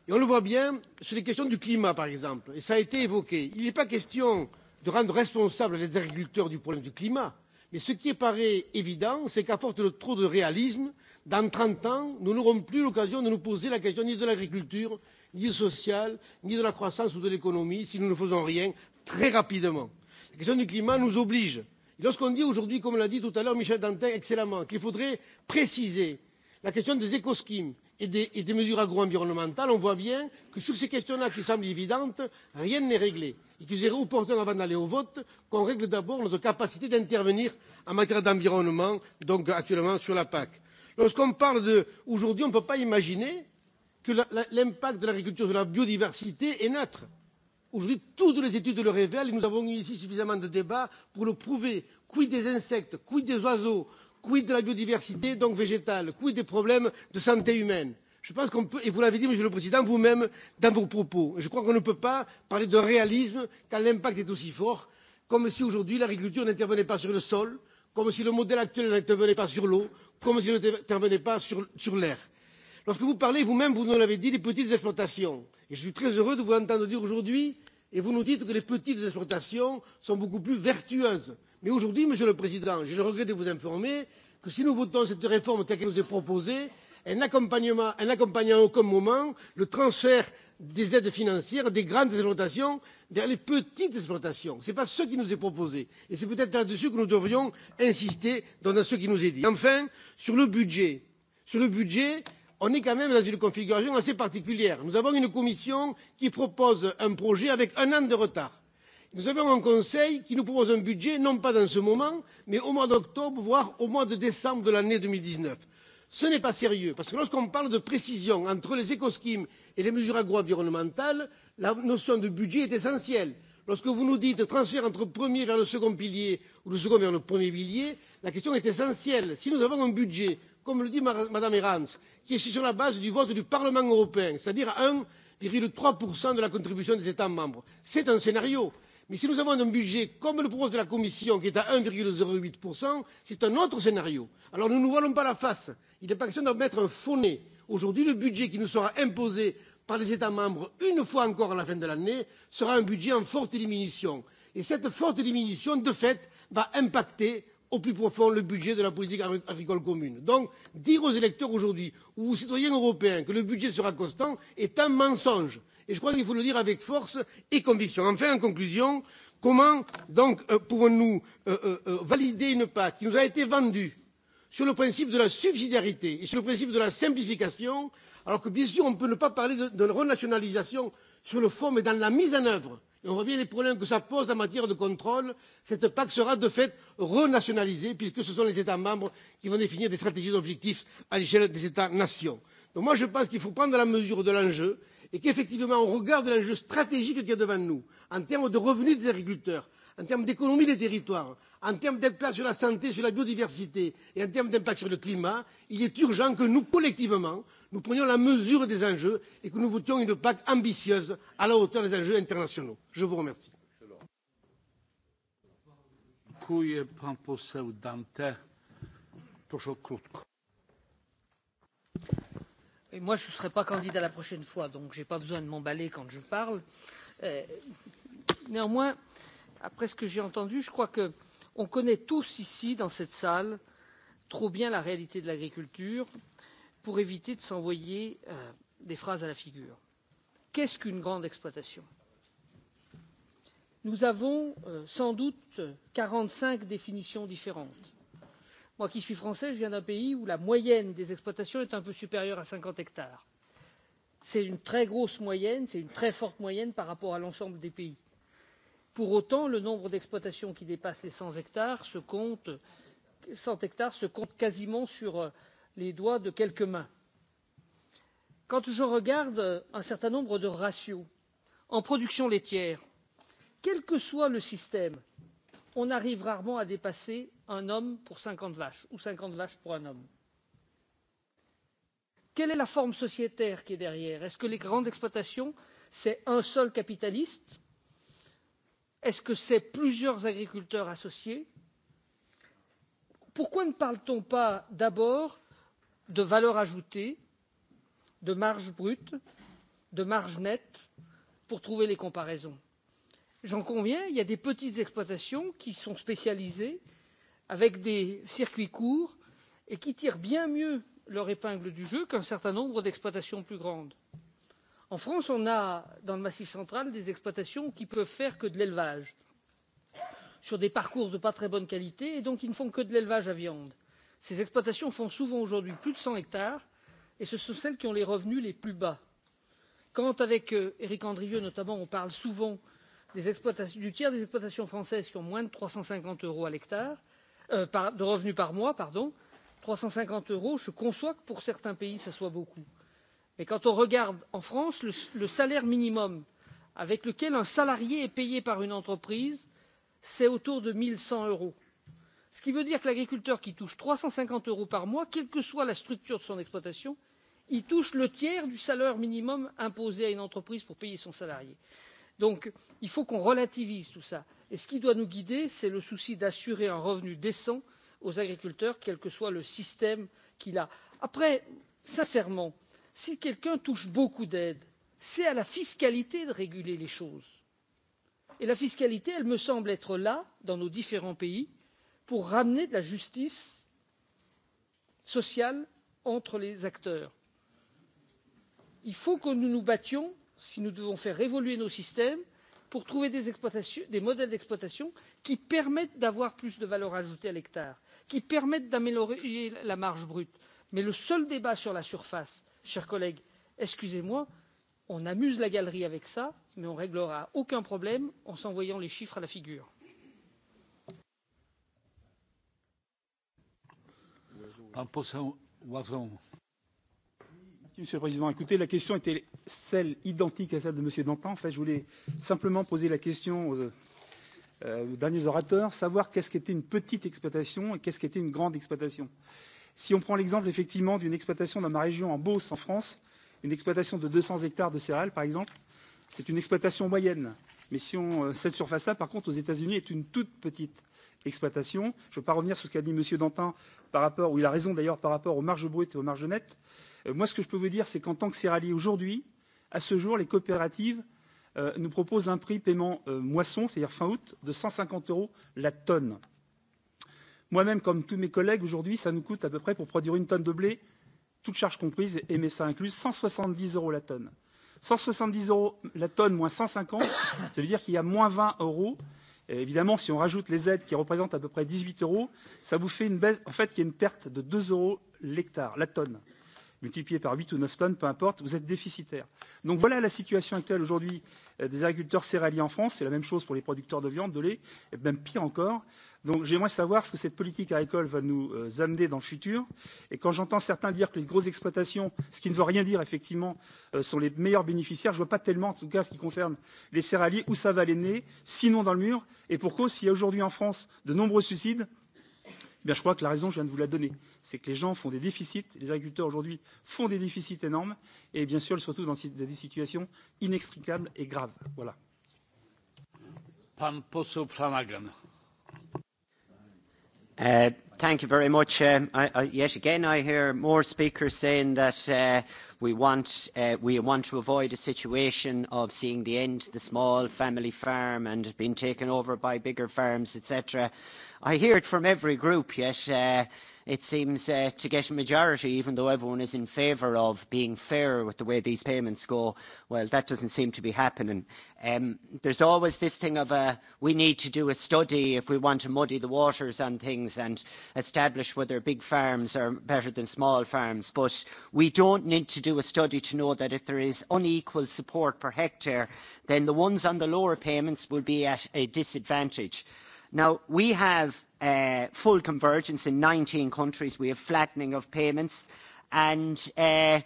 Et on le voit bien sur les questions du climat, par exemple, et ça a été évoqué. Il n'est pas question de rendre responsables les agriculteurs du problème du climat, mais ce qui paraît évident, c'est qu'à force de trop de réalisme, dans trente ans nous n'aurons plus l'occasion de nous poser la question ni de l'agriculture ni sociale ni de la croissance ou de l'économie si nous ne faisons rien très rapidement. la question du climat nous oblige et lorsqu'on dit aujourd'hui comme l'a dit tout à l'heure michel dantin excellemment qu'il faudrait préciser la question des écoschemes et des mesures agroenvironnementales on voit bien que sur ces questions là qui semblent évidentes rien n'est réglé et qu'il serait opportun avant d'aller au vote qu'on règle d'abord notre capacité d'intervenir en matière d'environnement donc actuellement sur la pac. Lorsqu'on parle de, aujourd'hui, on ne peut pas imaginer que l'impact de l'agriculture sur la biodiversité est neutre. Aujourd'hui, toutes les études le révèlent et nous avons eu ici suffisamment de débats pour le prouver. Quid des insectes, quid des oiseaux, quid de la biodiversité, donc végétale, quid des problèmes de santé humaine. Je pense qu'on peut, et vous l'avez dit, Monsieur le Président, vous-même, dans vos propos, je crois qu'on ne peut pas parler de réalisme quand l'impact est aussi fort, comme si aujourd'hui l'agriculture n'intervenait pas sur le sol, comme si le modèle actuel n'intervenait pas sur l'eau, comme s'il n'intervenait pas sur, sur l'air. Lorsque vous parlez vous-même, vous nous l'avez dit, des petites exploitations, et je suis très heureux de vous entendre dire aujourd'hui, et vous nous dites que les petites exploitations sont beaucoup plus vertueuses. Mais aujourd'hui, Monsieur le Président, j'ai le regret de vous informer que si nous votons cette réforme telle qu'elle nous est proposée, elle n'accompagnera en aucun moment le transfert des aides financières des grandes exploitations vers les petites exploitations. ce n'est pas ce qui nous est proposé et c'est peut être là dessus que nous devrions insister dans ce qui nous est dit. enfin sur le budget on est quand même dans une configuration assez particulière. nous avons une commission qui propose un projet avec un an de retard. nous avons un conseil qui nous propose un budget non pas dans ce moment mais au mois d'octobre voire au mois de décembre de l'année deux mille dix neuf ce n'est pas sérieux parce que lorsqu'on parle de précision entre les écoschemes et les mesures agroenvironnementales la notion de budget est essentielle. lorsque vous nous dites transfert entre le premier vers le second pilier ou le second vers le premier pilier la question est essentielle. si nous avons un budget comme le dit mme herranz qui est sur la base du vote du parlement européen c'est à dire un trois de la contribution des états membres c'est un scénario mais si nous avons un budget comme le propose la commission qui est à un zéro huit c'est un autre scénario. alors ne nous voilons pas la face il n'est pas question d'en mettre un faux nez. aujourd'hui le budget qui nous sera imposé par les états membres une fois encore à la fin de l'année sera un budget en forte diminution et cette forte diminution de fait va impacter au plus profond le budget de la politique agricole commune. donc dire aux électeurs aujourd'hui ou aux citoyens européens que le budget sera constant est un mensonge et je crois qu'il faut le dire avec force et conviction. enfin en conclusion comment donc euh, pouvons nous euh, euh, euh, valider une pac qui nous a été vendue sur le principe de la subsidiarité et sur le principe de la simplification alors que bien sûr on ne peut ne pas parler de, de renationalisation sur le fond mais dans la mise en œuvre et on voit bien les problèmes que cela pose en matière de contrôle cette pac sera de fait renationalisée puisque ce sont les états membres qui vont définir des stratégies d'objectifs à l'échelle des états nations. donc moi je pense qu'il faut prendre la mesure de l'enjeu et qu'effectivement au regard de l'enjeu stratégique qu'il y a devant nous en termes de revenus des agriculteurs en termes d'économie des territoires en termes d'impact sur la santé sur la biodiversité et en termes d'impact sur le climat il est urgent que nous collectivement nous prenions la mesure des enjeux et que nous votions une pac ambitieuse à la hauteur des enjeux internationaux. je vous remercie. Dziękuję. Pan poseł Dante. Proszę krótko. Et moi, je ne serai pas candidat la prochaine fois, donc je n'ai pas besoin de m'emballer quand je parle. Euh, néanmoins, après ce que j'ai entendu, je crois qu'on connaît tous ici, dans cette salle, trop bien la réalité de l'agriculture pour éviter de s'envoyer euh, des phrases à la figure. Qu'est-ce qu'une grande exploitation Nous avons euh, sans doute 45 définitions différentes moi qui suis français je viens d'un pays où la moyenne des exploitations est un peu supérieure à cinquante hectares. c'est une très grosse moyenne c'est une très forte moyenne par rapport à l'ensemble des pays. pour autant le nombre d'exploitations qui dépassent les cent hectares se compte quasiment sur euh, les doigts de quelques mains. quand je regarde euh, un certain nombre de ratios en production laitière quel que soit le système on arrive rarement à dépasser un homme pour cinquante vaches ou cinquante vaches pour un homme. quelle est la forme sociétaire qui est derrière? est ce que les grandes exploitations c'est un seul capitaliste? est ce que c'est plusieurs agriculteurs associés? pourquoi ne parle t on pas d'abord de valeur ajoutée de marge brute de marge nette pour trouver les comparaisons? j'en conviens il y a des petites exploitations qui sont spécialisées avec des circuits courts et qui tirent bien mieux leur épingle du jeu qu'un certain nombre d'exploitations plus grandes. en france on a dans le massif central des exploitations qui ne peuvent faire que de l'élevage sur des parcours de pas très bonne qualité et donc qui ne font que de l'élevage à viande. ces exploitations font souvent aujourd'hui plus de cent hectares et ce sont celles qui ont les revenus les plus bas. quand avec euh, éric andrieux notamment on parle souvent du tiers des exploitations françaises qui ont moins de trois cent cinquante euros euh, par, de revenus par mois pardon trois cent cinquante euros je conçois que pour certains pays ce soit beaucoup mais quand on regarde en france le, le salaire minimum avec lequel un salarié est payé par une entreprise c'est autour de un cent euros ce qui veut dire que l'agriculteur qui touche trois cent cinquante euros par mois quelle que soit la structure de son exploitation touche le tiers du salaire minimum imposé à une entreprise pour payer son salarié donc il faut qu'on relativise tout cela et ce qui doit nous guider c'est le souci d'assurer un revenu décent aux agriculteurs quel que soit le système qu'ils ont. après sincèrement si quelqu'un touche beaucoup d'aides c'est à la fiscalité de réguler les choses et la fiscalité elle me semble être là dans nos différents pays pour ramener de la justice sociale entre les acteurs. il faut que nous nous battions si nous devons faire évoluer nos systèmes pour trouver des, des modèles d'exploitation qui permettent d'avoir plus de valeur ajoutée à l'hectare qui permettent d'améliorer la marge brute. mais le seul débat sur la surface chers collègues excusez moi on amuse la galerie avec ça mais on ne réglera aucun problème en s'envoyant les chiffres à la figure. Pan poseł Łazon. Monsieur le Président. Écoutez, la question était celle identique à celle de Monsieur Dantin. En fait, je voulais simplement poser la question aux, euh, aux derniers orateurs, savoir qu'est-ce qu'était une petite exploitation et qu'est-ce qu'était une grande exploitation. Si on prend l'exemple effectivement d'une exploitation dans ma région, en Beauce, en France, une exploitation de 200 hectares de céréales, par exemple, c'est une exploitation moyenne. Mais si on, euh, cette surface-là, par contre, aux États-Unis, est une toute petite exploitation. Je ne veux pas revenir sur ce qu'a dit M. Dantin par rapport, ou il a raison d'ailleurs par rapport aux marges brutes et aux marges nettes. Euh, moi, ce que je peux vous dire, c'est qu'en tant que céréalier aujourd'hui, à ce jour, les coopératives euh, nous proposent un prix paiement euh, moisson, c'est-à-dire fin août, de 150 euros la tonne. Moi-même, comme tous mes collègues, aujourd'hui, ça nous coûte à peu près pour produire une tonne de blé, toutes charges comprises et MSA incluses, 170 euros la tonne. 170 euros la tonne moins 150, ça veut dire qu'il y a moins 20 euros. Et évidemment, si on rajoute les aides qui représentent à peu près 18 euros, ça vous fait une baisse. En fait, il y a une perte de 2 euros l'hectare, la tonne. Euh, multiplié par 8 ou 9 tonnes, peu importe, vous êtes déficitaire. Donc voilà la situation actuelle aujourd'hui euh, des agriculteurs céréaliers en France. C'est la même chose pour les producteurs de viande, de lait, et même pire encore. Donc j'aimerais savoir ce que cette politique agricole va nous euh, amener dans le futur. Et quand j'entends certains dire que les grosses exploitations, ce qui ne veut rien dire effectivement, euh, sont les meilleurs bénéficiaires, je ne vois pas tellement, en tout cas ce qui concerne les céréaliers, où ça va les nez, sinon dans le mur. Et pour cause, s'il y a aujourd'hui en France de nombreux suicides, bien, je crois que la raison, je viens de vous la donner. C'est que les gens font des déficits, les agriculteurs aujourd'hui font des déficits énormes et bien sûr, surtout dans des situations inextricables et graves. Voilà. Pan poseł Flanagan. Uh, thank you very much. Um, I, I, yet again, I hear more speakers saying that uh, we, want, uh, we want to avoid a situation of seeing the end to the small family farm and being taken over by bigger farms, etc. I hear it from every group, yet uh, it seems uh, to get a majority, even though everyone is in favour of being fairer with the way these payments go. Well, that doesn't seem to be happening. Um, there's always this thing of a, uh, we need to do a study if we want to muddy the waters on things and establish whether big farms are better than small farms. But we don't need to do a study to know that if there is unequal support per hectare, then the ones on the lower payments will be at a disadvantage. Now, we have uh, full convergence in 19 countries. We have flattening of payments. And uh,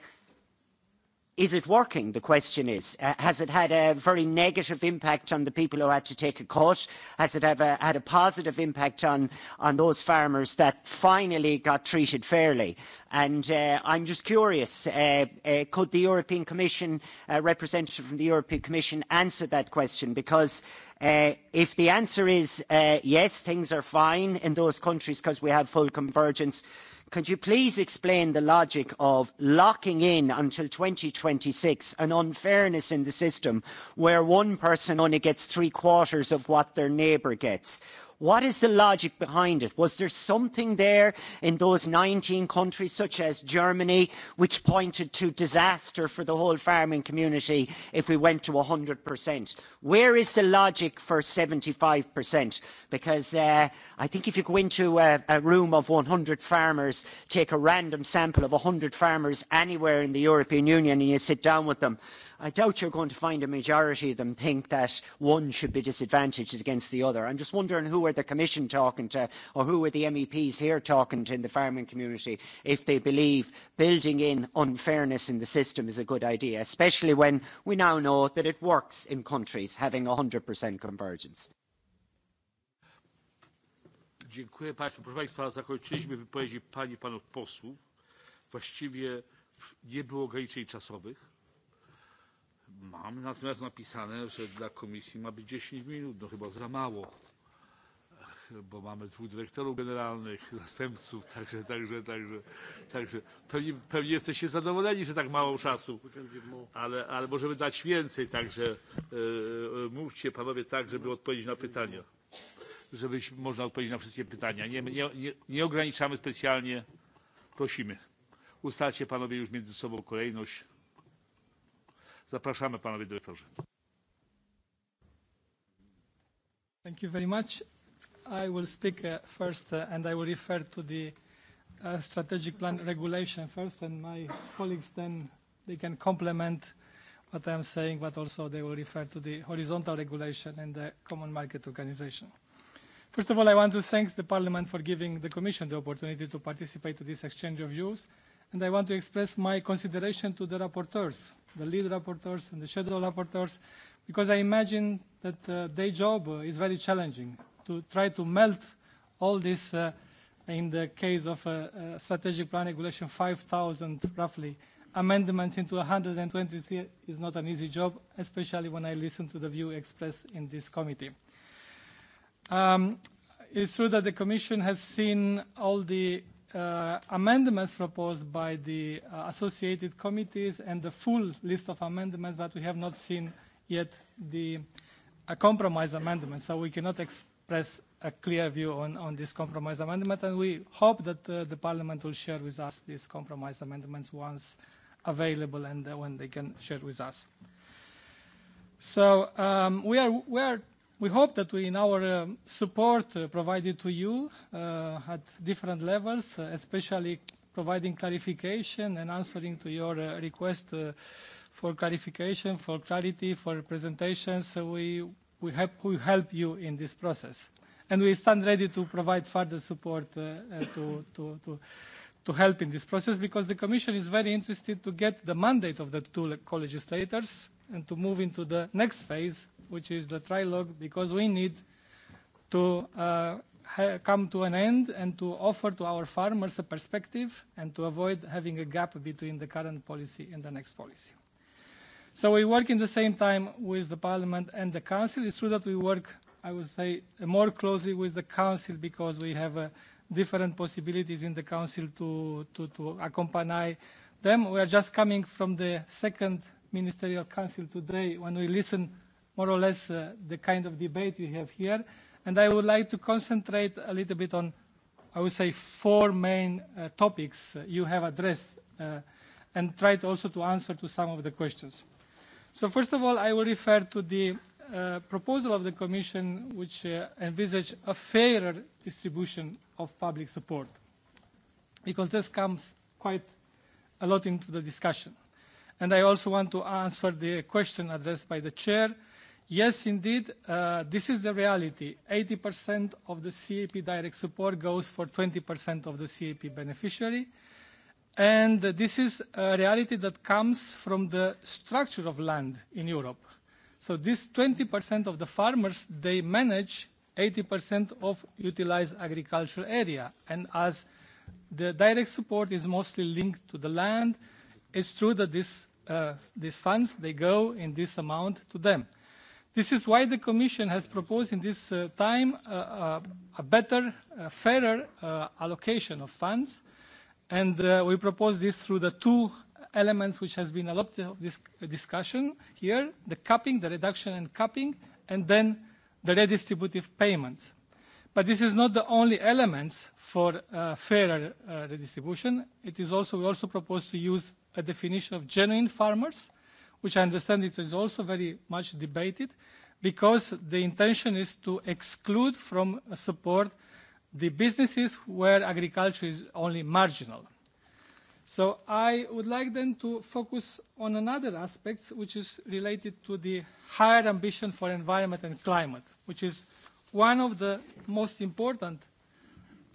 is it working? The question is, uh, has it had a very negative impact on the people who had to take a cut? Has it have a, had a positive impact on, on those farmers that finally got treated fairly? And uh, I'm just curious, uh, uh, could the European Commission, a uh, representative from the European Commission, answer that question? Because uh, if the answer is uh, yes, things are fine in those countries because we have full convergence, uh, could you please explain the logic of locking in until 2026 an unfairness in the system where one person only gets three quarters of what their neighbour gets? What is the logic behind it? Was there something there in those 19 countries, such as Germany, which pointed to disaster for the whole farming community if we went to 100%? Where is the logic for 75%? Because uh, I think if you go into a, a room of 100 farmers, take a random sample of 100 farmers anywhere in the European Union, and you sit down with them, I doubt you're going to find a majority of them think that one should be disadvantaged against the other. I'm just wondering who are the Commission talking to or who are the MEPs here talking to in the farming community if they believe building in unfairness in the system is a good idea, especially when we now know that it works in countries having 100% convergence. Dziękuję Państwu. Proszę Państwa, zakończyliśmy wypowiedzi Pani i Panów posłów. Właściwie nie było ograniczeń czasowych Mam natomiast napisane, że dla komisji ma być 10 minut, no chyba za mało, bo mamy dwóch dyrektorów generalnych, zastępców, także, także, także, także pewnie, pewnie jesteście zadowoleni, że tak mało czasu, ale, ale możemy dać więcej, także yy, e, e, mówcie panowie tak, żeby odpowiedzieć na pytania, żeby można odpowiedzieć na wszystkie pytania. Nie, nie, nie, nie ograniczamy specjalnie, prosimy. Ustalcie panowie już między sobą kolejność. Zapraszamy panowie dyrektorze. Thank you very much. I will speak uh, first uh, and I will refer to the uh, strategic plan regulation first and my colleagues then they can complement what I'm saying but also they will refer to the horizontal regulation and the common market organization. First of all, I want to thank the Parliament for giving the Commission the opportunity to participate to this exchange of views and I want to express my consideration to the rapporteurs the lead rapporteurs and the shadow rapporteurs, because I imagine that uh, their job uh, is very challenging to try to melt all this uh, in the case of uh, uh, strategic plan regulation 5,000 roughly amendments into 123 is not an easy job, especially when I listen to the view expressed in this committee. Um, it's true that the Commission has seen all the uh, amendments proposed by the uh, associated committees and the full list of amendments, but we have not seen yet the uh, compromise amendment, so we cannot express a clear view on, on this compromise amendment, and we hope that uh, the Parliament will share with us these compromise amendments once available and uh, when they can share with us. So um, we, are, we are We hope that we, in our um, support uh, provided to you uh, at different levels, uh, especially providing clarification and answering to your uh, request uh, for clarification, for clarity, for presentations, uh, we, we, help, we help you in this process. And we stand ready to provide further support uh, uh, to, to, to, to help in this process because the Commission is very interested to get the mandate of the two co-legislators and to move into the next phase, which is the trilogue, because we need to uh, ha- come to an end and to offer to our farmers a perspective and to avoid having a gap between the current policy and the next policy. So we work in the same time with the Parliament and the Council. It's true that we work, I would say, more closely with the Council because we have uh, different possibilities in the Council to, to, to accompany them. We are just coming from the second Ministerial Council today when we listen more or less uh, the kind of debate we have here. And I would like to concentrate a little bit on, I would say, four main uh, topics uh, you have addressed uh, and try to also to answer to some of the questions. So first of all, I will refer to the uh, proposal of the Commission which uh, envisage a fairer distribution of public support because this comes quite a lot into the discussion. And I also want to answer the question addressed by the chair. Yes, indeed, uh, this is the reality. 80% of the CAP direct support goes for 20% of the CAP beneficiary. And this is a reality that comes from the structure of land in Europe. So this 20% of the farmers, they manage 80% of utilized agricultural area. And as the direct support is mostly linked to the land, uh, it's true that this, uh, these funds, they go in this amount to them. This is why the Commission has proposed in this uh, time uh, uh, a better, uh, fairer uh, allocation of funds. And uh, we propose this through the two elements which has been a lot of this discussion here, the capping, the reduction and capping, and then the redistributive payments. But this is not the only elements for uh, fairer uh, redistribution. It is also, we also propose to use a definition of genuine farmers, which I understand it is also very much debated, because the intention is to exclude from uh, support the businesses where agriculture is only marginal. So I would like then to focus on another aspect, which is related to the higher ambition for environment and climate, which is one of the most important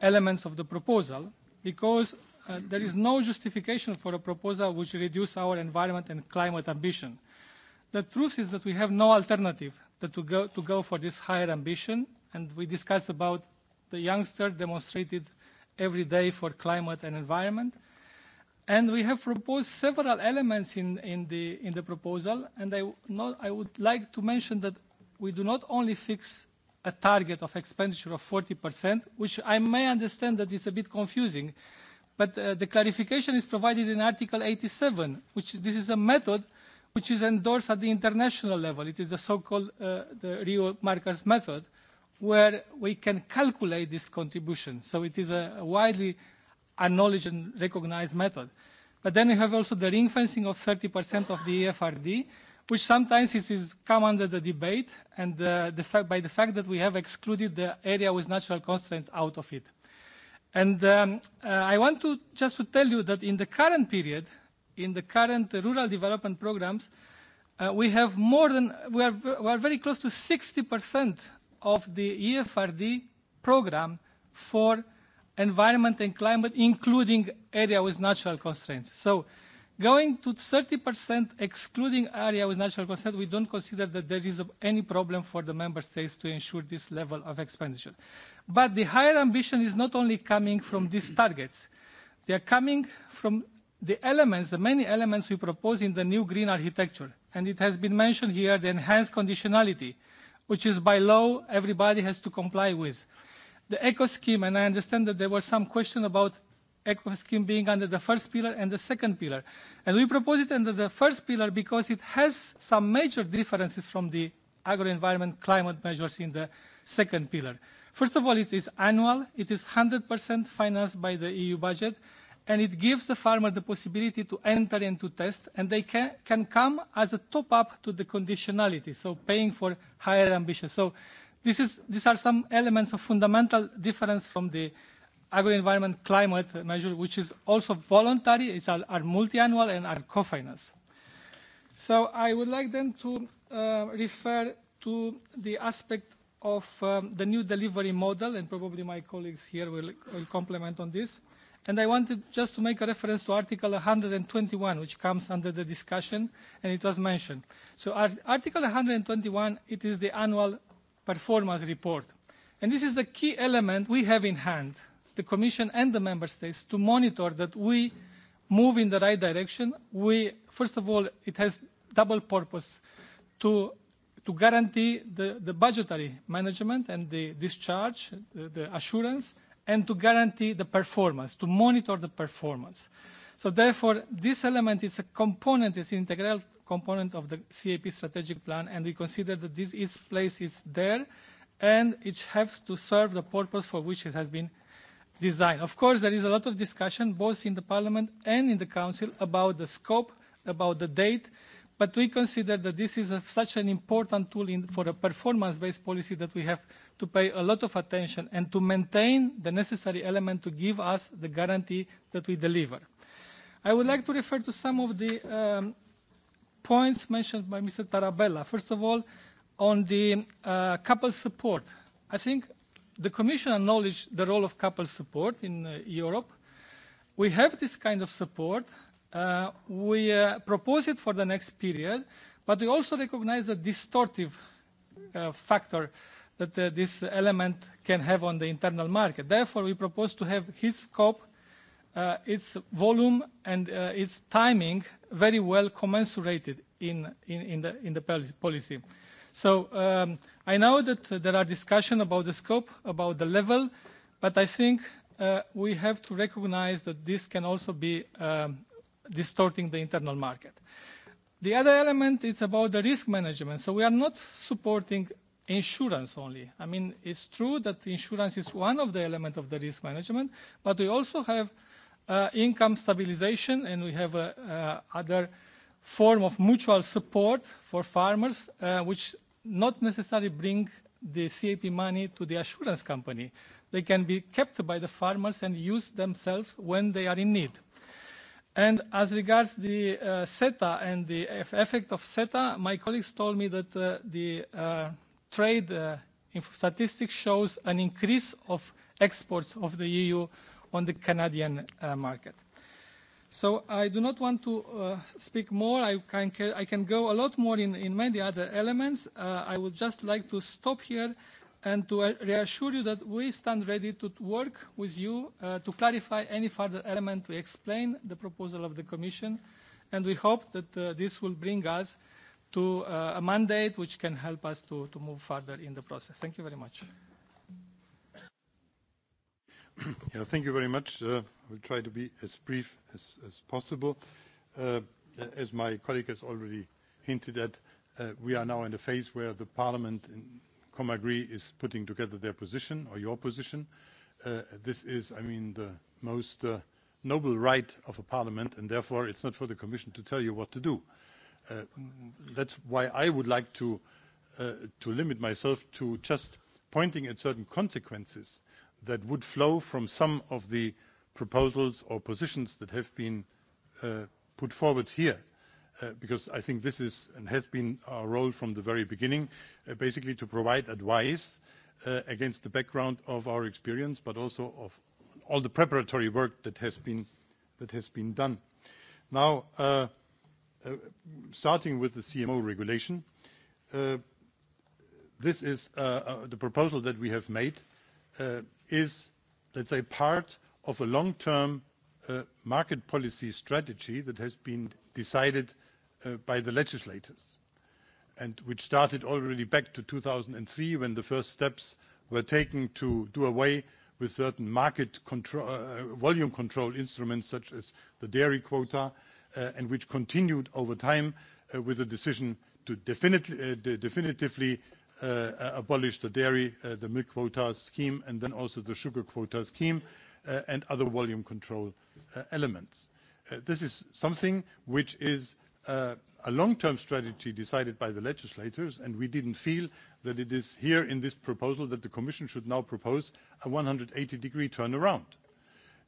elements of the proposal, because uh, there is no justification for a proposal which reduces our environment and climate ambition. The truth is that we have no alternative than to go, to go for this higher ambition, and we discussed about the youngster demonstrated every day for climate and environment. And we have proposed several elements in, in, the, in the proposal, and I, not, I would like to mention that we do not only fix a target of expenditure of 40%, which I may understand that it's a bit confusing, uh, But uh, the clarification is provided in Article 87, which is, this is a method which is endorsed at the international level. It is the so-called uh, the Rio Markers method, where we can calculate this contribution. So it is a, a widely acknowledged and recognized method. But then you have also the ring fencing of 30% of the EFRD, which sometimes is, is come under the debate and uh, the fact, by the fact that we have excluded the area with natural constraints out of it. And um, uh, I want to just to tell you that in the current period, in the current rural development programs, uh, we have more than we are, we are very close to 60% of the EFRD program for environment and climate, including area with natural constraints. So going to 30%, excluding area with natural constraints, we don't consider that there is any problem for the member states to ensure this level of expenditure. But the higher ambition is not only coming from these targets. They are coming from the elements, the many elements we propose in the new green architecture. And it has been mentioned here, the enhanced conditionality, which is by law everybody has to comply with. The ECO scheme, and I understand that there was some question about ECO scheme being under the first pillar and the second pillar. And we propose it under the first pillar because it has some major differences from the agro-environment climate measures in the second pillar. Uh, First of all, it is annual. It is 100% financed by the EU budget, and it gives the farmer the possibility to enter and to test, and they can, can come as a top-up to the conditionality, so paying for higher ambition. So this is, these are some elements of fundamental difference from the agro-environment climate measure, which is also voluntary. It's our, our multi-annual and our co-finance. So I would like then to uh, refer to the aspect of um, the new delivery model, and probably my colleagues here will, will complement on this. And I wanted just to make a reference to Article 121, which comes under the discussion, and it was mentioned. So Art Article 121, it is the annual performance report. And this is the key element we have in hand, the Commission and the Member States, to monitor that we move in the right direction. We, first of all, it has double purpose to to guarantee the, the budgetary management and the discharge, the, the assurance, and to guarantee the performance, to monitor the performance. So therefore, this element is a component, is an integral component of the CAP strategic plan, and we consider that this its place is there, and it has to serve the purpose for which it has been designed. Of course, there is a lot of discussion, both in the Parliament and in the Council, about the scope, about the date, uh, But we consider that this is a, such an important tool in, for a performance-based policy that we have to pay a lot of attention and to maintain the necessary element to give us the guarantee that we deliver. I would like to refer to some of the um, points mentioned by Mr. Tarabella. First of all, on the uh, couple support. I think the Commission acknowledged the role of couple support in uh, Europe. We have this kind of support, Uh, we uh, propose it for the next period, but we also recognize the distortive uh, factor that uh, this element can have on the internal market. Therefore, we propose to have his scope, uh, its volume, and uh, its timing very well commensurated in, in, in, the, in the policy. So um, I know that uh, there are discussions about the scope, about the level, but I think uh, we have to recognize that this can also be um, distorting the internal market. The other element is about the risk management. So we are not supporting insurance only. I mean, it's true that insurance is one of the elements of the risk management, but we also have uh, income stabilization and we have uh, uh, other form of mutual support for farmers, uh, which not necessarily bring the CAP money to the assurance company. They can be kept by the farmers and used themselves when they are in need. Uh, And as regards the uh, CETA and the effect of CETA, my colleagues told me that uh, the uh, trade uh, statistics shows an increase of exports of the EU on the Canadian uh, market. So I do not want to uh, speak more. I can, I can go a lot more in, in many other elements. Uh, I would just like to stop here and to uh, reassure you that we stand ready to work with you uh, to clarify any further element to explain the proposal of the Commission, and we hope that uh, this will bring us to uh, a mandate which can help us to, to move further in the process. Thank you very much. Yeah, thank you very much. Uh, I will try to be as brief as, as possible. Uh, as my colleague has already hinted at, uh, we are now in a phase where the parliament in, Comagri is putting together their position or your position. Uh, this is, I mean, the most uh, noble right of a parliament, and therefore it's not for the Commission to tell you what to do. Uh, that's why I would like to, uh, to limit myself to just pointing at certain consequences that would flow from some of the proposals or positions that have been uh, put forward here. Uh, because I think this is and has been our role from the very beginning, uh, basically to provide advice uh, against the background of our experience, but also of all the preparatory work that has been, that has been done. Now, uh, uh, starting with the CMO regulation, uh, this is the proposal that we have made is, let's say, part of a long-term market policy strategy that has been decided uh, uh, by the legislators, and which started already back to 2003 when the first steps were taken to do away with certain market control, uh, uh, volume control instruments such as the dairy quota, uh, and which continued over time uh, with the decision to definitely, uh, de definitively uh, abolish the dairy, the milk quota scheme, and then also the sugar quota scheme, and other volume control elements. This is something which is uh, a long-term strategy decided by the legislators, and we didn't feel that it is here in this proposal that the Commission should now propose a 180-degree turnaround.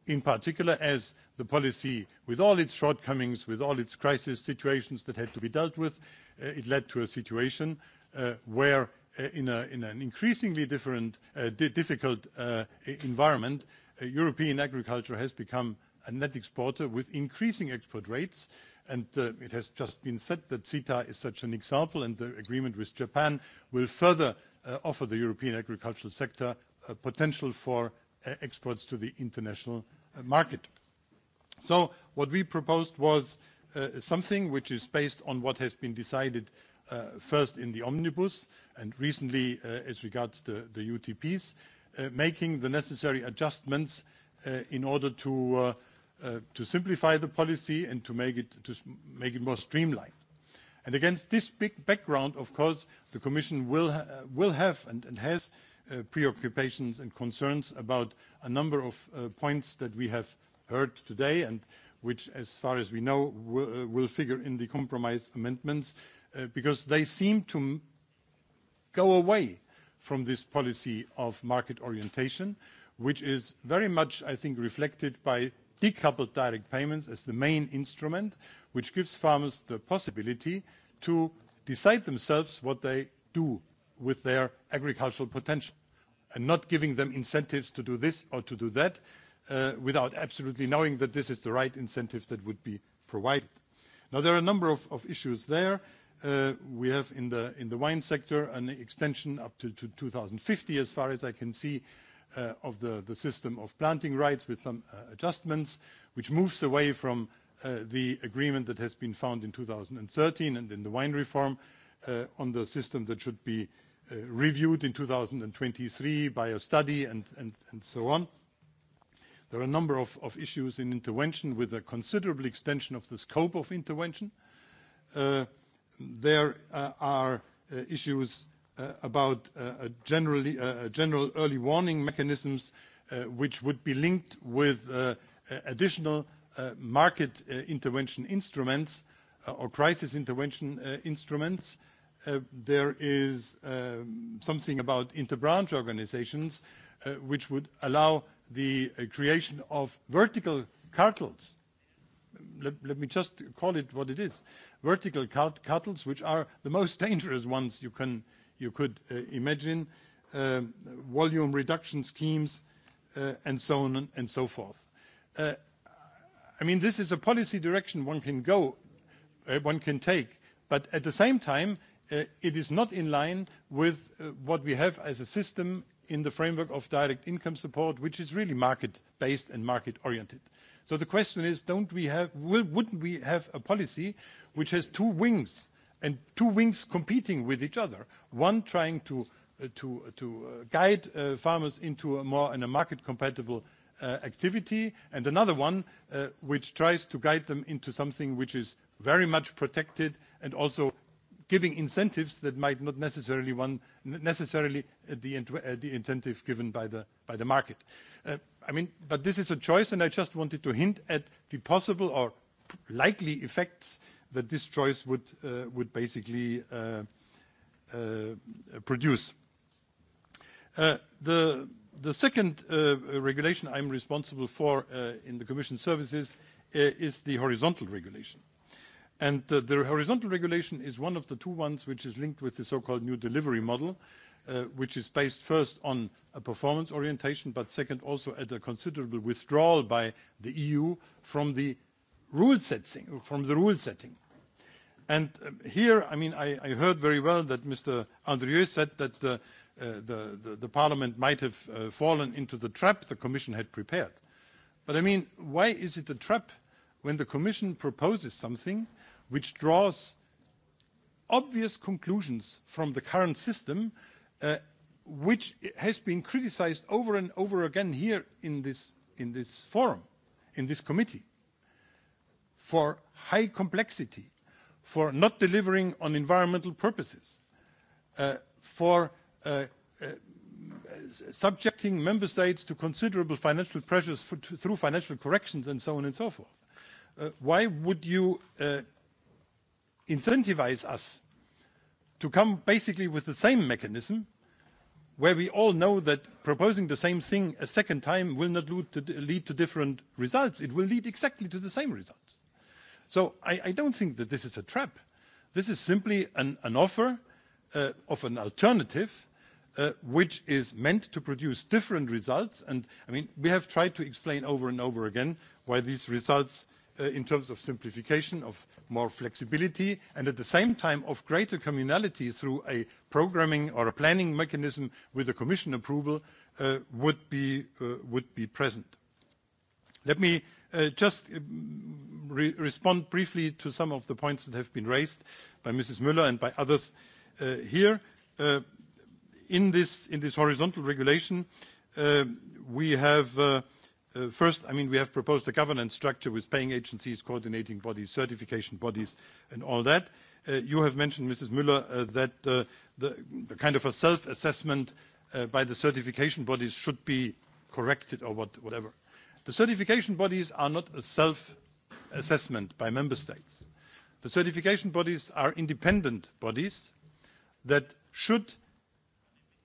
In particular, as the policy, with all its shortcomings, with all its crisis situations that had to be dealt with, uh, it led to a situation uh, where uh, in, a, in an increasingly different, uh, di difficult uh, e-, environment, uh, European agriculture has become a net exporter with increasing export rates, And uh, it has just been said that CETA is such an example, and the agreement with Japan will further uh, offer the European agricultural sector a uh, potential for uh, exports to the international uh, market. So what we proposed was uh, something which is based on what has been decided uh, first in the omnibus and recently uh, as regards the, the UTPs, uh, making the necessary adjustments uh, in order to uh, uh, to simplify the policy and to make it, to make it more streamlined. And against this big background, of course, the Commission will, uh, will have and, and has uh, preoccupations and concerns about a number of uh, points that we have heard today and which, as far as we know, will, uh, will figure in the compromise amendments uh, because they seem to go away from this policy of market orientation, which is very much, I think, reflected by decoupled direct payments as the main instrument, which gives farmers the possibility to decide themselves what they do with their agricultural potential, and not giving them incentives to do this or to do that, uh, without absolutely knowing that this is the right incentive that would be provided. Now, there are a number of, of issues there. Uh, we have in the, in the wine sector an extension up to, to 2050, as far as I can see, uh, of the, the system of planting rights with some uh, adjustments, which moves away from uh, the agreement that has been found in 2013 and in the wine reform uh, on the system that should be uh, reviewed in 2023 by a study and, and, and so on. There are a number of, of issues in intervention with a considerable extension of the scope of intervention. Uh, there uh, are uh, issues uh, about uh, generally, uh, general early warning mechanisms uh, which would be linked with uh, additional uh, market uh, intervention instruments uh, or crisis intervention uh, instruments. Uh, there is um, something about interbranch organizations uh, which would allow the uh, creation of vertical cartels. Let, let me just call it what it is. Vertical cart cartels, which are the most dangerous ones you can uh, you could uh, imagine, um, volume reduction schemes, uh, and so on and so forth. Uh, I mean, this is a policy direction one can go, one can take, but at the same time, it is not in line with what we have as a system in the framework of direct income support, which is really market-based and market-oriented. So the question is, don't we have... Wouldn't we have a policy which has two wings? and two wings competing with each other. One trying to, uh, to, uh, to uh, guide uh, farmers into a more and a market compatible uh, activity, and another one uh, which tries to guide them into something which is very much protected and also giving incentives that might not necessarily one necessarily uh, the, uh, the incentive given by the by the market. Uh, I mean, but this is a choice, and I just wanted to hint at the possible or likely effects that this choice would, uh, would basically uh, uh, produce. The, the second regulation I'm responsible for in the Commission services is the horizontal regulation. And the, the horizontal regulation is one of the two ones which is linked with the so-called new delivery model, uh, which is based first on a performance orientation, but second, also at a considerable withdrawal by the EU from the rule setting. From the rule setting. And um, here, I mean, I, I heard very well that Mr. Andrieu said that the, uh, uh, the, the, the parliament might have uh, fallen into the trap the commission had prepared. But I mean, why is it a trap when the commission proposes something which draws obvious conclusions from the current system, uh, which has been criticized over and over again here in this, in this forum, in this committee, for high complexity, for not delivering on environmental purposes, uh, for uh, uh, subjecting member states to considerable financial pressures for, to, through financial corrections and so on and so forth. Uh, why would you uh, incentivize us to come basically with the same mechanism where we all know that proposing the same thing a second time will not lead to, lead to different results. It will lead exactly to the same results. So I, I don't think that this is a trap. This is simply an, an offer uh, of an alternative uh, which is meant to produce different results. And I mean, we have tried to explain over and over again why these results uh, in terms of simplification, of more flexibility, and at the same time of greater communality through a programming or a planning mechanism with a commission approval uh, would, be, uh, would be present. Let me uh, just um, re respond briefly to some of the points that have been raised by Mrs. Müller and by others uh, here. Uh, in, this, in this horizontal regulation, uh, we have uh, uh, first, I mean, we have proposed a governance structure with paying agencies, coordinating bodies, certification bodies, and all that. You have mentioned, Mrs. Müller, that the, the kind of a self-assessment by the certification bodies should be corrected or what, whatever. The certification bodies are not a self assessment by member states. The certification bodies are independent bodies that should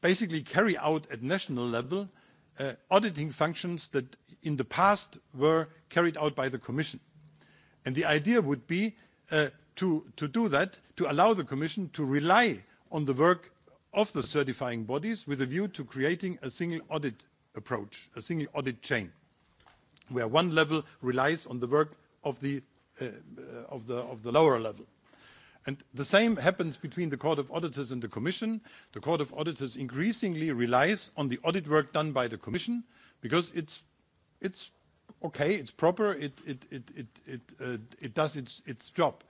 basically carry out at national level uh, auditing functions that in the past were carried out by the Commission. And the idea would be uh, to, to do that, to allow the Commission to rely on the work of the certifying bodies with a view to creating a single audit approach, a single audit chain, where one level relies on the work of the, uh, of the, of the lower level. And the same happens between the Court of Auditors and the Commission. The Court of Auditors increasingly relies on the audit work done by the Commission because it's, it's okay, it's proper, it, it, it, uh, it does its, its job.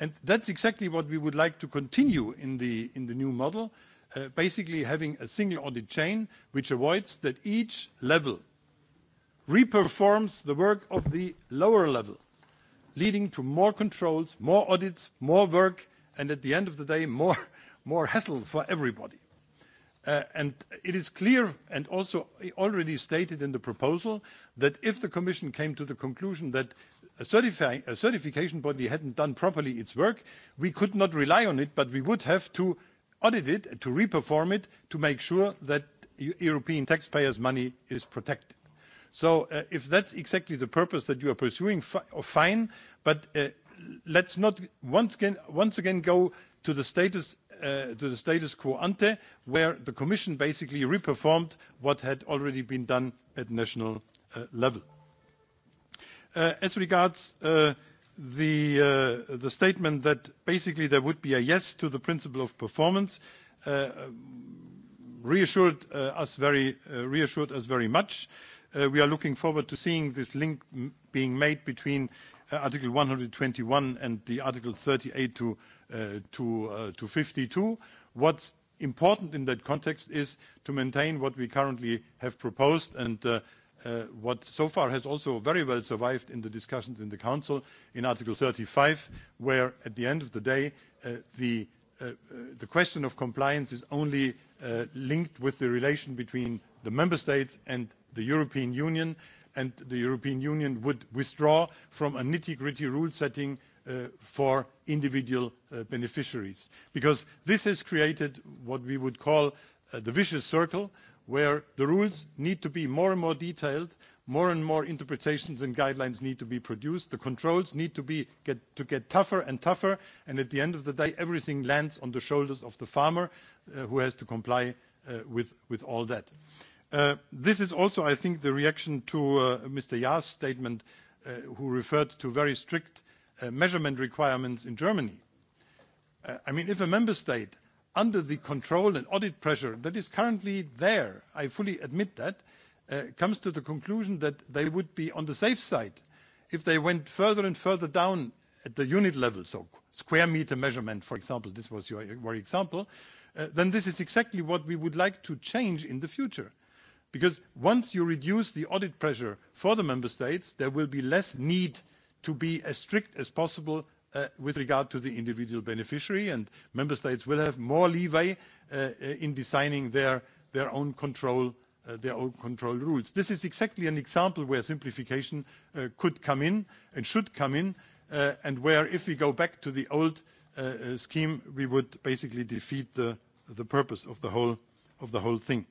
And that's exactly what we would like to continue in the, in the new model, uh, basically having a single audit chain, which avoids that each level reperforms the work of the lower level leading to more controls, more audits, more work, and at the end of the day, more, more hassle for everybody. Uh, and it is clear and also already stated in the proposal that if the commission came to the conclusion that a, certifi a certification body hadn't done properly its work, we could not rely on it, but we would have to audit it, to reperform it, to make sure that e-, European taxpayers' money is protected. So uh, if that's exactly the purpose that you are pursuing, fi oh, fine, but uh, let's not once again, once again go to the status uh, to the status quo ante, where the Commission basically reperformed what had already been done at national uh, level. Uh, as regards uh, the uh, the statement that basically there would be a yes to the principle of performance, uh, reassured uh, us very uh, reassured us very much. Uh, Uh, we are looking forward to seeing this link being made between uh, Article 121 and the Article 38 to, uh, to, to 52. What's important in that context is to maintain what we currently have proposed and uh, uh, what so far has also very well survived in the discussions in the Council in Article 35, where at the end of the day, uh, the, the question of compliance is only linked with the relation between the member states and the European Union, and the European Union would withdraw from a nitty-gritty rule setting uh, for individual uh, beneficiaries. Because this has created what we would call uh, the vicious circle, where the rules need to be more and more detailed, more and more interpretations and guidelines need to be produced. The controls need to, be, get, to get tougher and tougher, and at the end of the day, everything lands on the shoulders of the farmer, uh, who has to comply uh, with, with all that. Mm-hmm. Uh, this is also, I think, the reaction to uh, Mr. Jahr's statement, uh, who referred to very strict uh, measurement requirements in Germany. Uh, I mean, if a member state, under the control and audit pressure that is currently there, I fully admit that, uh, comes to the conclusion that they would be on the safe side if they went further and further down at the unit level, so square meter measurement, for example, this was your, your example, then this is exactly what we would like to change in the future because once you reduce the audit pressure for the member states, there will be less need to be as strict as possible uh, with regard to the individual beneficiary, and member states will have more leeway uh, uh in designing their, their own control uh, their own control rules. This is exactly an example where simplification uh, could come in and should come in, uh, and where if we go back to the old scheme, we would basically defeat the, the purpose of the whole, of the whole thing.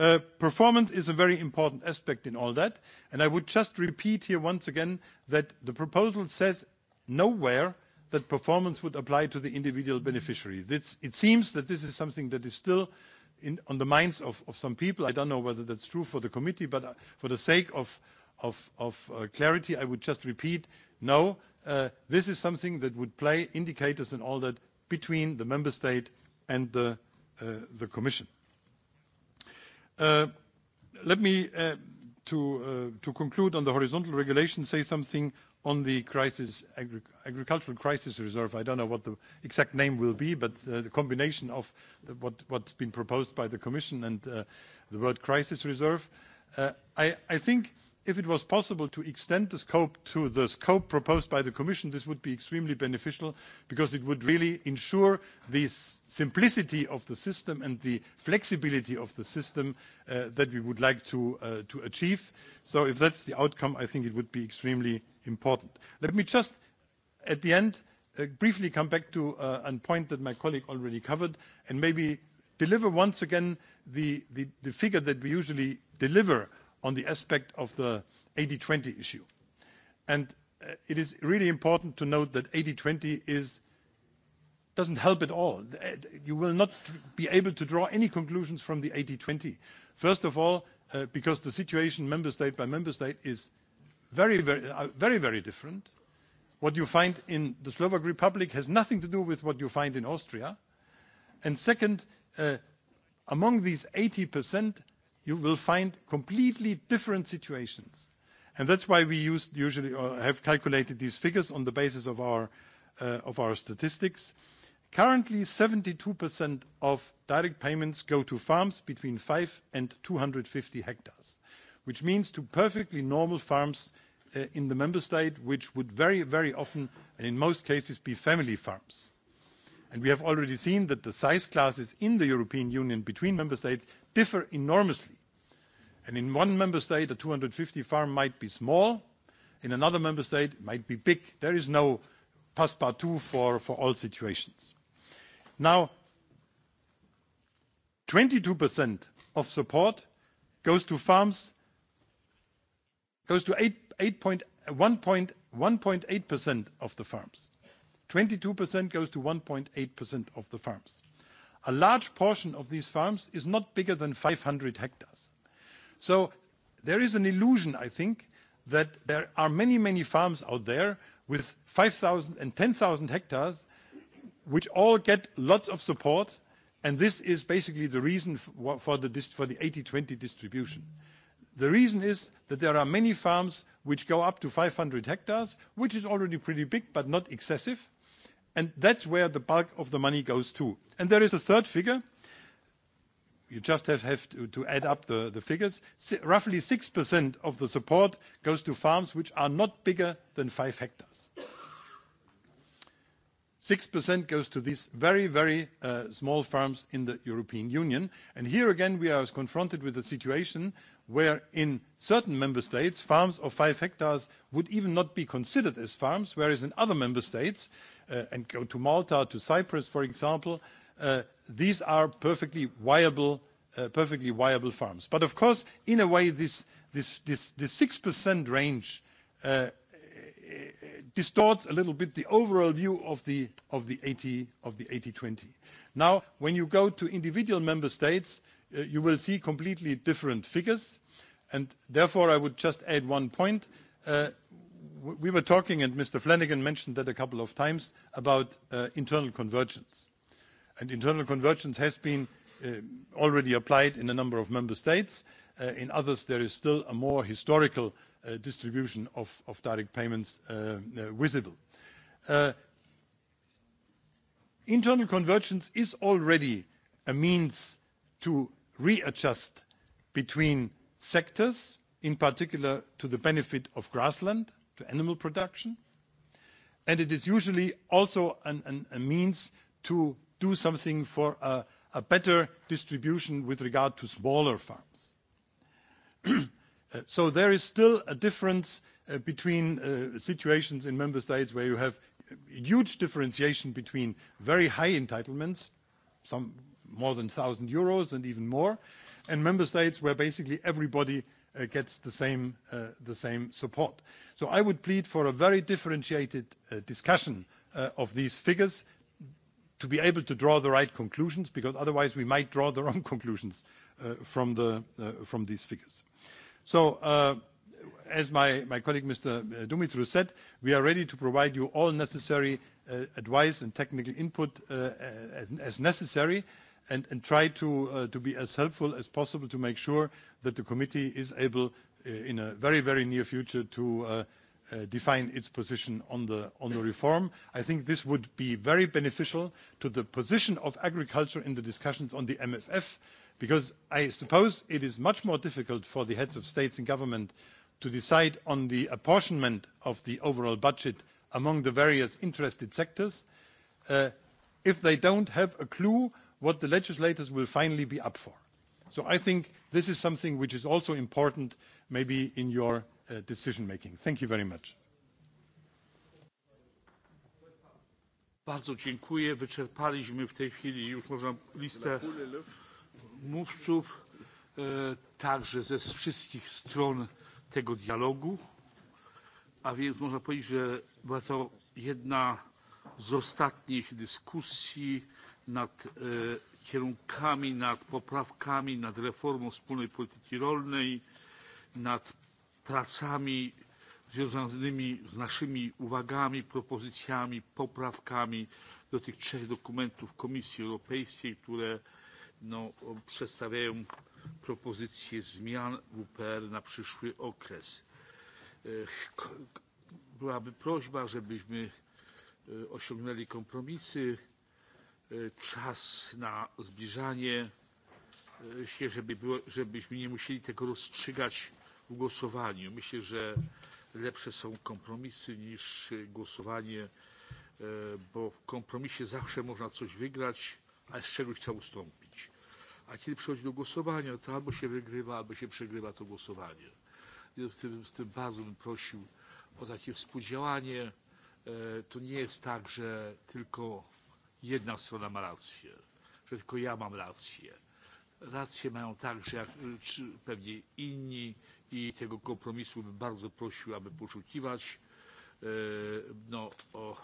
Uh, performance is a very important aspect in all that, and I would just repeat here once again that the proposal says nowhere that performance would apply to the individual beneficiary. This, it seems that this is something that is still in, on the minds of, of some people. I don't know whether that's true for the committee, but uh, for the sake of, of, of uh, clarity, I would just repeat, no, uh, this is something that would play indicators and all that between the member state and the, uh, the commission. Uh, let me, uh, to, uh, to conclude on the horizontal regulation, say something on the crisis, agri agricultural crisis reserve. I don't know what the exact name will be, but uh, the combination of the, what, what's been proposed by the Commission and uh, the word crisis reserve. Uh, I, I think if it was possible to extend the scope to the scope proposed by the Commission, this would be extremely beneficial because it would really ensure the simplicity of the system and the flexibility of the system uh, that we would like to, uh, to achieve. So if that's the outcome, I think it would be extremely important. Let me just, at the end, uh, briefly come back to uh, a point that my colleague already covered, and maybe deliver once again the, the, the figure that we usually deliver on the aspect of the 80/20 issue. And uh, it is really important to note that 80/20 is doesn't help at all. Uh, you will not be able to draw any conclusions from the 80/20. First of all, uh, because the situation member state by member state is very, very, uh, very, very different. What you find in the Slovak Republic has nothing to do with what you find in Austria. And second, uh, among these 80%, you will find completely different situations. And that's why we used usually or have calculated these figures on the basis of our, uh, of our statistics. Currently, 72% of direct payments go to farms between 5 and 250 hectares, which means to perfectly normal farms uh, in the member state, which would very, very often, and in most cases, be family farms. And we have already seen that the size classes in the European Union between member states differ enormously. And in one member state, a 250 farm might be small. In another member state, it might be big. There is no passepartout for, for all situations. Now, 22% of support goes to farms, goes to 8.1% of the farms. 22% goes to 1.8% of the farms. A large portion of these farms is not bigger than 500 hectares. So there is an illusion, I think, that there are many, many farms out there with 5,000 and 10,000 hectares, which all get lots of support, and this is basically the reason for the 80/20 distribution. The reason is that there are many farms which go up to 500 hectares, which is already pretty big, but not excessive and that's where the bulk of the money goes to. And there is a third figure. You just have to add up the figures. Roughly 6% of the support goes to farms which are not bigger than 5 hectares. 6% goes to these very, very uh, small farms in the European Union. And here again, we are confronted with a situation where in certain member states, farms of 5 hectares would even not be considered as farms, whereas in other member states, uh, and go to Malta, to Cyprus, for example, uh, these are perfectly viable, uh, perfectly viable farms. But of course, in a way, this, this, this, this 6% range uh, uh, distorts a little bit the overall view of the, of the 80/20. Now, when you go to individual member states, uh, you will see completely different figures, and therefore, I would just add one point we were talking, and Mr. Flanagan mentioned that a couple of times, about uh, internal convergence. And internal convergence has been uh, already applied in a number of member states. Uh, in others, there is still a more historical uh, distribution of, of direct payments visible. Internal convergence is already a means to readjust between sectors, in particular to the benefit of grassland, to animal production. And it is usually also an, an, a means to do something for a, a better distribution with regard to smaller farms. uh, so there is still a difference uh, between uh, situations in member states where you have huge differentiation between very high entitlements, some more than 1,000 euros and even more, and member states where basically everybody uh, gets the same, uh, the same support. So I would plead for a very differentiated uh, discussion uh, of these figures to be able to draw the right conclusions, because otherwise we might draw the wrong conclusions uh, from, the, uh, from these figures. So uh, as my, my colleague, Mr. Uh, Dumitru, said, we are ready to provide you all necessary uh, advice and technical input uh, as, as necessary. Uh, and, and try to, uh, to be as helpful as possible to make sure that the committee is able, uh, in a very, very near future, to uh, Uh, define its position on the, on the reform. I think this would be very beneficial to the position of agriculture in the discussions on the MFF, because I suppose it is much more difficult for the heads of states and government to decide on the apportionment of the overall budget among the various interested sectors uh, if they don't have a clue what the legislators will finally be up for. So I think this is something which is also important maybe in your uh, decision-making. Thank you very much. Bardzo dziękuję. Wyczerpaliśmy w tej chwili już można listę mówców, e, także ze wszystkich stron tego dialogu. A więc można powiedzieć, że była to jedna z ostatnich dyskusji nad e, kierunkami, nad poprawkami, nad reformą wspólnej polityki rolnej, nad pracami związanymi z naszymi uwagami, propozycjami, poprawkami do tych trzech dokumentów Komisji Europejskiej, które no, przedstawiają propozycje zmian WPR na przyszły okres. E, byłaby prośba, żebyśmy e, osiągnęli kompromisy E, czas na zbliżanie e, się, żeby było, żebyśmy nie musieli tego rozstrzygać w głosowaniu. Myślę, że lepsze są kompromisy niż głosowanie, e, bo w kompromisie zawsze można coś wygrać, ale z czegoś trzeba ustąpić. A kiedy przychodzi do głosowania, to albo się wygrywa, albo się przegrywa to głosowanie. Z tym, z tym bardzo bym prosił o takie współdziałanie. To nie jest tak, że tylko jedna strona ma rację, że tylko ja mam rację. Rację mają także jak, czy pewnie inni i tego kompromisu bym bardzo prosił, aby poszukiwać. E, no, o,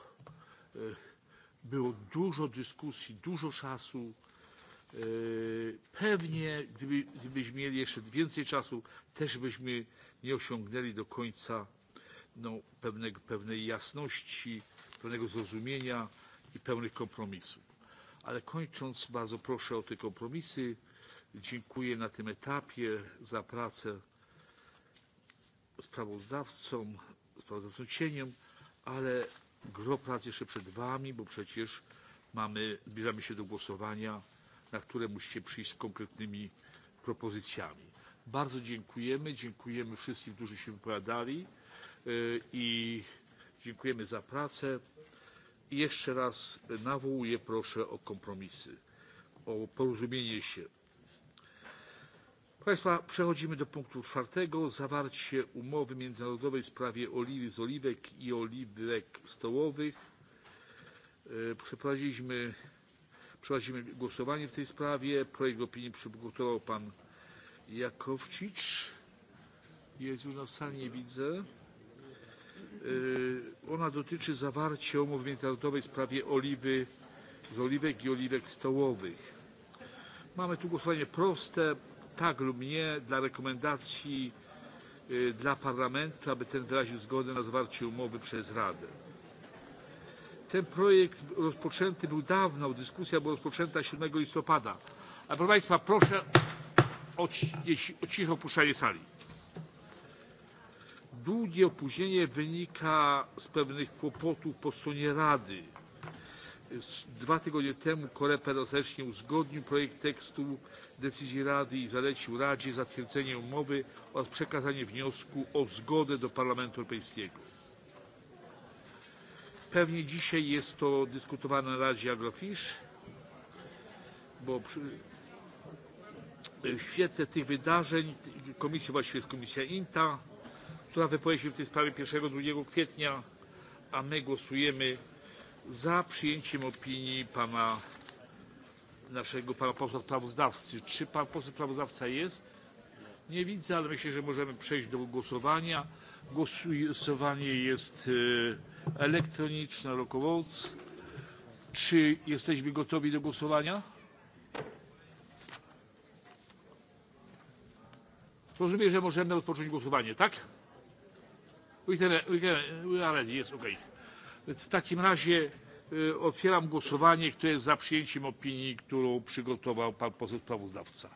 e, było dużo dyskusji, dużo czasu. E, pewnie gdyby, gdybyśmy mieli jeszcze więcej czasu, też byśmy nie osiągnęli do końca no, pewnego, pewnej jasności, pewnego zrozumienia i pełnych kompromisów. Ale kończąc, bardzo proszę o te kompromisy. Dziękuję na tym etapie za pracę sprawozdawcom, sprawozdawcom cieniem, ale gro prac jeszcze przed Wami, bo przecież mamy, zbliżamy się do głosowania, na które musicie przyjść z konkretnymi propozycjami. Bardzo dziękujemy, dziękujemy wszystkim, którzy się wypowiadali i dziękujemy za pracę jeszcze raz nawołuję, proszę o kompromisy, o porozumienie się. Proszę Państwa, przechodzimy do punktu czwartego. Zawarcie umowy międzynarodowej w sprawie oliwy z oliwek i oliwek stołowych. E, przeprowadziliśmy, przeprowadzimy głosowanie w tej sprawie. Projekt opinii przygotował pan Jakowcicz. Jest już na sali, nie widzę. Ona dotyczy zawarcia umów międzynarodowych w sprawie oliwy z oliwek i oliwek stołowych. Mamy tu głosowanie proste, tak lub nie, dla rekomendacji dla Parlamentu, aby ten wyraził zgodę na zawarcie umowy przez Radę. Ten projekt rozpoczęty był dawno, dyskusja była rozpoczęta 7 listopada. Ale proszę Państwa, proszę o, o ciche opuszczanie sali długie opóźnienie wynika z pewnych kłopotów po stronie Rady. Dwa tygodnie temu Koreper ostatecznie uzgodnił projekt tekstu decyzji Rady i zalecił Radzie zatwierdzenie umowy oraz przekazanie wniosku o zgodę do Parlamentu Europejskiego. Pewnie dzisiaj jest to dyskutowane na Radzie Agrofish, bo przy, w świetle tych wydarzeń komisja właściwie jest komisja INTA która wypowie się w tej sprawie 1-2 kwietnia, a my głosujemy za przyjęciem opinii pana naszego pana posła sprawozdawcy. Czy pan poseł sprawozdawca jest? Nie widzę, ale myślę, że możemy przejść do głosowania. Głosowanie jest elektroniczne, rokowoc. Czy jesteśmy gotowi do głosowania? Rozumiem, że możemy rozpocząć głosowanie, tak? We can, we can, we are ready, yes, okay. W takim razie y, e, otwieram głosowanie, kto jest za przyjęciem opinii, którą przygotował pan poseł sprawozdawca.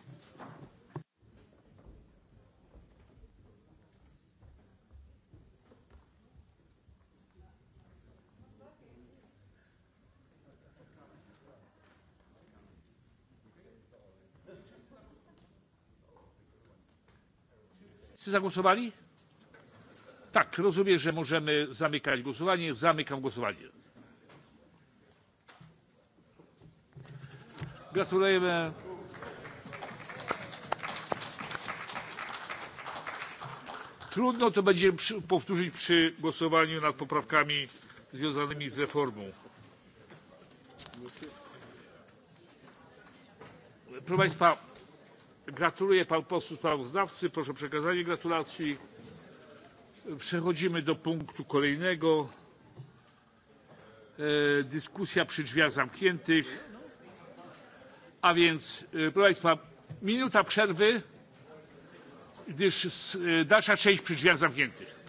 Wszyscy zagłosowali? Tak, rozumiem, że możemy zamykać głosowanie. Zamykam głosowanie. Gratulujemy. Trudno to będzie przy, powtórzyć przy głosowaniu nad poprawkami związanymi z reformą. Proszę Państwa, gratuluję panu posłu sprawozdawcy. Proszę o przekazanie gratulacji. Przechodzimy do punktu kolejnego. E, dyskusja przy drzwiach zamkniętych. A więc, e, proszę Państwa, minuta przerwy, gdyż e, dalsza część przy drzwiach zamkniętych.